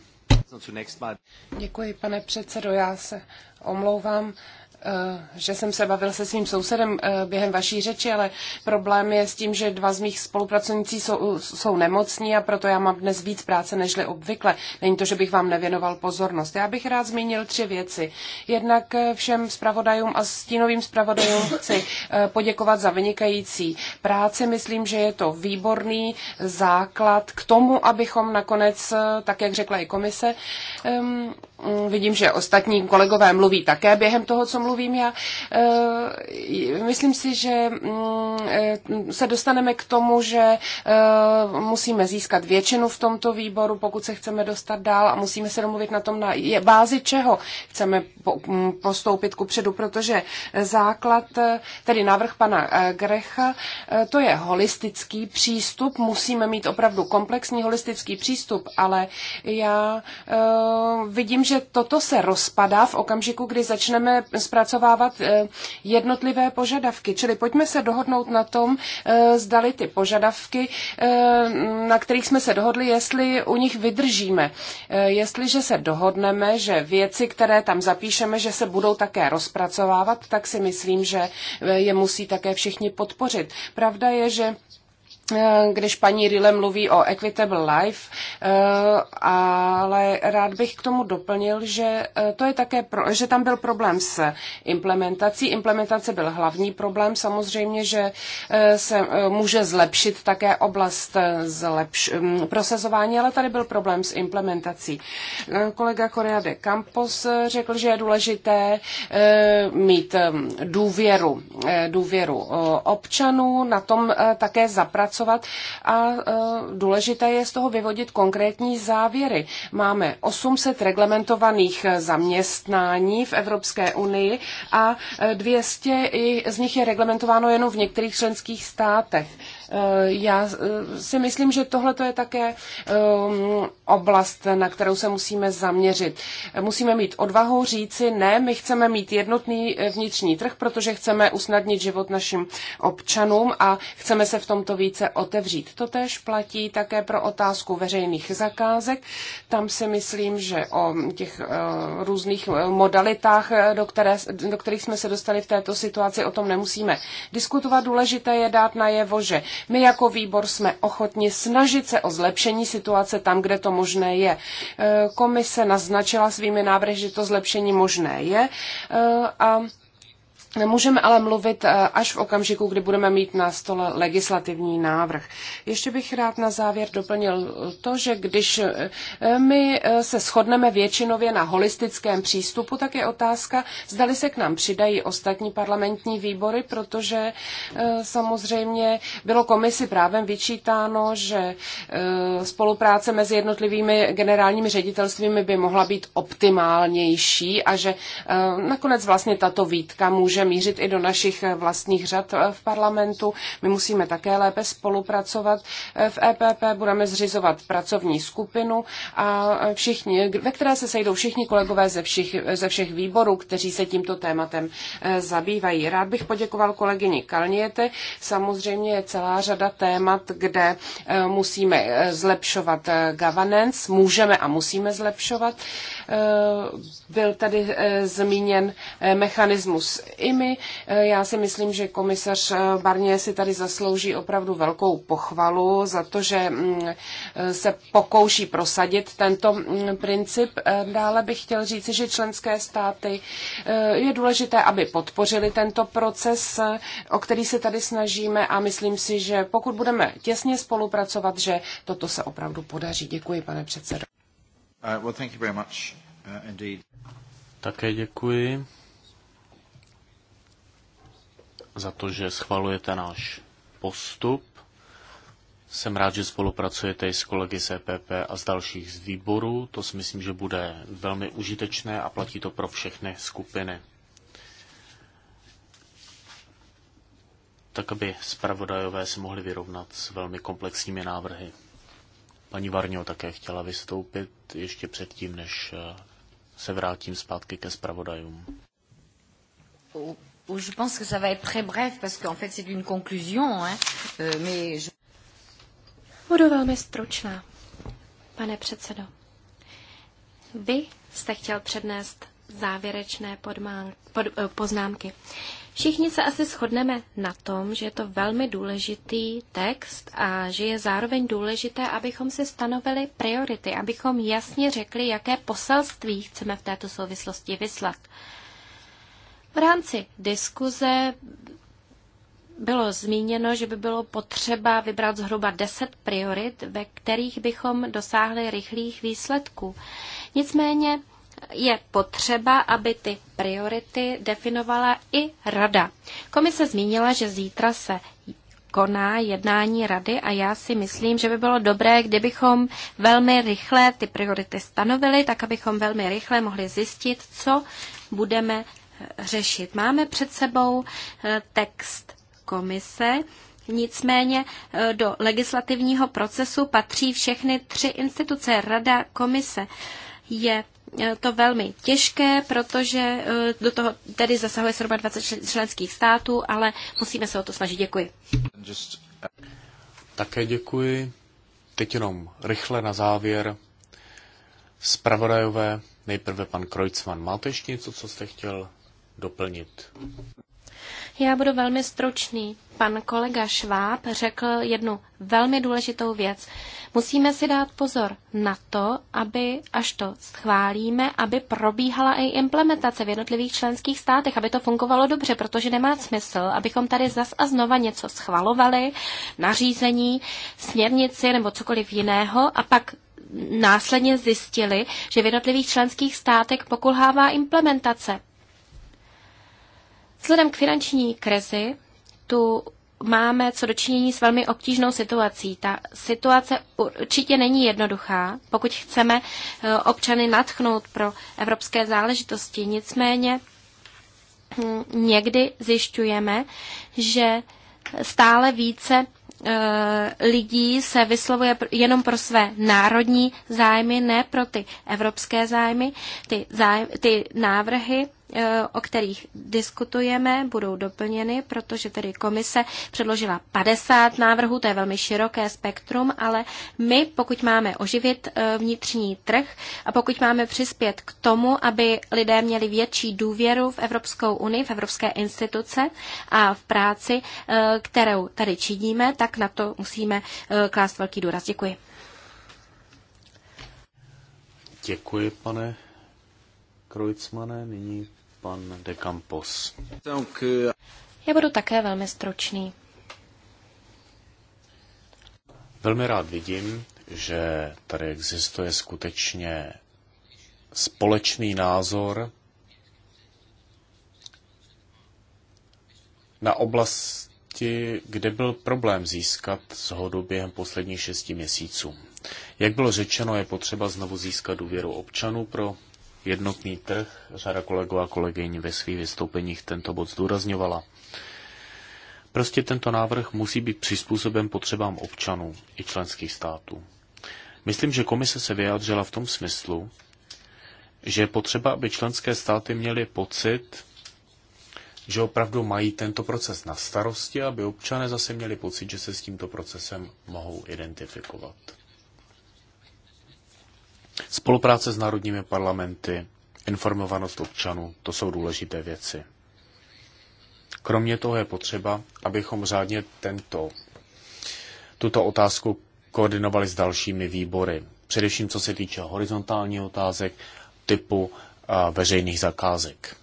Děkuji, pane předsedo. Já se omlouvám Eh, že jsem se bavil se svým sousedem eh, během vaší řeči, ale problém je s tím, že dva z mých spolupracovníků jsou, jsou nemocní a proto já mám dnes víc práce nežli obvykle. Není to, že bych vám nevěnoval pozornost. Já bych rád zmínil tři věci. Jednak eh, všem zpravodajům a stínovým zpravodajům chci poděkovat za vynikající práci. Myslím, že je to výborný základ k tomu, abychom nakonec, tak jak řekla i komise, Mm, vidím, že ostatní kolegové mluví také během toho, co mluvím já. Eh, myslím si, že mm, eh, se dostaneme k tomu, že eh, musíme získat většinu v tomto výboru, pokud se chceme dostat dál a musíme se domluvit na tom, na bázi čeho chceme mm, postoupit ku předu, protože základ, tedy návrh pana Grecha, to je holistický přístup. Musíme mít opravdu komplexní holistický přístup, ale já vidím, že toto se rozpadá v okamžiku, kdy začneme zpracovávat eh, jednotlivé požadavky. Čili pojďme se dohodnout na tom, eh, zdali ty požadavky, eh, na kterých jsme se dohodli, jestli u nich vydržíme. Jestliže se dohodneme, že věci, které tam zapíšeme, že se budou také rozpracovávat, tak si myslím, že je musí také všichni podpořit. Pravda je, že Eh, když paní Rille mluví o Equitable Life, eh, ale rád bych k tomu doplnil, že, eh, to je také pro, že tam byl problém s implementací. Implementace byl hlavní problém. Samozřejmě, že se může zlepšit také oblast zlepš, hm, prosazování, ale tady byl problém s implementací. Kolega Korea de Campos řekl, že je důležité mít hm, důvěru, důvěru občanů, na tom také zapracovat pracovat a e, důležité je z toho vyvodit konkrétní závěry. Máme 800 reglementovaných zaměstnání v Evropské unii a 200 e, z nich je reglementováno jenom v některých členských státech. Eh, já eh, si myslím, že tohle je také ehm, oblast, na kterou se musíme zaměřit. Musíme mít odvahu říci, ne, my chceme mít jednotný eh, vnitřní trh, protože chceme usnadnit život našim občanům a chceme se v tomto více otevřít. To tež platí také pro otázku veřejných zakázek. Tam si myslím, že o těch různých modalitách, do, které, do kterých jsme se dostali v této situaci, o tom nemusíme diskutovat. Důležité je dát najevo, že my jako výbor jsme ochotni snažit se o zlepšení situace tam, kde to možné je. E, komise naznačila svými návrhy, že to zlepšení možné je e, a Nemůžeme ale mluvit eh, až v okamžiku, kdy budeme mít na stole legislativní návrh. Ještě bych rád na závěr doplnil to, že když eh, my eh, se shodneme většinově na holistickém přístupu, tak je otázka, zdali se k nám přidají ostatní parlamentní výbory, protože samozřejmě bylo komisi právem vyčítáno, že spolupráce mezi jednotlivými generálními ředitelstvími by mohla být optimálnější a že nakonec vlastně tato výtka může mířit i do našich eh, vlastních řad eh, v parlamentu. My musíme také lépe spolupracovat eh, v EPP, budeme zřizovat pracovní skupinu a všichni, ve které se sejdou všichni kolegové ze všech, ze všech výborů, kteří se tímto tématem zabývají. Rád bych poděkoval kolegyni Kalniete. Samozřejmě je celá řada témat, kde musíme zlepšovat governance, můžeme a musíme zlepšovat. Byl tady zmíněn mechanismus nimi. Eh, já si myslím, že komisař eh, Barnier si tady zaslouží opravdu velkou pochvalu za to, že mm, eh, se pokouší prosadit tento mm, princip. Dále bych chtěl říci, že členské státy je důležité, aby podpořili tento proces, o který se tady snažíme a myslím si, že pokud budeme těsně spolupracovat, že toto se opravdu podaří. Děkuji, pane předsedo. Uh, well, thank you very much, uh, indeed. Také děkuji za to, že schvalujete náš postup. Jsem rád, že spolupracujete i s kolegy z EPP a z dalších z výborů. To si myslím, že bude velmi užitečné a platí to pro všechny skupiny. Tak, aby zpravodajové se mohli vyrovnat s velmi komplexními návrhy. Paní Varňo také chtěla vystoupit ještě předtím, než eh, se vrátím zpátky ke zpravodajům je pense que ça va être très bref parce qu'en fait c'est une conclusion, hein, euh, mais je... Budu velmi stručná, pane předsedo. Vy jste chtěl přednést závěrečné podmán, pod, eh, poznámky. Všichni se asi shodneme na tom, že je to velmi důležitý text a že je zároveň důležité, abychom si stanovili priority, abychom jasně řekli, jaké poselství chceme v této souvislosti vyslat. Uh, v rámci diskuze bylo zmíněno, že by bylo potřeba vybrat zhruba 10 priorit, ve kterých bychom dosáhli rychlých výsledků. Nicméně je potřeba, aby ty priority definovala i rada. Komise zmínila, že zítra se koná jednání rady a já si myslím, že by bylo dobré, kdybychom velmi rychle ty priority stanovili, tak abychom velmi rychle mohli zjistit, co budeme řešit. Máme před sebou eh, text komise, Nicméně eh, do legislativního procesu patří všechny tři instituce, rada, komise. Je eh, to velmi těžké, protože do toho tedy zasahuje zhruba 20 členských států, ale musíme se o to snažit. Děkuji. Také děkuji. Teď jenom rychle na závěr. Spravodajové, nejprve pan Krojcman. Máte ještě něco, co jste chtěl doplnit. Já budu velmi stručný. Pan kolega Šváb řekl jednu velmi důležitou věc. Musíme si dát pozor na to, aby, až to schválíme, aby probíhala i implementace v jednotlivých členských státech, aby to fungovalo dobře, protože nemá smysl, abychom tady zas a znova něco schvalovali, nařízení, směrnici nebo cokoliv jiného a pak následně zjistili, že v jednotlivých členských státech pokulhává implementace. Vzhledem k finanční krizi tu máme co dočinění s velmi obtížnou situací. Ta situace určitě není jednoduchá, pokud chceme eh, občany natchnout pro evropské záležitosti. Nicméně hm, někdy zjišťujeme, že stále více eh, lidí se vyslovuje jenom pro své národní zájmy, ne pro ty evropské zájmy. Ty, zájmy, ty návrhy Eh, o kterých diskutujeme, budou doplněny, protože tedy komise předložila 50 návrhů, to je velmi široké spektrum, ale my, pokud máme oživit eh, vnitřní trh a pokud máme přispět k tomu, aby lidé měli větší důvěru v Evropskou unii, v evropské instituce a v práci, eh, kterou tady činíme, tak na to musíme klást velký důraz. Děkuji. Děkuji, pane Krojcmane. Nyní pan De Campos. Já budu také velmi stručný. Velmi rád vidím, že tady existuje skutečně společný názor na oblasti, kde byl problém získat shodu během posledních šesti měsíců. Jak bylo řečeno, je potřeba znovu získat důvěru občanů pro jednotný trh. Řada kolegů a kolegyň ve svých vystoupeních tento bod zdůrazňovala. Prostě tento návrh musí být přizpůsoben potřebám občanů i členských států. Myslím, že komise se vyjádřila v tom smyslu, že je potřeba, aby členské státy měly pocit, že opravdu mají tento proces na starosti, aby občané zase měli pocit, že se s tímto procesem mohou identifikovat. Spolupráce s národními parlamenty, informovanost občanů, to jsou důležité věci. Kromě toho je potřeba, abychom řádně tento, tuto otázku koordinovali s dalšími výbory. Především co se týče horizontálních otázek typu a, veřejných zakázek.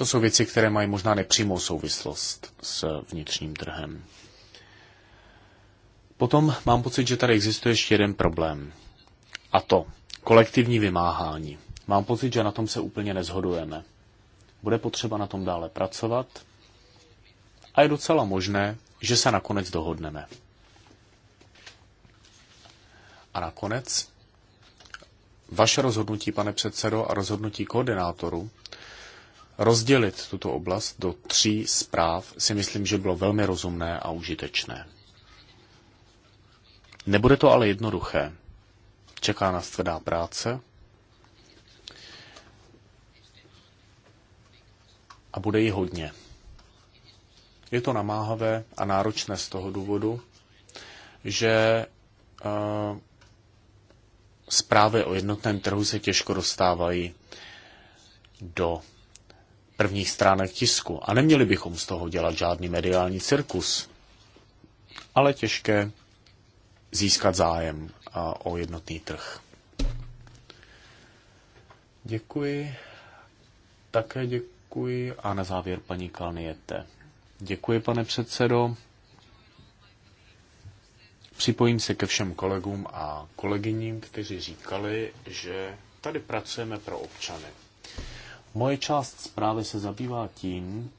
To jsou věci, které mají možná nepřímou souvislost s vnitřním trhem. Potom mám pocit, že tady existuje ještě jeden problém. A to kolektivní vymáhání. Mám pocit, že na tom se úplně nezhodujeme. Bude potřeba na tom dále pracovat a je docela možné, že se nakonec dohodneme. A nakonec vaše rozhodnutí, pane předsedo, a rozhodnutí koordinátoru Rozdělit tuto oblast do tří zpráv si myslím, že bylo velmi rozumné a užitečné. Nebude to ale jednoduché. Čeká nás tvrdá práce a bude ji hodně. Je to namáhavé a náročné z toho důvodu, že uh, zprávy o jednotném trhu se těžko dostávají do prvních stránek tisku. A neměli bychom z toho dělat žádný mediální cirkus. Ale těžké získat zájem o jednotný trh. Děkuji. Také děkuji. A na závěr paní Kalniete. Děkuji, pane předsedo. Připojím se ke všem kolegům a kolegyním, kteří říkali, že tady pracujeme pro občany. Moje část zprávy se zabývá tím,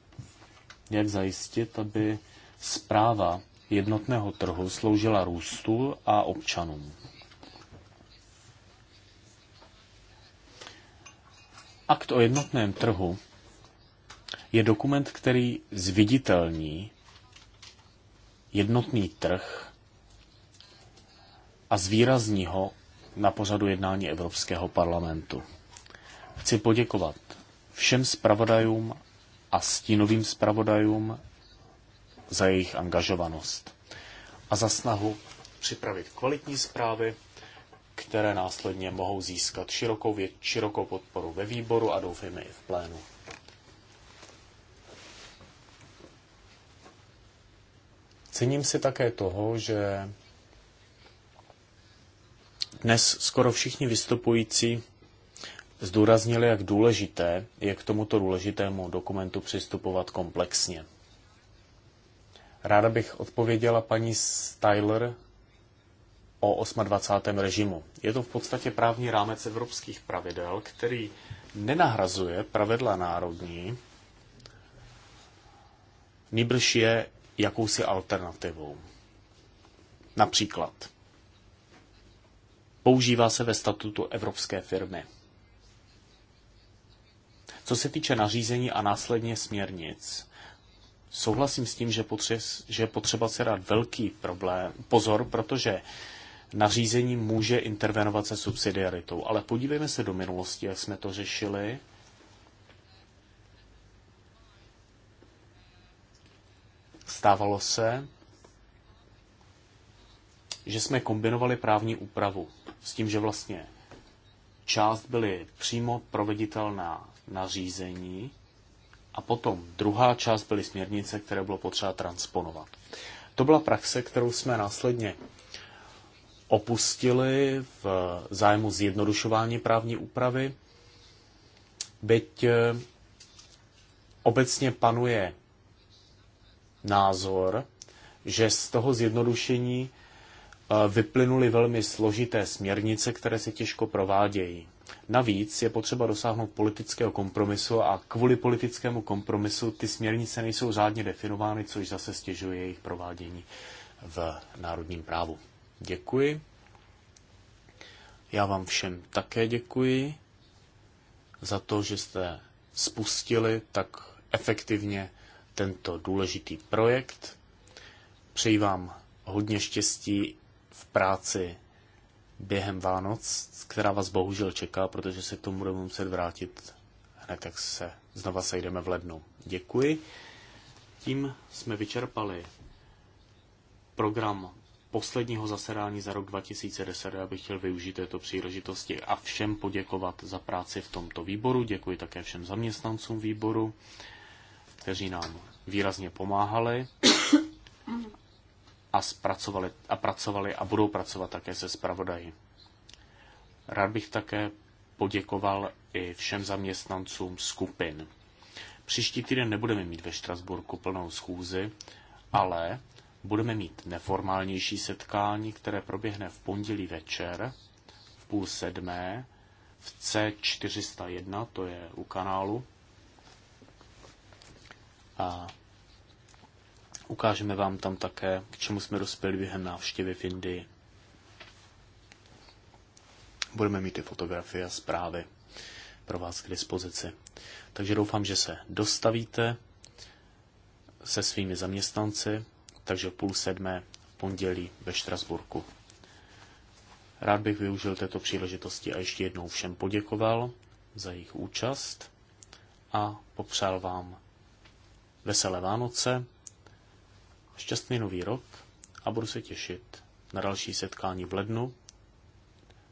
jak zajistit, aby zpráva jednotného trhu sloužila růstu a občanům. Akt o jednotném trhu je dokument, který zviditelní jednotný trh a zvýrazní ho na pořadu jednání Evropského parlamentu. Chci poděkovat všem zpravodajům a stínovým zpravodajům za jejich angažovanost a za snahu připravit kvalitní zprávy, které následně mohou získat širokou, vět, širokou podporu ve výboru a doufejme i v plénu. Cením si také toho, že dnes skoro všichni vystupující zdůraznili, jak důležité je k tomuto důležitému dokumentu přistupovat komplexně. Ráda bych odpověděla paní Styler o 28. režimu. Je to v podstatě právní rámec evropských pravidel, který nenahrazuje pravidla národní, nýbrž je jakousi alternativou. Například používá se ve statutu evropské firmy. Co se týče nařízení a následně směrnic, souhlasím s tím, že, potře- že je potřeba se dát velký problém, pozor, protože nařízení může intervenovat se subsidiaritou. Ale podívejme se do minulosti, jak jsme to řešili. Stávalo se, že jsme kombinovali právní úpravu s tím, že vlastně část byly přímo proveditelná nařízení a potom druhá část byly směrnice, které bylo potřeba transponovat. To byla praxe, kterou jsme následně opustili v zájmu zjednodušování právní úpravy, byť eh, obecně panuje názor, že z toho zjednodušení eh, vyplynuly velmi složité směrnice, které se těžko provádějí. Navíc je potřeba dosáhnout politického kompromisu a kvůli politickému kompromisu ty směrnice nejsou řádně definovány, což zase stěžuje jejich provádění v národním právu. Děkuji. Já vám všem také děkuji za to, že jste spustili tak efektivně tento důležitý projekt. Přeji vám hodně štěstí v práci během Vánoc, která vás bohužel čeká, protože se k tomu budeme muset vrátit hned, tak se znova sejdeme v lednu. Děkuji. Tím jsme vyčerpali program posledního zasedání za rok 2010. Já bych chtěl využít této příležitosti a všem poděkovat za práci v tomto výboru. Děkuji také všem zaměstnancům výboru, kteří nám výrazně pomáhali a, zpracovali, a pracovali a budou pracovat také se zpravodají. Rád bych také poděkoval i všem zaměstnancům skupin. Příští týden nebudeme mít ve Štrasburku plnou schůzi, ale budeme mít neformálnější setkání, které proběhne v pondělí večer v půl sedmé v C401, to je u kanálu. A Ukážeme vám tam také, k čemu jsme dospěli během návštěvy v Indii. Budeme mít i fotografie a zprávy pro vás k dispozici. Takže doufám, že se dostavíte se svými zaměstnanci, takže v půl sedmé v pondělí ve Štrasburku. Rád bych využil této příležitosti a ještě jednou všem poděkoval za jejich účast a popřál vám veselé Vánoce Šťastný nový rok a budu se těšit na další setkání v lednu.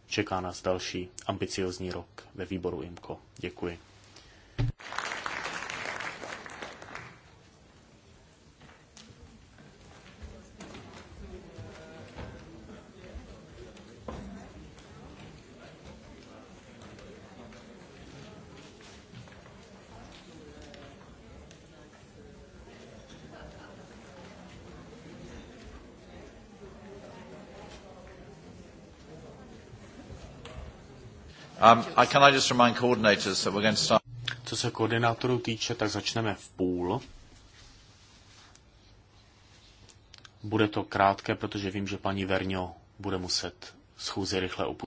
Čeká nás další ambiciozní rok ve výboru IMCO. Děkuji. Co se koordinátorů týče, tak začneme v půl. Bude to krátké, protože vím, že paní Verňo bude muset schůzi rychle opustit.